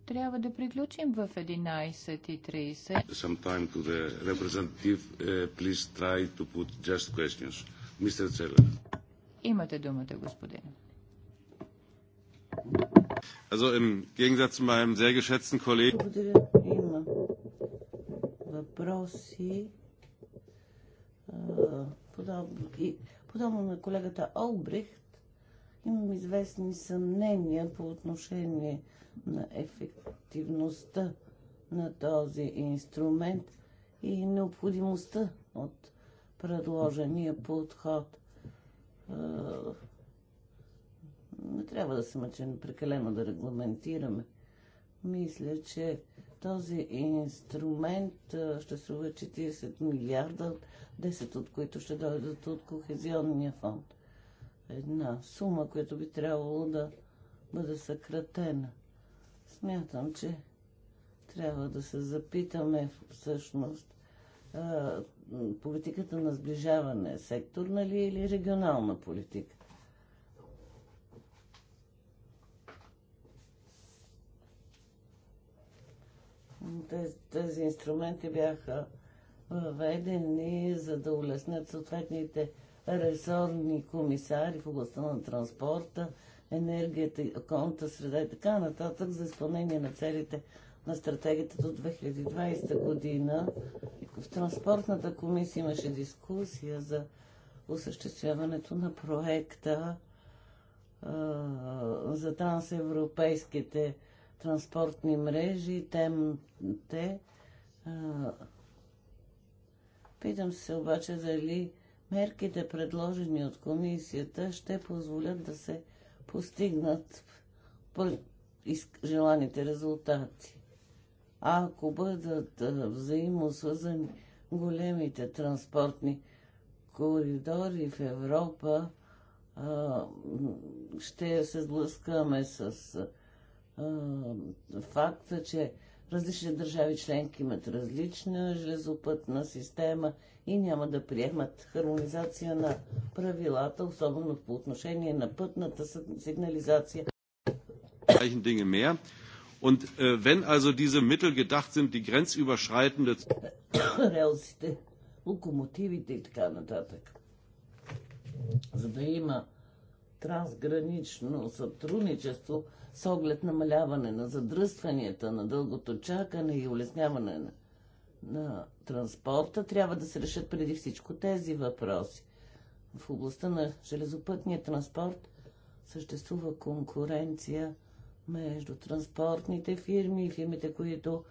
трябва да приключим в 11.30. Sometime to the representative, uh, please try to put just questions. Mr. Celler. Имате думата, господин. Also im Gegensatz zu meinem sehr geschätzten Kollegen. Благодаря. Има въпроси подобно, и, подобно на колегата Олбрихт, имам известни съмнения по отношение на ефективността на този инструмент и необходимостта от предложения подход. Не трябва да се мъчим прекалено да регламентираме. Мисля, че този инструмент ще струва 40 милиарда 10 от които ще дойдат от Кохезионния фонд. Една сума, която би трябвало да бъде съкратена. Смятам, че трябва да се запитаме всъщност политиката на сближаване е секторна ли или регионална политика. тези инструменти бяха въведени, за да улеснят съответните ресорни комисари в областта на транспорта, енергията, конта среда и така нататък за изпълнение на целите на стратегията до 2020 година. В Транспортната комисия имаше дискусия за осъществяването на проекта а, за трансевропейските транспортни мрежи, темте, Питам се обаче дали мерките, предложени от комисията, ще позволят да се постигнат желаните резултати. А ако бъдат взаимосвързани големите транспортни коридори в Европа, ще се сблъскаме с факта, че Различни държави членки имат различна железопътна система и няма да приемат хармонизация на правилата, особено по отношение на пътната сигнализация. Und äh, wenn also diese Mittel gedacht sind, die grenzüberschreitende Релсите, локомотивите и така нататък. За да има трансгранично сътрудничество с оглед намаляване на задръстванията, на дългото чакане и улесняване на, на транспорта, трябва да се решат преди всичко тези въпроси. В областта на железопътния транспорт съществува конкуренция между транспортните фирми и фирмите, които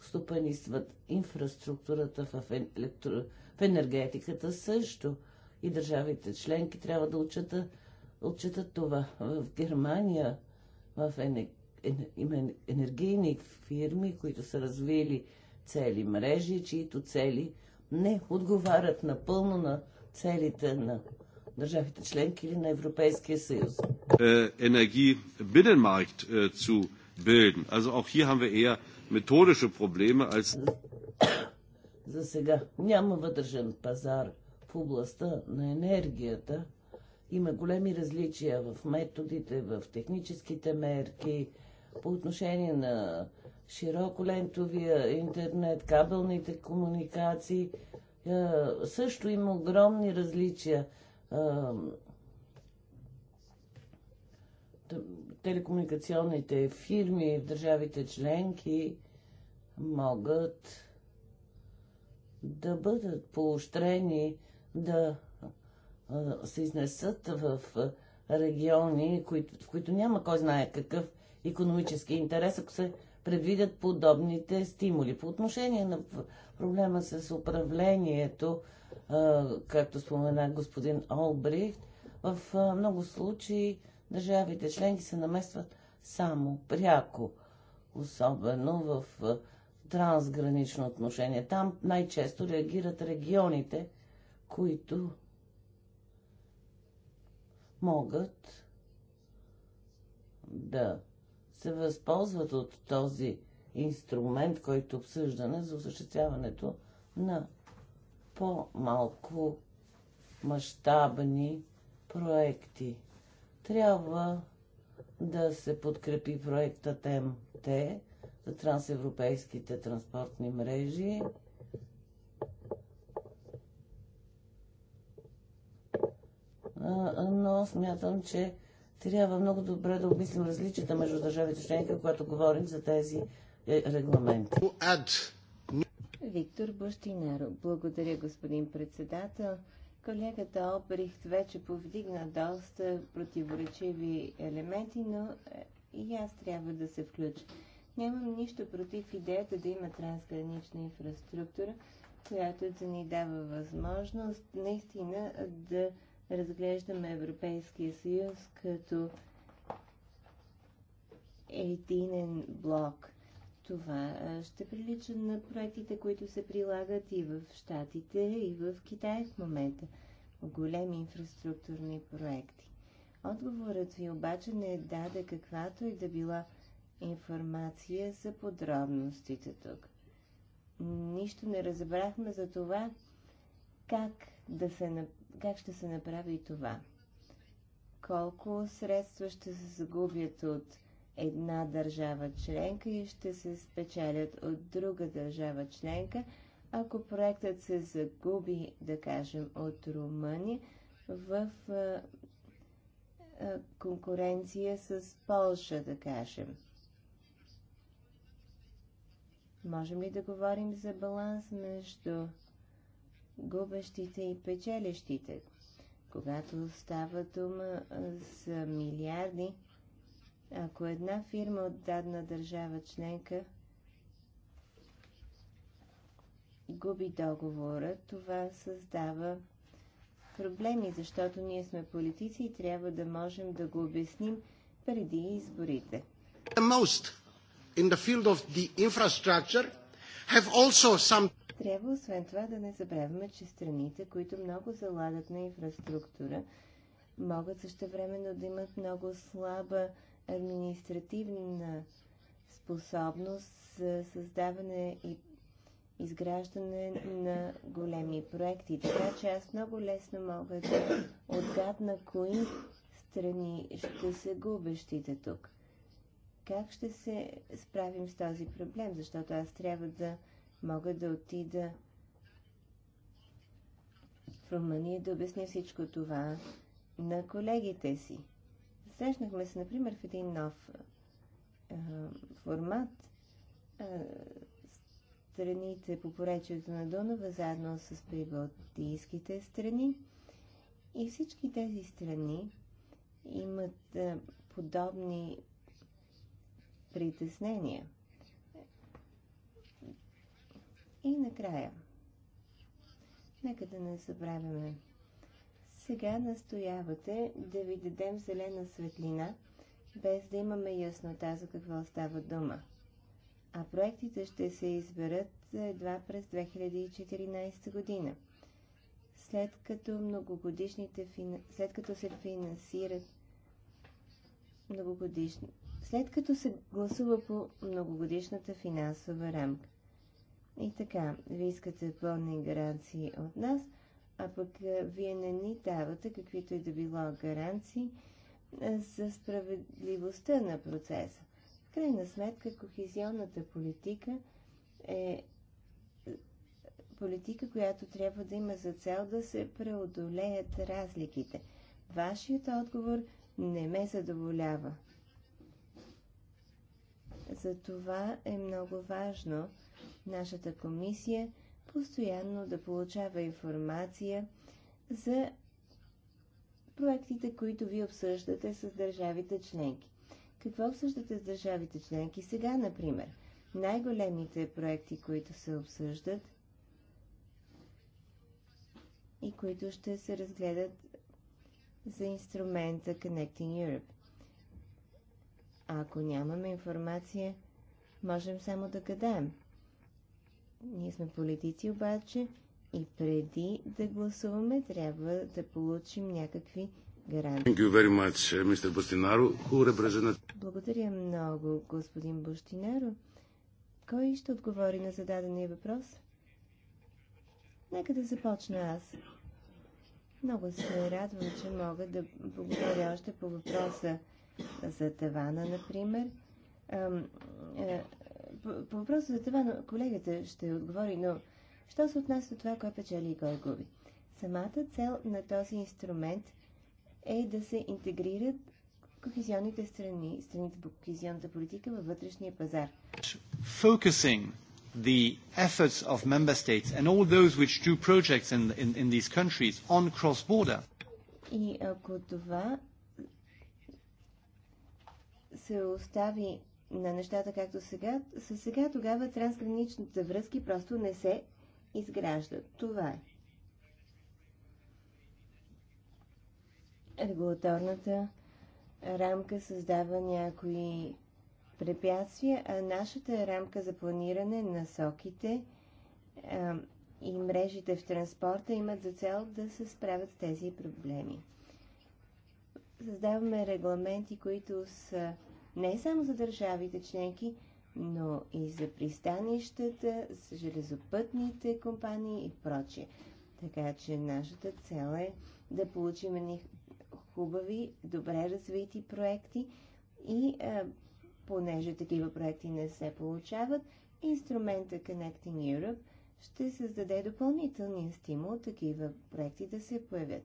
стопанистват инфраструктурата в, електро... в енергетиката също. И държавите членки трябва да учат отчитат това. В Германия в ен... енергийни фирми, които са развили цели мрежи, чието цели не отговарят напълно на целите на държавите членки или на Европейския съюз. Energiebinnenmarkt е, е, zu bilden. Also auch hier haben wir eher methodische Probleme als за сега няма вътрешен пазар в областта на енергията, има големи различия в методите, в техническите мерки, по отношение на широколентовия интернет, кабелните комуникации. Е, също има огромни различия. Е, телекомуникационните фирми в държавите членки могат да бъдат поощрени да се изнесат в региони, в които няма кой знае какъв економически интерес, ако се предвидят подобните стимули. По отношение на проблема с управлението, както спомена господин Олбрихт, в много случаи държавите членки се наместват само пряко, особено в трансгранично отношение. Там най-често реагират регионите, които могат да се възползват от този инструмент, който е обсъждане за осъществяването на по-малко мащабни проекти. Трябва да се подкрепи проекта ТМТ за трансевропейските транспортни мрежи но смятам, че трябва много добре да обмислим различията между държавите членки, когато говорим за тези е, регламенти. Виктор Бащинаро. Благодаря, господин председател. Колегата Обрихт вече повдигна доста противоречиви елементи, но е, и аз трябва да се включа. Нямам нищо против идеята да има трансгранична инфраструктура, която да ни дава възможност наистина да разглеждаме Европейския съюз като единен блок. Това ще прилича на проектите, които се прилагат и в Штатите, и в Китай в момента. Големи инфраструктурни проекти. Отговорът ви обаче не даде каквато и да била информация за подробностите тук. Нищо не разбрахме за това как да се направи как ще се направи това? Колко средства ще се загубят от една държава членка и ще се спечелят от друга държава членка, ако проектът се загуби, да кажем, от Румъния в а, а, конкуренция с Полша, да кажем. Можем ли да говорим за баланс между губещите и печелещите. Когато става дума за милиарди, ако една фирма от дадна държава членка губи договора, това създава проблеми, защото ние сме политици и трябва да можем да го обясним преди изборите. The most in the field of the infrastructure have also some трябва освен това да не забравяме, че страните, които много залагат на инфраструктура, могат същевременно да имат много слаба административна способност за създаване и изграждане на големи проекти. Така че аз много лесно мога да отгадна кои страни ще са губещите тук. Как ще се справим с този проблем? Защото аз трябва да Мога да отида в Румъния и да обясня всичко това на колегите си. Срещнахме се, например, в един нов а, формат. А, страните по поречието на Дунава, заедно с прибалтийските страни. И всички тези страни имат а, подобни притеснения – и накрая, нека да не забравяме. Сега настоявате да ви дадем зелена светлина, без да имаме яснота за какво става дума. А проектите ще се изберат едва през 2014 година, след като, многогодишните, след като се финансират многогодишни, след като се гласува по многогодишната финансова рамка. И така, вие искате пълни гаранции от нас, а пък вие не ни давате каквито и да било гаранции за справедливостта на процеса. В крайна сметка, кохезионната политика е, е политика, която трябва да има за цел да се преодолеят разликите. Вашият отговор не ме задоволява. Затова е много важно нашата комисия постоянно да получава информация за проектите, които ви обсъждате с държавите членки. Какво обсъждате с държавите членки сега, например? Най-големите проекти, които се обсъждат и които ще се разгледат за инструмента Connecting Europe. А ако нямаме информация, можем само да гадаем. Ние сме политици обаче и преди да гласуваме трябва да получим някакви гаранции. Uh, благодаря много, господин Бощинаро. Кой ще отговори на зададения въпрос? Нека да започна аз. Много се радвам, че мога да поговоря още по въпроса за тавана, например. Е, по, по въпроса за това, но колегата ще отговори, но що се отнася до това, кой печели и кой губи? Самата цел на този инструмент е да се интегрират кохезионните страни, страните по кохезионната политика във вътрешния пазар. Focusing the efforts of member states and all those which do projects in, in, in these countries on cross-border. И ако това се остави на нещата, както сега, са сега, тогава трансграничните връзки просто не се изграждат. Това е. Регулаторната рамка създава някои препятствия, а нашата рамка за планиране, насоките а, и мрежите в транспорта имат за цел да се справят с тези проблеми. Създаваме регламенти, които са не само за държавите членки, но и за пристанищата, за железопътните компании и прочие. Така че нашата цел е да получим хубави, добре развити проекти и а, понеже такива проекти не се получават, инструмента Connecting Europe ще създаде допълнителния стимул такива проекти да се появят.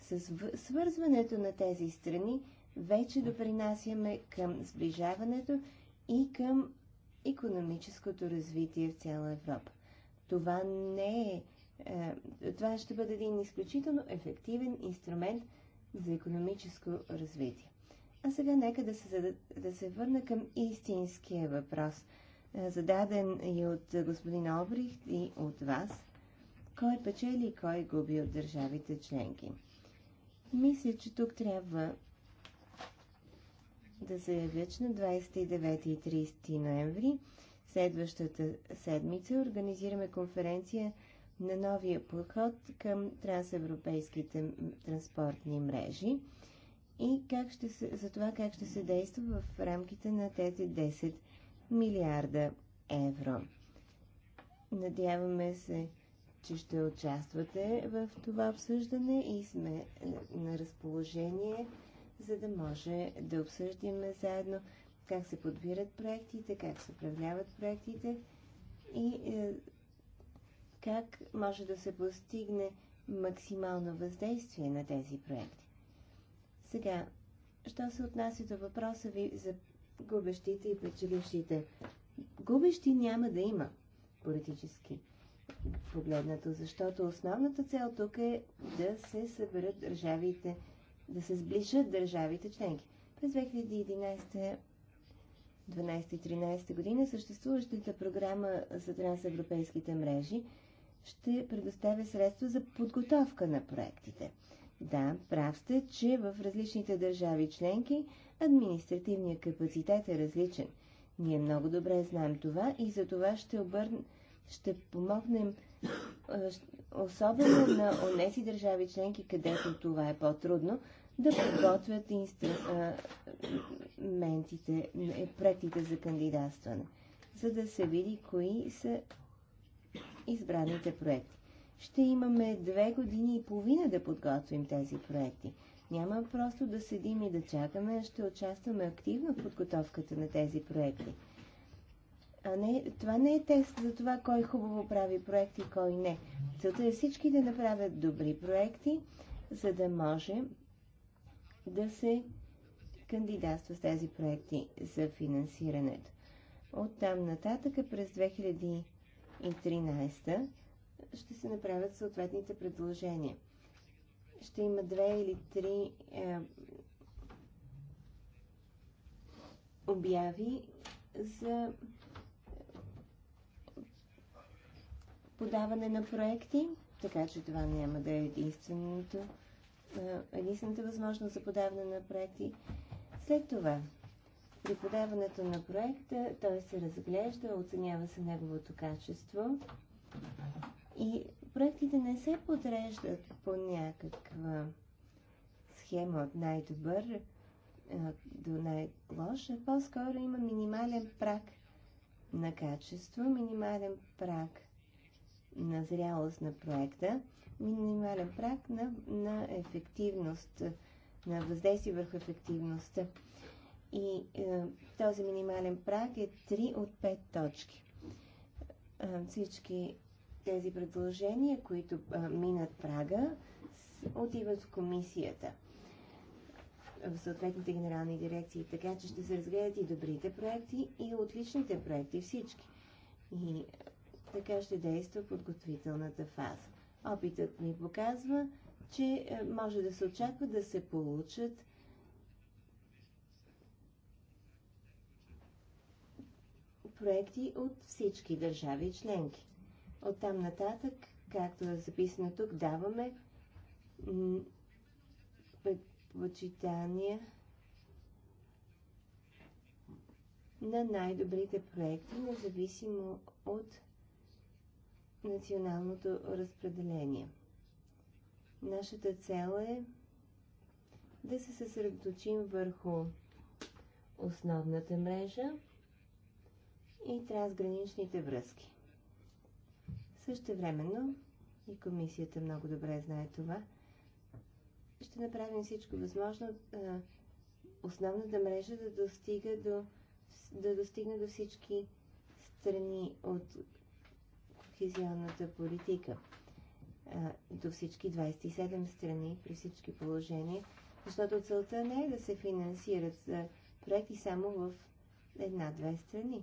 С свързването на тези страни вече допринасяме към сближаването и към економическото развитие в цяла Европа. Това не е, е, Това ще бъде един изключително ефективен инструмент за економическо развитие. А сега нека да се, задад, да се върна към истинския въпрос, е, зададен и от господин Обрихт и от вас. Кой печели и кой губи от държавите членки? Мисля, че тук трябва да заявя, че на 29 и 30 ноември следващата седмица организираме конференция на новия подход към трансевропейските транспортни мрежи и как ще се, за това как ще се действа в рамките на тези 10 милиарда евро. Надяваме се, че ще участвате в това обсъждане и сме е, на разположение за да може да обсъждаме заедно как се подбират проектите, как се управляват проектите и е, как може да се постигне максимално въздействие на тези проекти. Сега, що се отнася до въпроса ви за губещите и печелившите? Губещи няма да има политически погледнато, защото основната цел тук е да се съберат държавите да се сближат държавите членки. През 2011 2013 година съществуващата програма за трансевропейските мрежи ще предоставя средства за подготовка на проектите. Да, прав сте, че в различните държави членки административният капацитет е различен. Ние много добре знаем това и за това ще, обърн... ще помогнем особено на онези държави членки, където това е по-трудно, да подготвят инструментите, е, проектите за кандидатстване, за да се види кои са избраните проекти. Ще имаме две години и половина да подготвим тези проекти. Няма просто да седим и да чакаме, а ще участваме активно в подготовката на тези проекти. А не, това не е тест за това кой хубаво прави проекти, кой не. Целта е всички да направят добри проекти, за да може да се кандидатства с тези проекти за финансирането. От там нататък през 2013 ще се направят съответните предложения. Ще има две или три е, обяви за подаване на проекти, така че това няма да е единственото, единствената възможност за подаване на проекти. След това, при подаването на проекта, той се разглежда, оценява се неговото качество и проектите не се подреждат по някаква схема от най-добър до най-лош, а по-скоро има минимален прак на качество, минимален прак на зрялост на проекта, минимален прак на, на ефективност, на въздействие върху ефективността. И е, този минимален прак е 3 от 5 точки. Е, всички тези предложения, които е, минат прага, отиват в комисията в съответните генерални дирекции, така че ще се разгледат и добрите проекти, и отличните проекти, всички. И е, така ще действа подготвителната фаза. Опитът ни показва, че е, може да се очаква да се получат проекти от всички държави членки. От там нататък, както е записано тук, даваме предпочитания на най-добрите проекти, независимо от националното разпределение. Нашата цел е да се съсредоточим върху основната мрежа и трансграничните връзки. Същевременно, и комисията много добре знае това, ще направим всичко възможно основната мрежа да достига до, да достигне до всички страни от кохезионната политика до всички 27 страни при всички положения, защото целта не е да се финансират проекти само в една-две страни.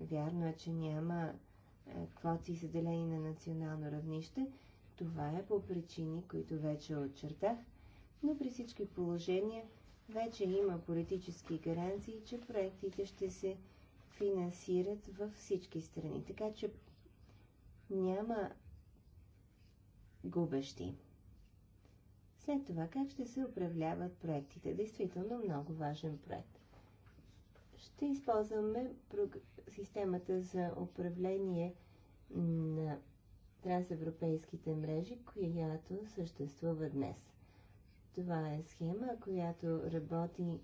Вярно е, че няма квоти заделени на национално равнище. Това е по причини, които вече очертах, но при всички положения вече има политически гаранции, че проектите ще се финансират във всички страни. Така че няма губещи. След това как ще се управляват проектите? Действително много важен проект. Ще използваме системата за управление на трансевропейските мрежи, която съществува днес. Това е схема, която работи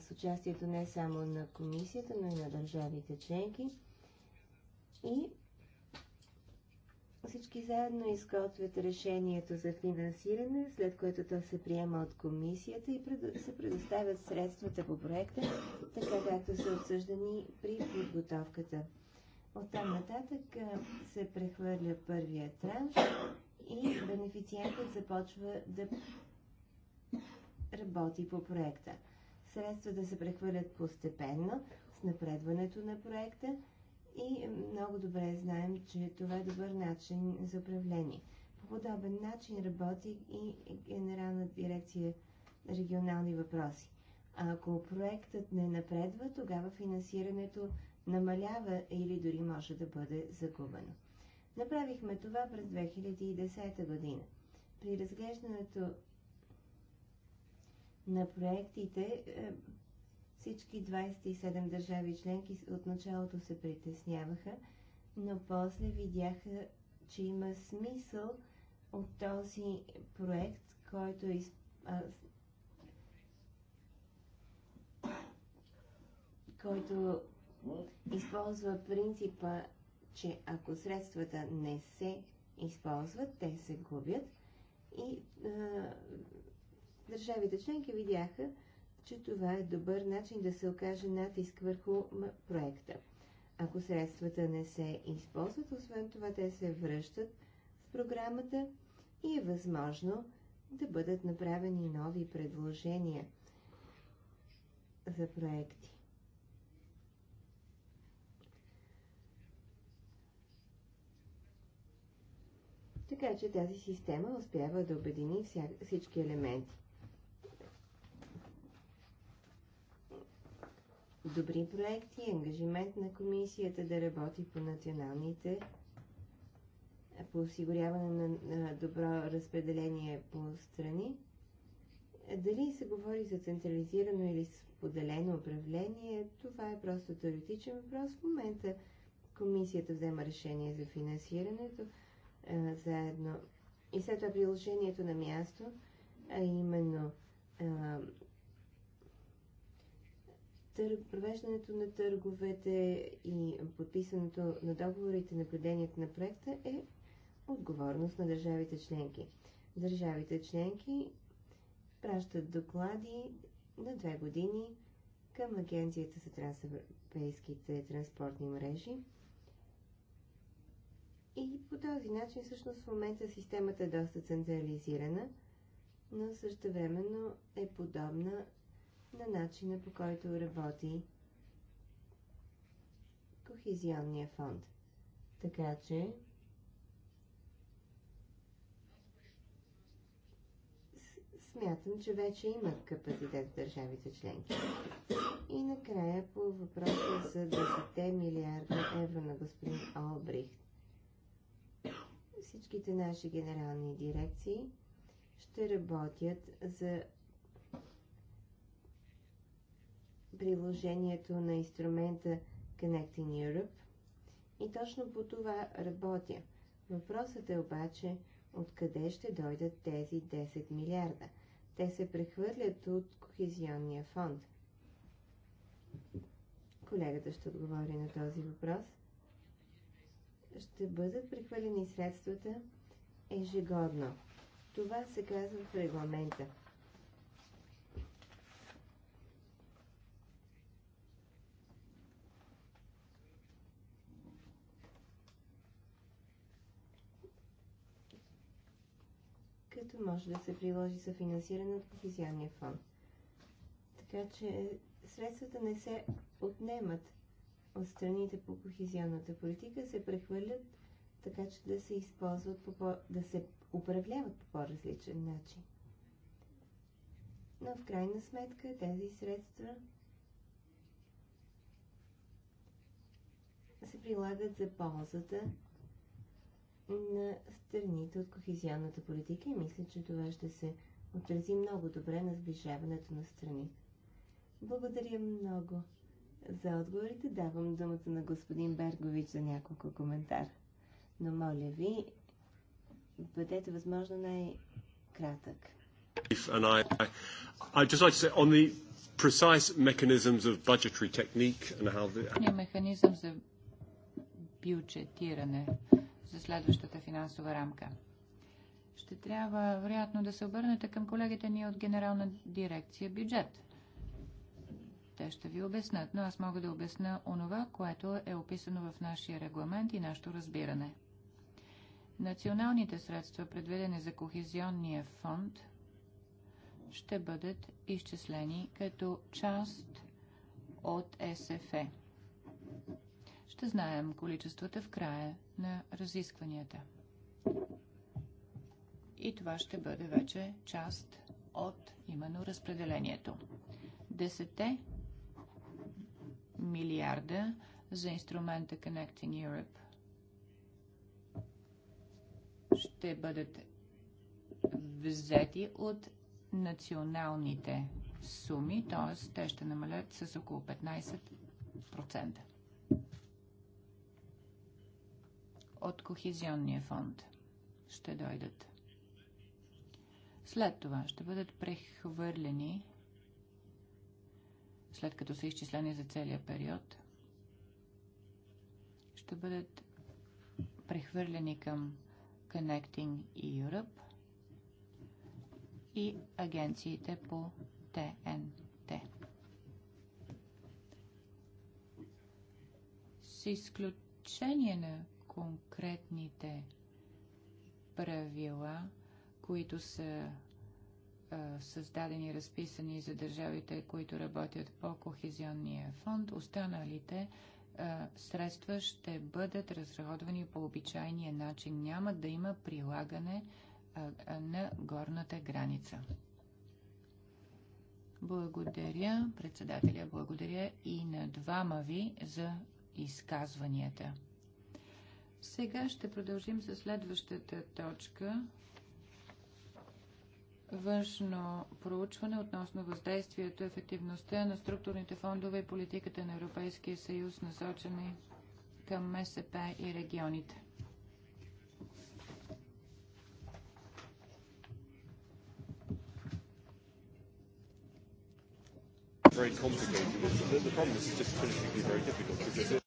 с участието не само на комисията, но и на държавите членки и всички заедно изготвят решението за финансиране, след което то се приема от комисията и се предоставят средствата по проекта, така както са обсъждани при подготовката. От там нататък се прехвърля първия транш и бенефициентът започва да работи по проекта. Средствата се прехвърлят постепенно с напредването на проекта и много добре знаем, че това е добър начин за управление. По подобен начин работи и Генерална дирекция регионални въпроси. А ако проектът не напредва, тогава финансирането намалява или дори може да бъде загубено. Направихме това през 2010 година. При разглеждането на проектите е, всички 27 държави членки от началото се притесняваха, но после видяха, че има смисъл от този проект, който е из... а... който използва принципа, че ако средствата не се използват, те се губят. И а, държавите членки видяха, че това е добър начин да се окаже натиск върху проекта. Ако средствата не се използват, освен това те се връщат в програмата и е възможно да бъдат направени нови предложения за проекти. Така че тази система успява да обедини всички елементи. добри проекти, ангажимент на комисията да работи по националните, по осигуряване на добро разпределение по страни. Дали се говори за централизирано или споделено управление, това е просто теоретичен въпрос. В момента комисията взема решение за финансирането а, заедно и след това приложението на място, а именно а, провеждането на търговете и подписването на договорите, наблюдението на проекта е отговорност на държавите членки. Държавите членки пращат доклади на две години към Агенцията за трансевропейските транспортни мрежи. И по този начин всъщност в момента системата е доста централизирана, но също времено е подобна на начина по който работи Кохизионния фонд. Така че смятам, че вече имат капацитет в държавите членки. И накрая по въпроса за 10 милиарда евро на господин Олбрихт. Всичките наши генерални дирекции ще работят за приложението на инструмента Connecting Europe и точно по това работя. Въпросът е обаче откъде ще дойдат тези 10 милиарда. Те се прехвърлят от Кохезионния фонд. Колегата ще отговори на този въпрос. Ще бъдат прехвърлени средствата ежегодно. Това се казва в регламента. може да се приложи за финансиране от Кохезионния фонд. Така че е, средствата не се отнемат от страните по кохезионната политика, се прехвърлят така, че да се използват, по, по, да се управляват по по-различен начин. Но в крайна сметка тези средства се прилагат за ползата на страните от кохезионната политика и мисля, че това ще се отрази много добре на сближаването на страните. Благодаря много за отговорите. Давам думата на господин Бергович за няколко коментара. Но моля ви, бъдете възможно най-кратък. Механизъм за бюджетиране за следващата финансова рамка. Ще трябва, вероятно, да се обърнете към колегите ни от Генерална дирекция бюджет. Те ще ви обяснат, но аз мога да обясна онова, което е описано в нашия регламент и нашето разбиране. Националните средства, предведени за Кохезионния фонд, ще бъдат изчислени като част от СФЕ. Ще знаем количествата в края на разискванията. И това ще бъде вече част от именно разпределението. Десете милиарда за инструмента Connecting Europe ще бъдат взети от националните суми, т.е. те ще намалят с около 15%. от Кохизионния фонд ще дойдат. След това ще бъдат прехвърлени, след като са изчислени за целия период, ще бъдат прехвърлени към Connecting Europe и агенциите по ТНТ. С изключение на конкретните правила, които са а, създадени, разписани за държавите, които работят по Кохезионния фонд, останалите а, средства ще бъдат разходвани по обичайния начин. Няма да има прилагане а, на горната граница. Благодаря, председателя, благодаря и на двама ви за изказванията. Сега ще продължим с следващата точка. Външно проучване относно въздействието, ефективността на структурните фондове и политиката на Европейския съюз, насочени към МСП и регионите. very complicated. The, problem is just politically very difficult because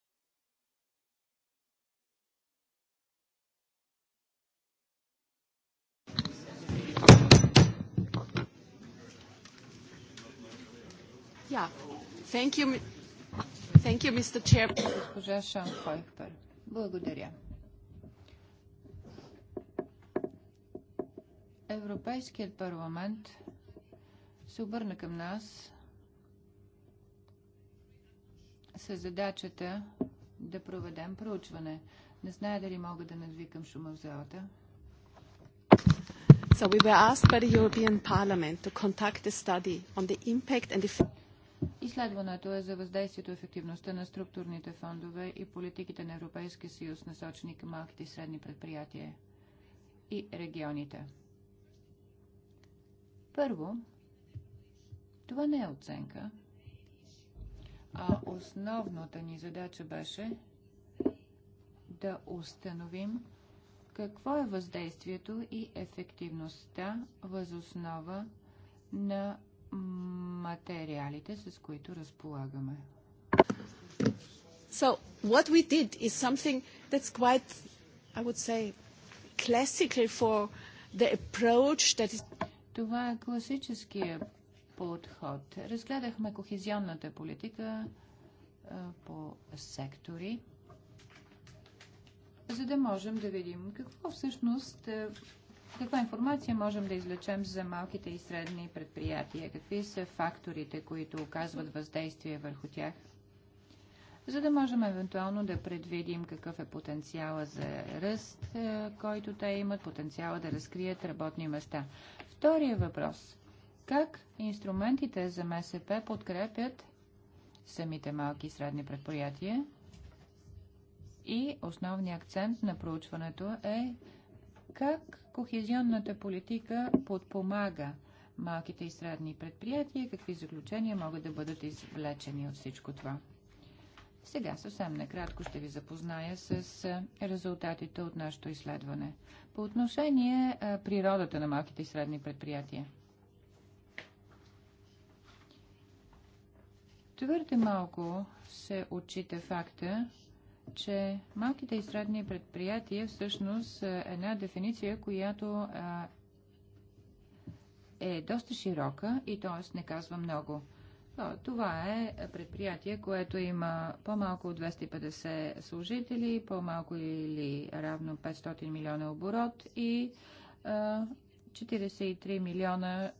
Yeah. Thank you. Mr. Chair. Госпожа Шанхойфер. Благодаря. Европейският парламент се обърна към нас с задачата да проведем проучване. Не зная дали мога да надвикам шума в залата. So we were asked by the European Parliament to conduct a study on the impact and effect Изследването е за въздействието и ефективността на структурните фондове и политиките на Европейския съюз, насочени към малките и средни предприятия и регионите. Първо, това не е оценка, а основната ни задача беше да установим какво е въздействието и ефективността възоснова на материалите, с които разполагаме. So what we did is something that's quite, I would say, classical for the approach that is... Това е класическия подход. Разгледахме кохезионната политика а, по сектори, за да можем да видим какво всъщност каква информация можем да излечем за малките и средни предприятия? Какви са факторите, които оказват въздействие върху тях? За да можем евентуално да предвидим какъв е потенциала за ръст, е, който те имат, потенциала да разкрият работни места. Втория въпрос. Как инструментите за МСП подкрепят самите малки и средни предприятия? И основният акцент на проучването е как кохезионната политика подпомага малките и средни предприятия, какви заключения могат да бъдат извлечени от всичко това. Сега съвсем накратко ще ви запозная с е, резултатите от нашето изследване. По отношение е, природата на малките и средни предприятия. Твърде малко се отчита факта, че малките и средни предприятия всъщност е една дефиниция, която е доста широка и т.е. не казва много. Това е предприятие, което има по-малко от 250 служители, по-малко или равно 500 милиона оборот и 43 милиона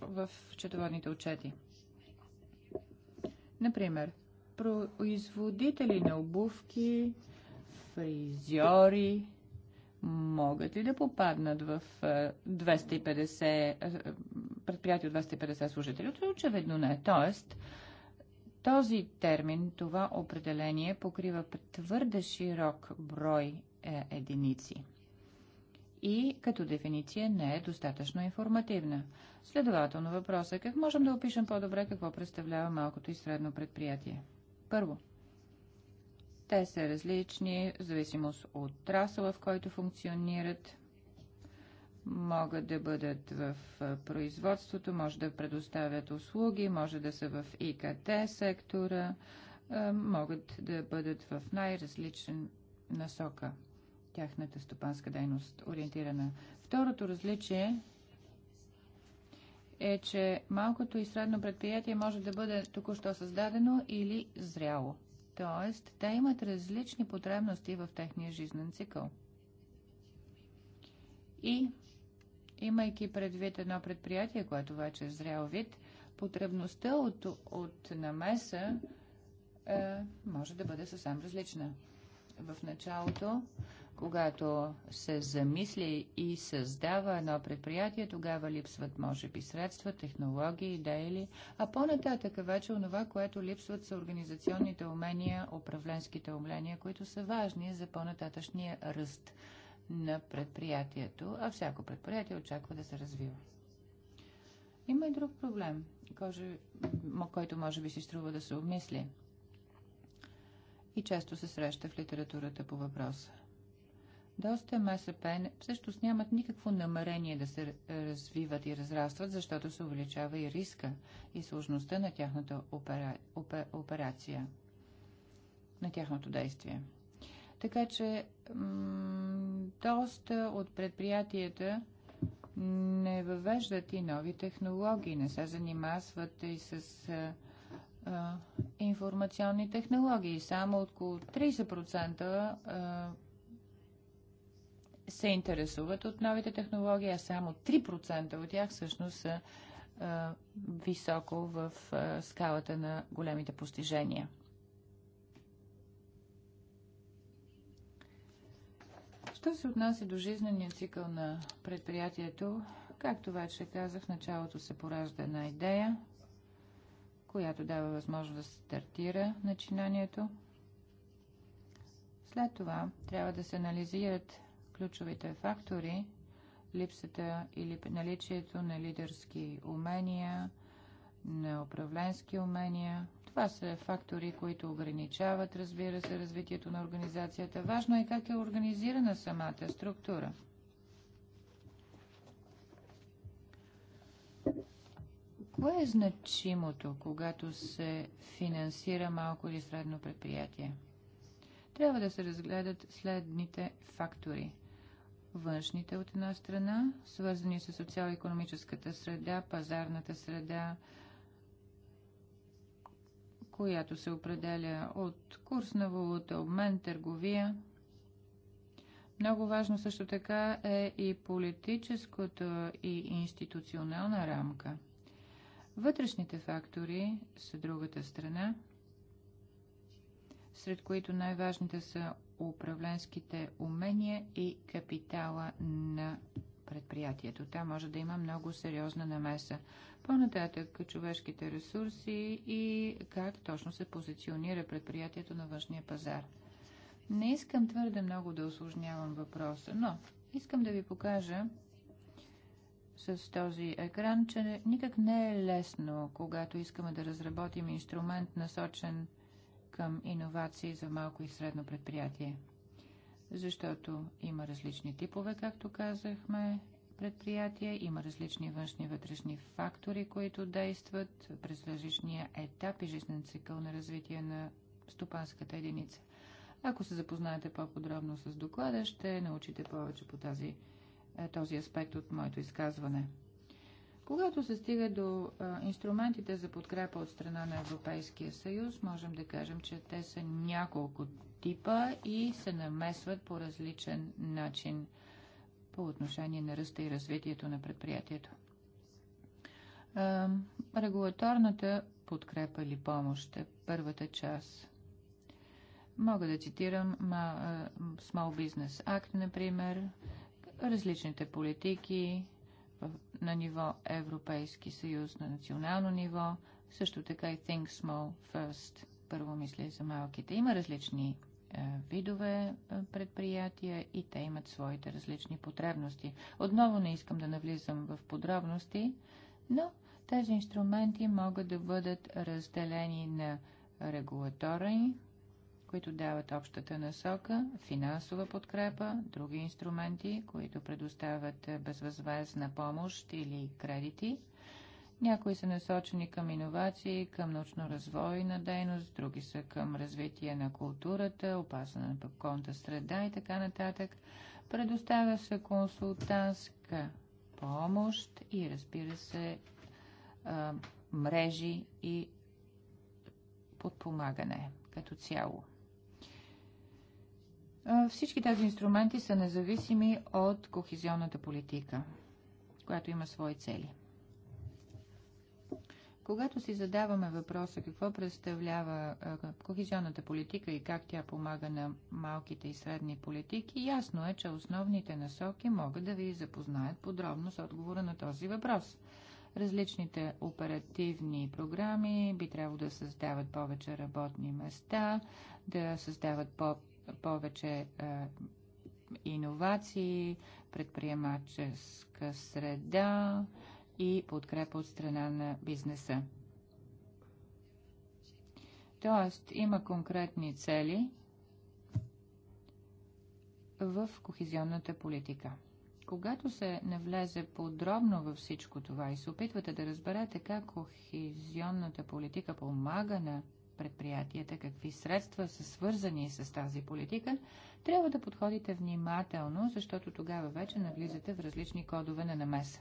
в четоводните отчети. Например, производители на обувки, фризьори могат ли да попаднат в 250, е, е, предприятие от 250 служители? Очевидно не. Тоест, този термин, това определение покрива твърде широк брой е, единици. И като дефиниция не е достатъчно информативна. Следователно въпросът е как можем да опишем по-добре какво представлява малкото и средно предприятие. Първо, те са различни в зависимост от трасова, в който функционират. Могат да бъдат в производството, може да предоставят услуги, може да са в ИКТ сектора, могат да бъдат в най-различен насока тяхната стопанска дейност ориентирана. Второто различие е, че малкото и средно предприятие може да бъде току-що създадено или зряло. Тоест, те имат различни потребности в техния жизнен цикъл. И, имайки предвид едно предприятие, което вече е зрял вид, потребността от, от намеса е, може да бъде съвсем различна. В началото когато се замисли и създава едно предприятие, тогава липсват, може би, средства, технологии, идеи, а по-нататък вече онова, което липсват са организационните умения, управленските умения, които са важни за по-нататъчния ръст на предприятието, а всяко предприятие очаква да се развива. Има и друг проблем, който може би си струва да се обмисли и често се среща в литературата по въпроса. Доста МСП всъщност нямат никакво намерение да се развиват и разрастват, защото се увеличава и риска и сложността на тяхната опера... опер... операция, на тяхното действие. Така че доста от предприятията не въвеждат и нови технологии, не се занимават и с а, информационни технологии. Само около 30% а, се интересуват от новите технологии, а само 3% от тях всъщност са а, високо в а, скалата на големите постижения. Що се отнася до жизнения цикъл на предприятието, както вече казах, в началото се поражда една идея, която дава възможност да се стартира начинанието. След това трябва да се анализират ключовите фактори, липсата или наличието на лидерски умения, на управленски умения. Това са фактори, които ограничават, разбира се, развитието на организацията. Важно е как е организирана самата структура. Кое е значимото, когато се финансира малко или средно предприятие? Трябва да се разгледат следните фактори – външните от една страна, свързани с социал-економическата среда, пазарната среда, която се определя от курс на валута, обмен, търговия. Много важно също така е и политическото и институционална рамка. Вътрешните фактори са другата страна, сред които най-важните са управленските умения и капитала на предприятието. Там може да има много сериозна намеса. По-нататък човешките ресурси и как точно се позиционира предприятието на външния пазар. Не искам твърде много да осложнявам въпроса, но искам да ви покажа с този екран, че никак не е лесно, когато искаме да разработим инструмент насочен към иновации за малко и средно предприятие. Защото има различни типове, както казахме, предприятия, има различни външни и вътрешни фактори, които действат през различния етап и жизнен цикъл на развитие на стопанската единица. Ако се запознаете по-подробно с доклада, ще научите повече по тази, е, този аспект от моето изказване. Когато се стига до а, инструментите за подкрепа от страна на Европейския съюз, можем да кажем, че те са няколко типа и се намесват по различен начин по отношение на ръста и развитието на предприятието. А, регулаторната подкрепа или помощ е първата част. Мога да цитирам Small Business Act, например, различните политики, на ниво Европейски съюз, на национално ниво, също така и Think Small First. Първо мисля за малките. Има различни е, видове е, предприятия и те имат своите различни потребности. Отново не искам да навлизам в подробности, но тези инструменти могат да бъдат разделени на регулаторни които дават общата насока, финансова подкрепа, други инструменти, които предоставят безвъзвестна помощ или кредити. Някои са насочени към иновации, към научно развой на дейност, други са към развитие на културата, опасна на околната среда и така нататък. Предоставя се консултантска помощ и разбира се мрежи и подпомагане като цяло. Всички тези инструменти са независими от кохезионната политика, която има свои цели. Когато си задаваме въпроса какво представлява кохезионната политика и как тя помага на малките и средни политики, ясно е, че основните насоки могат да ви запознаят подробно с отговора на този въпрос. Различните оперативни програми би трябвало да създават повече работни места, да създават по повече е, иновации, предприемаческа среда и подкрепа от страна на бизнеса. Тоест, има конкретни цели в кохезионната политика. Когато се навлезе подробно във всичко това и се опитвате да разберете как кохезионната политика помага на предприятията, какви средства са свързани с тази политика, трябва да подходите внимателно, защото тогава вече навлизате в различни кодове на намеса.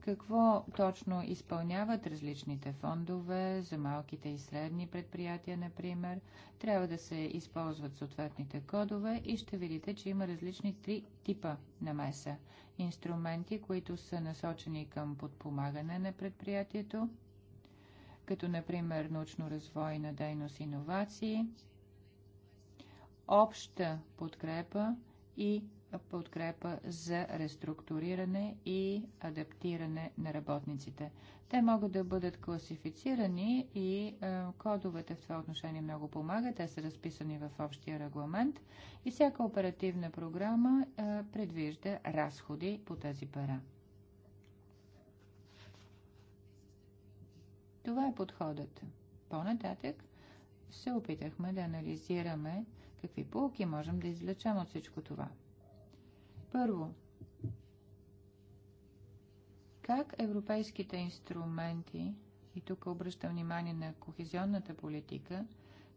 Какво точно изпълняват различните фондове за малките и средни предприятия, например? Трябва да се използват съответните кодове и ще видите, че има различни три типа намеса. Инструменти, които са насочени към подпомагане на предприятието, като например научно-развойна дейност, иновации, обща подкрепа и подкрепа за реструктуриране и адаптиране на работниците. Те могат да бъдат класифицирани и кодовете в това отношение много помагат. Те са разписани в общия регламент и всяка оперативна програма предвижда разходи по тези пара. Това е подходът. По-нататък се опитахме да анализираме какви полки можем да извлечем от всичко това. Първо, как европейските инструменти, и тук обръщам внимание на кохезионната политика,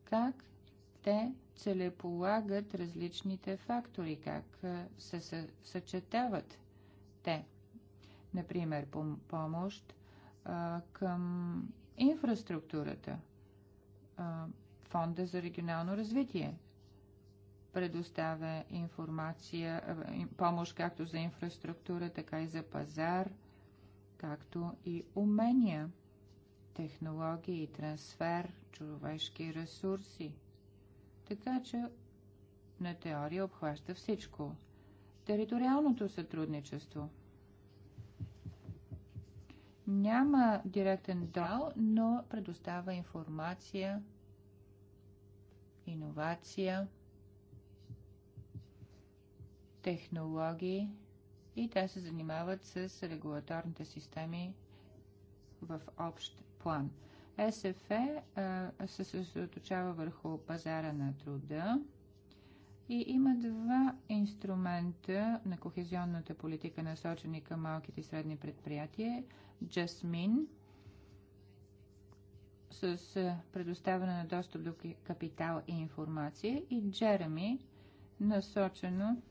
как те целеполагат различните фактори, как се съчетават те. Например, помощ към инфраструктурата, Фонда за регионално развитие предоставя информация, помощ както за инфраструктура, така и за пазар, както и умения, технологии, трансфер, човешки ресурси. Така че на теория обхваща всичко. Териториалното сътрудничество – няма директен дал, но предоставя информация, иновация, технологии и те се занимават с регулаторните системи в общ план. СФ се съсредоточава върху пазара на труда, и има два инструмента на кохезионната политика, насочени към малките и средни предприятия. Jasmine с е, предоставяне на достъп до капитал и информация и Джереми насочено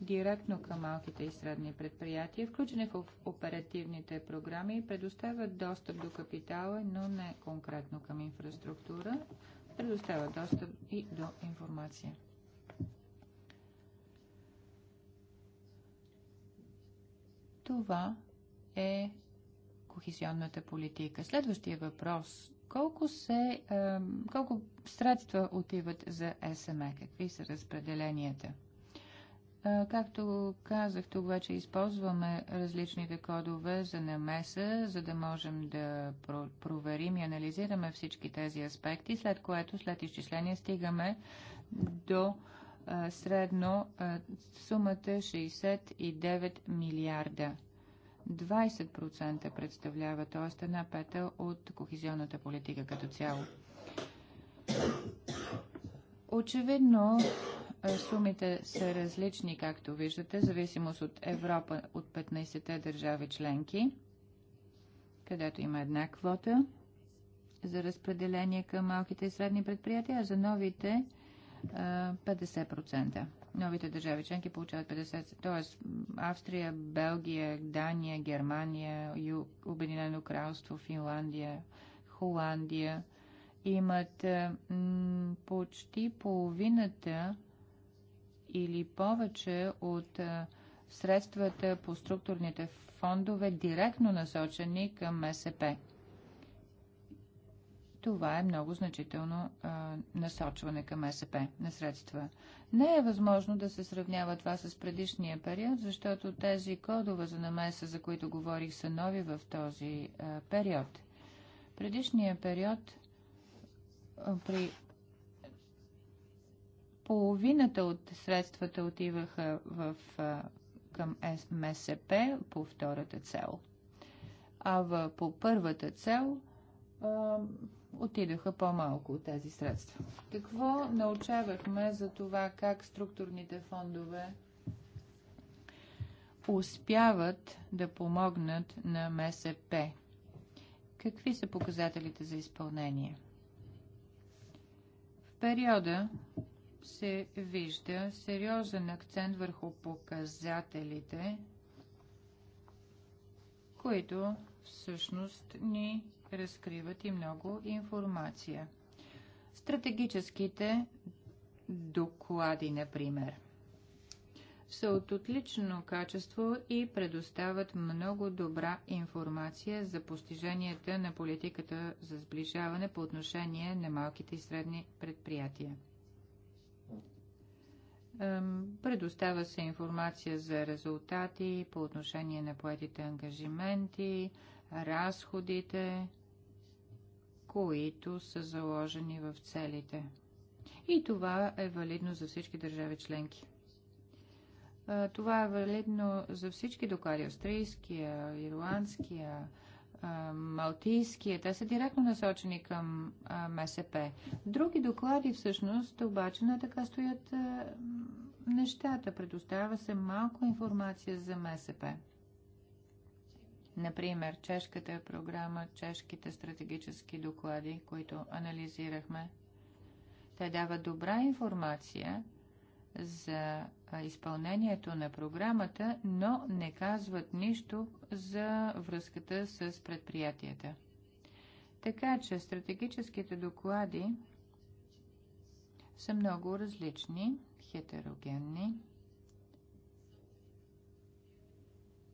директно към малките и средни предприятия, включени в оперативните програми предоставят достъп до капитала, но не конкретно към инфраструктура, предоставят достъп и до информация. Това е кохезионната политика. Следващия въпрос. Колко, се, колко средства отиват за СМЕ? Какви са разпределенията? Е, както казах, тук вече използваме различните кодове за намеса, за да можем да проверим и анализираме всички тези аспекти, след което след изчисление стигаме до средно сумата 69 е милиарда. 20% представлява, т.е. една пета от кохезионната политика като цяло. Очевидно, сумите са различни, както виждате, в зависимост от Европа, от 15-те държави членки, където има една квота за разпределение към малките и средни предприятия, а за новите 50%. Новите държави членки получават 50%, т.е. Австрия, Белгия, Дания, Германия, Ю... Обединено кралство, Финландия, Холандия имат е, почти половината или повече от е, средствата по структурните фондове директно насочени към МСП. Това е много значително а, насочване към СП на средства. Не е възможно да се сравнява това с предишния период, защото тези кодове за намеса, за които говорих, са нови в този а, период. Предишния период а, при половината от средствата отиваха в, а, към МСП по втората цел. А в, по първата цел а, отидоха по-малко от тези средства. Какво научавахме за това как структурните фондове успяват да помогнат на МСП? Какви са показателите за изпълнение? В периода се вижда сериозен акцент върху показателите, които всъщност ни разкриват и много информация. Стратегическите доклади, например, са от отлично качество и предоставят много добра информация за постиженията на политиката за сближаване по отношение на малките и средни предприятия. Предоставя се информация за резултати по отношение на поетите ангажименти, разходите, които са заложени в целите. И това е валидно за всички държави членки. Това е валидно за всички доклади. Австрийския, ирландския, малтийския. Те са директно насочени към МСП. Други доклади всъщност обаче не така стоят нещата. Предоставя се малко информация за МСП. Например, чешката програма, чешките стратегически доклади, които анализирахме, те дават добра информация за изпълнението на програмата, но не казват нищо за връзката с предприятията. Така че стратегическите доклади са много различни, хетерогенни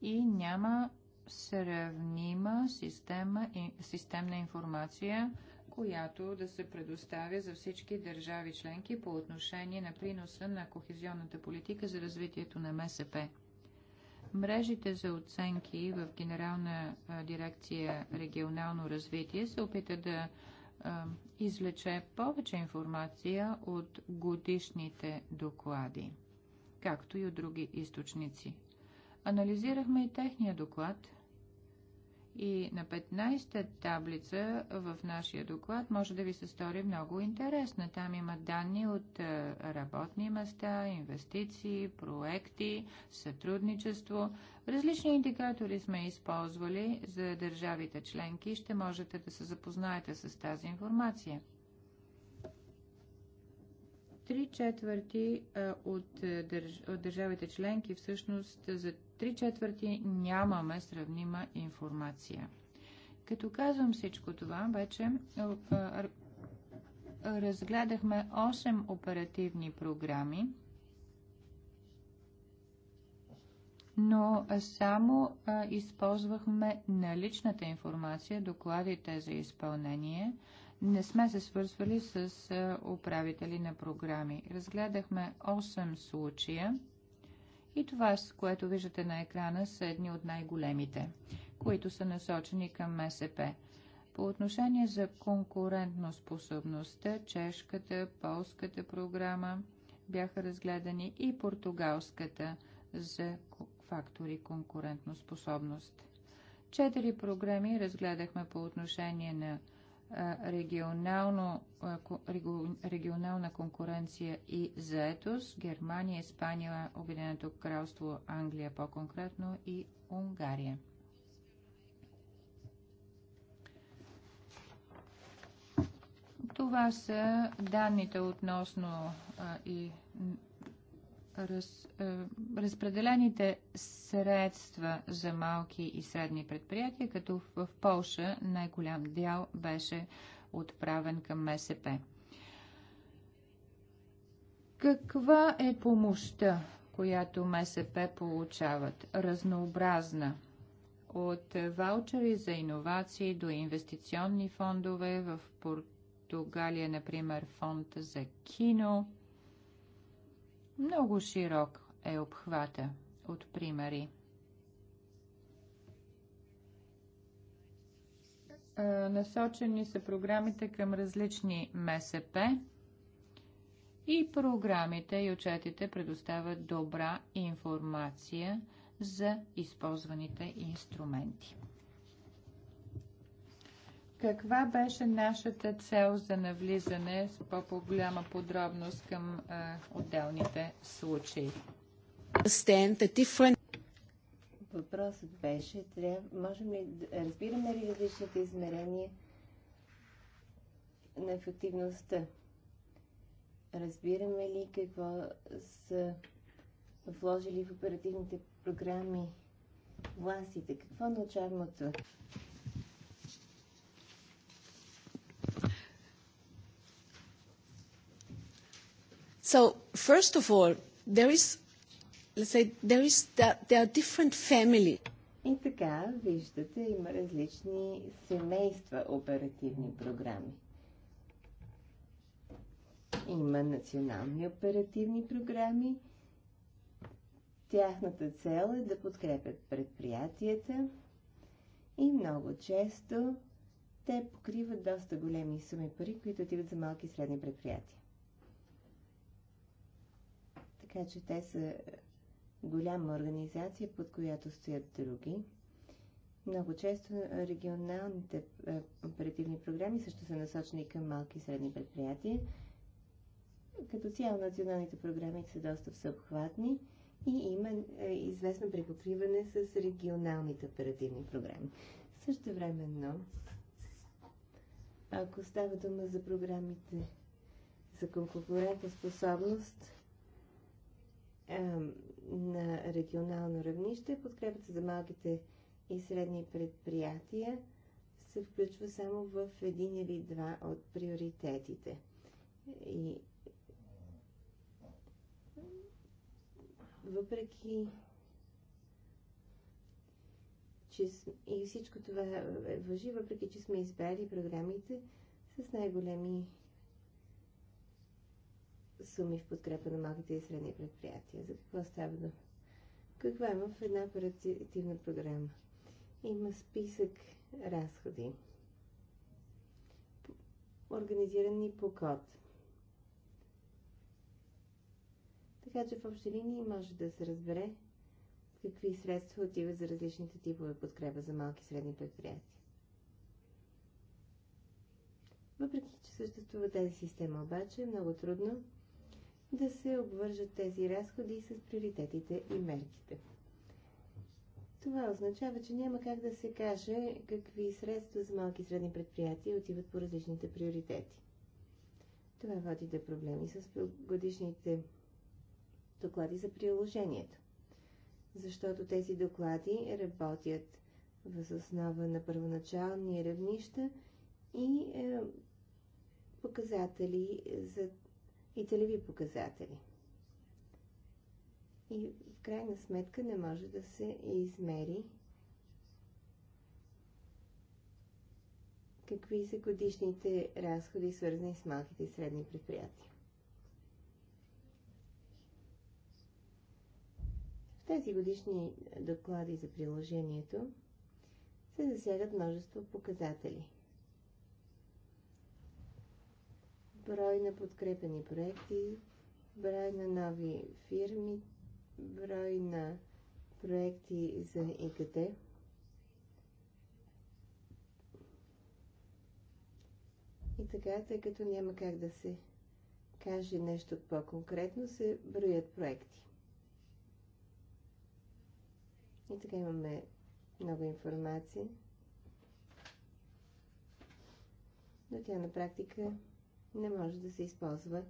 и няма сравнима система, системна информация, която да се предоставя за всички държави членки по отношение на приноса на кохезионната политика за развитието на МСП. Мрежите за оценки в Генерална дирекция регионално развитие се опита да а, излече повече информация от годишните доклади, както и от други източници. Анализирахме и техния доклад – и на 15-та таблица в нашия доклад може да ви се стори много интересна. Там има данни от е, работни места, инвестиции, проекти, сътрудничество. Различни индикатори сме използвали за държавите членки. Ще можете да се запознаете с тази информация три четвърти е, от, е, от държавите членки всъщност за три четвърти нямаме сравнима информация. Като казвам всичко това, вече е, е, разгледахме 8 оперативни програми, но само е, използвахме наличната информация, докладите за изпълнение. Не сме се свързвали с управители на програми. Разгледахме 8 случая и това, което виждате на екрана, са едни от най-големите, които са насочени към МСП. По отношение за конкурентно способността, чешката, полската програма бяха разгледани и португалската за фактори конкурентно способност. Четири програми разгледахме по отношение на регионално, регионална конкуренция и заетост, Германия, Испания, Обединеното кралство, Англия по-конкретно и Унгария. Това са данните относно а, и раз, е, разпределените средства за малки и средни предприятия, като в, в Полша най-голям дял беше отправен към МСП. Каква е помощта, която МСП получават? Разнообразна. От ваучери за иновации до инвестиционни фондове в Португалия, например, фонд за кино – много широк е обхвата от примери. Насочени са програмите към различни МСП и програмите и отчетите предоставят добра информация за използваните инструменти. Каква беше нашата цел за навлизане с по-голяма подробност към а, отделните случаи? Въпросът беше, трябва, можем ли, разбираме ли различните измерения на ефективността? Разбираме ли какво са вложили в оперативните програми властите? Какво научаваме от това? So first of all, there is, let's say, there is that there are different families. И така, виждате, има различни семейства оперативни програми. Има национални оперативни програми. Тяхната цел е да подкрепят предприятията и много често те покриват доста големи суми пари, които отиват за малки и средни предприятия така че те са голяма организация, под която стоят други. Много често регионалните е, оперативни програми също са насочени към малки и средни предприятия. Като цяло националните програми са доста всеобхватни и има е, известно препокриване с регионалните оперативни програми. Също времено, ако става дума за програмите за конкурентоспособност, способност, на регионално равнище, подкрепата за малките и средни предприятия се включва само в един или два от приоритетите. И въпреки че и всичко това е, е, въжи, въпреки че сме избрали програмите с най-големи суми в подкрепа на малките и средни предприятия. За какво става дума? Каква има е в една оперативна програма? Има списък разходи, организирани по код. Така че в общи линии може да се разбере какви средства отиват за различните типове подкрепа за малки и средни предприятия. Въпреки, че съществува тази система, обаче е много трудно да се обвържат тези разходи с приоритетите и мерките. Това означава, че няма как да се каже какви средства за малки и средни предприятия отиват по различните приоритети. Това води до проблеми с годишните доклади за приложението, защото тези доклади работят въз основа на първоначални равнища и е, показатели за и целеви показатели. И в крайна сметка не може да се измери какви са годишните разходи, свързани с малките и средни предприятия. В тези годишни доклади за приложението се засягат множество показатели – брой на подкрепени проекти, брой на нови фирми, брой на проекти за ИКТ. И така, тъй като няма как да се каже нещо по-конкретно, се броят проекти. И така имаме много информация, но тя на практика не може да се използва,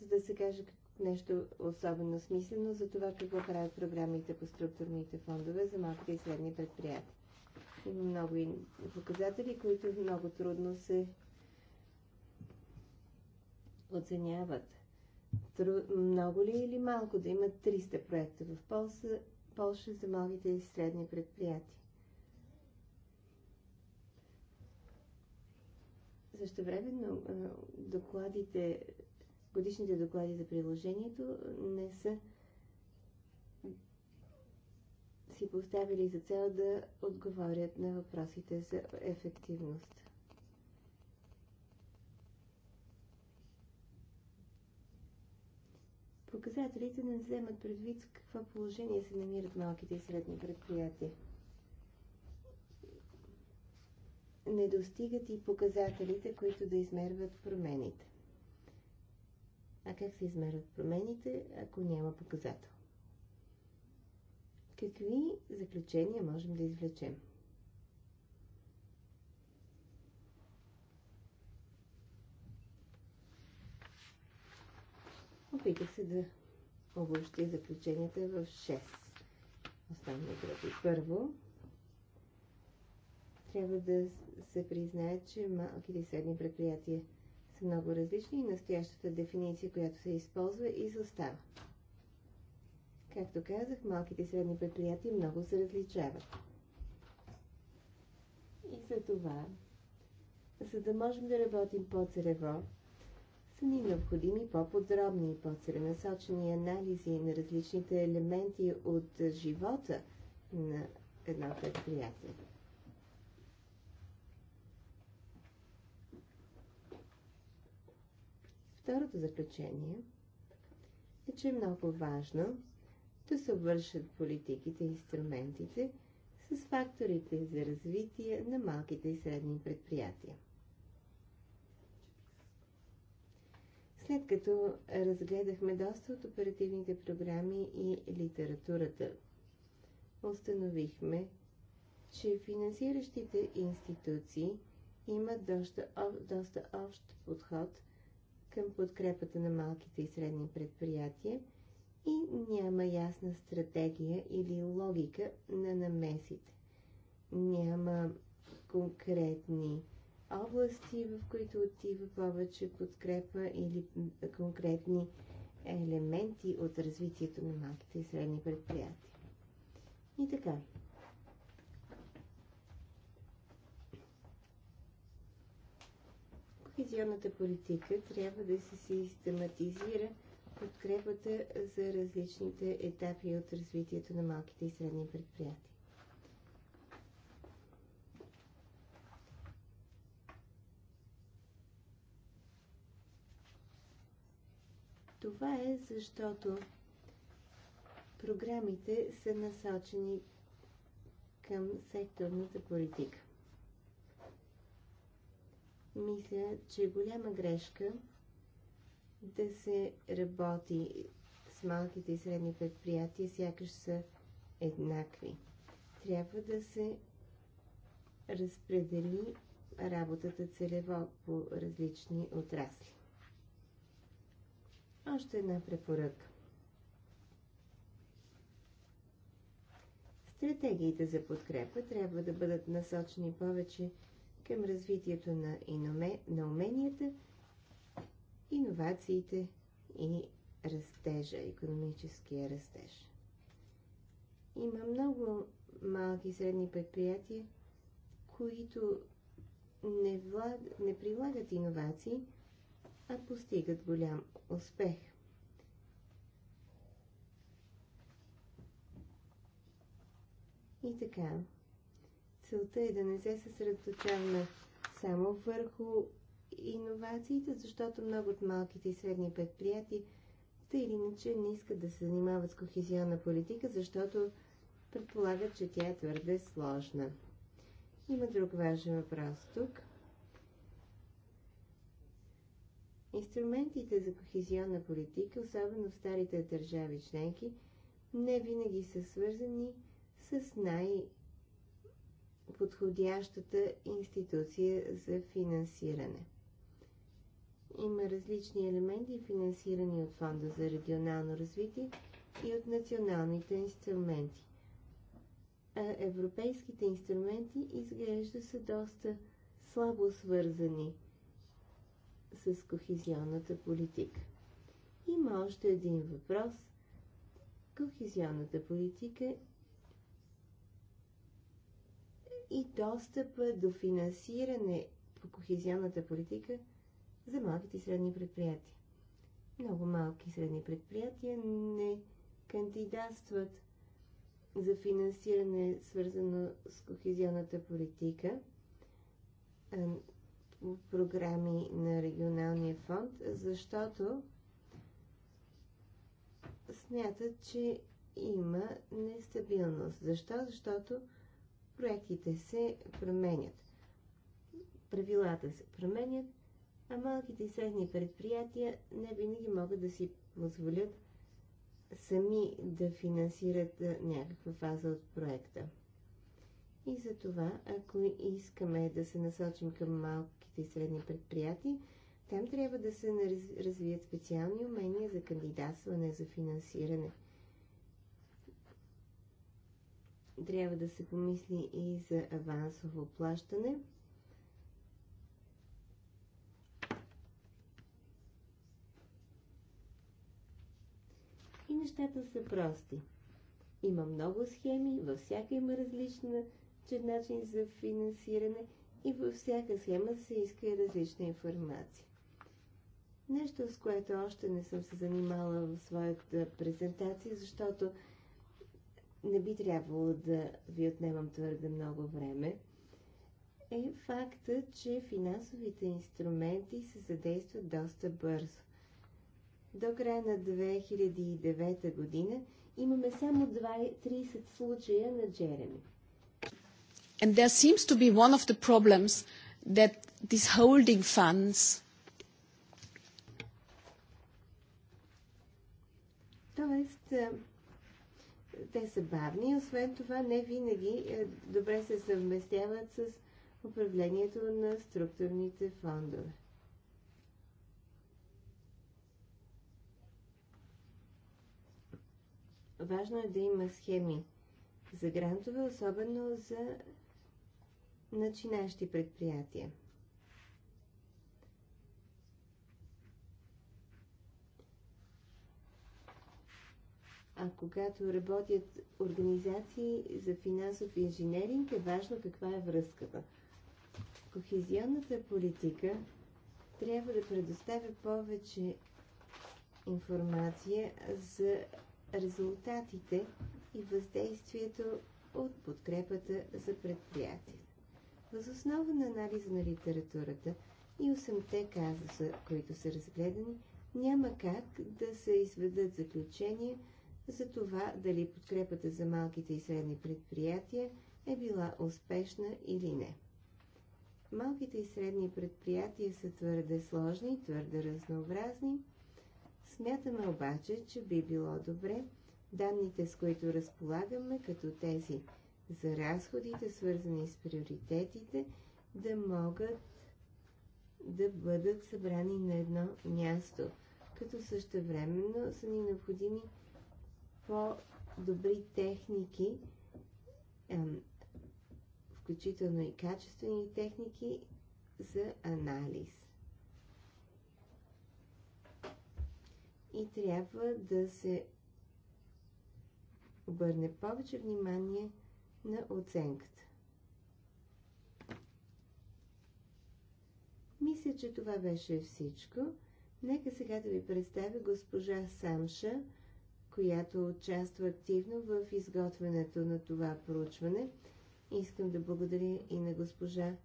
за да се каже нещо особено смислено за това какво правят програмите по структурните фондове за малките и средни предприятия. Има много и показатели, които много трудно се оценяват. Тру... Много ли или малко да имат 300 проекта в Полша, Полша за малките и средни предприятия? Същевременно докладите, годишните доклади за приложението не са си поставили за цел да отговорят на въпросите за ефективност. Показателите не вземат предвид какво положение се намират малките и средни предприятия. не достигат и показателите, които да измерват промените. А как се измерват промените, ако няма показател? Какви заключения можем да извлечем? Опитах се да обобщя заключенията в 6 основни групи. Първо, трябва да се признае, че малките и средни предприятия са много различни и настоящата дефиниция, която се използва, изостава. Както казах, малките и средни предприятия много се различават. И за това, за да можем да работим по-целево, са ни необходими по-подробни и по-целенасочени анализи на различните елементи от живота на едно предприятие. Второто заключение е, че е много важно да се вършат политиките и инструментите с факторите за развитие на малките и средни предприятия. След като разгледахме доста от оперативните програми и литературата, установихме, че финансиращите институции имат доста, доста общ подход към подкрепата на малките и средни предприятия и няма ясна стратегия или логика на намесите. Няма конкретни области, в които отива повече подкрепа или конкретни елементи от развитието на малките и средни предприятия. И така, Кохезионната политика трябва да се систематизира подкрепата за различните етапи от развитието на малките и средни предприятия. Това е защото програмите са насочени към секторната политика мисля, че е голяма грешка да се работи с малките и средни предприятия, сякаш са еднакви. Трябва да се разпредели работата целево по различни отрасли. Още една препоръка. Стратегиите за подкрепа трябва да бъдат насочени повече към развитието на, иноме, на уменията, иновациите и растежа, економическия растеж. Има много малки и средни предприятия, които не, влад, не прилагат иновации, а постигат голям успех. И така, целта е да не се съсредоточаваме само върху иновациите, защото много от малките и средни предприятия тъй или иначе не искат да се занимават с кохезионна политика, защото предполагат, че тя е твърде сложна. Има друг важен въпрос тук. Инструментите за кохезионна политика, особено в старите държави членки, не винаги са свързани с най- подходящата институция за финансиране. Има различни елементи, финансирани от Фонда за регионално развитие и от националните инструменти. А европейските инструменти изглежда са доста слабо свързани с кохезионната политика. Има още един въпрос. Кохезионната политика и достъпа до финансиране по кохезионната политика за малките и средни предприятия. Много малки и средни предприятия не кандидатстват за финансиране, свързано с кохезионната политика по програми на регионалния фонд, защото смятат, че има нестабилност. Защо? Защото проектите се променят. Правилата се променят, а малките и средни предприятия не винаги могат да си позволят сами да финансират някаква фаза от проекта. И за това, ако искаме да се насочим към малките и средни предприятия, там трябва да се развият специални умения за кандидатстване, за финансиране – трябва да се помисли и за авансово плащане. И нещата са прости. Има много схеми, във всяка има различна начин за финансиране и във всяка схема се иска и различна информация. Нещо, с което още не съм се занимала в своята презентация, защото не би трябвало да ви отнемам твърде много време, е факта, че финансовите инструменти се задействат доста бързо. До края на 2009 година имаме само 30 случая на Джереми. And there seems to be one of the problems that these holding funds Тоест, те са бавни, освен това не винаги е, добре се съвместяват с управлението на структурните фондове. Важно е да има схеми за грантове, особено за начинащи предприятия. А когато работят организации за финансов инженеринг, е важно каква е връзката. Кохезионната политика трябва да предоставя повече информация за резултатите и въздействието от подкрепата за предприятия. Въз основа на анализа на литературата и 8-те казуса, които са разгледани, няма как да се изведат заключения – за това дали подкрепата за малките и средни предприятия е била успешна или не. Малките и средни предприятия са твърде сложни, твърде разнообразни. Смятаме обаче, че би било добре данните, с които разполагаме, като тези за разходите, свързани с приоритетите, да могат да бъдат събрани на едно място, като същевременно са ни необходими по-добри техники, включително и качествени техники за анализ. И трябва да се обърне повече внимание на оценката. Мисля, че това беше всичко. Нека сега да ви представя госпожа Самша, която участва активно в изготвянето на това проучване. Искам да благодаря и на госпожа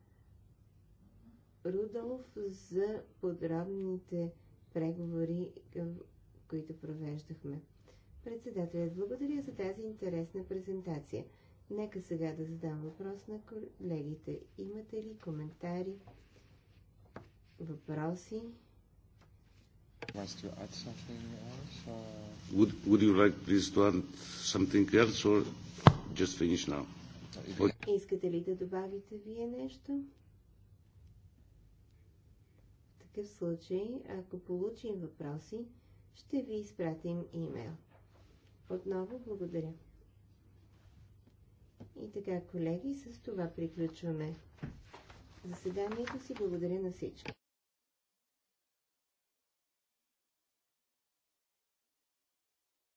Рудолф за подробните преговори, които провеждахме. Председателят благодаря за тази интересна презентация. Нека сега да задам въпрос на колегите. Имате ли коментари, въпроси? wants to add something else? Or? Would, would you like please to add something else or just finish now? Искате ли да добавите вие нещо? В такъв случай, ако получим въпроси, ще ви изпратим имейл. Отново благодаря. И така, колеги, с това приключваме заседанието си. Благодаря на всички.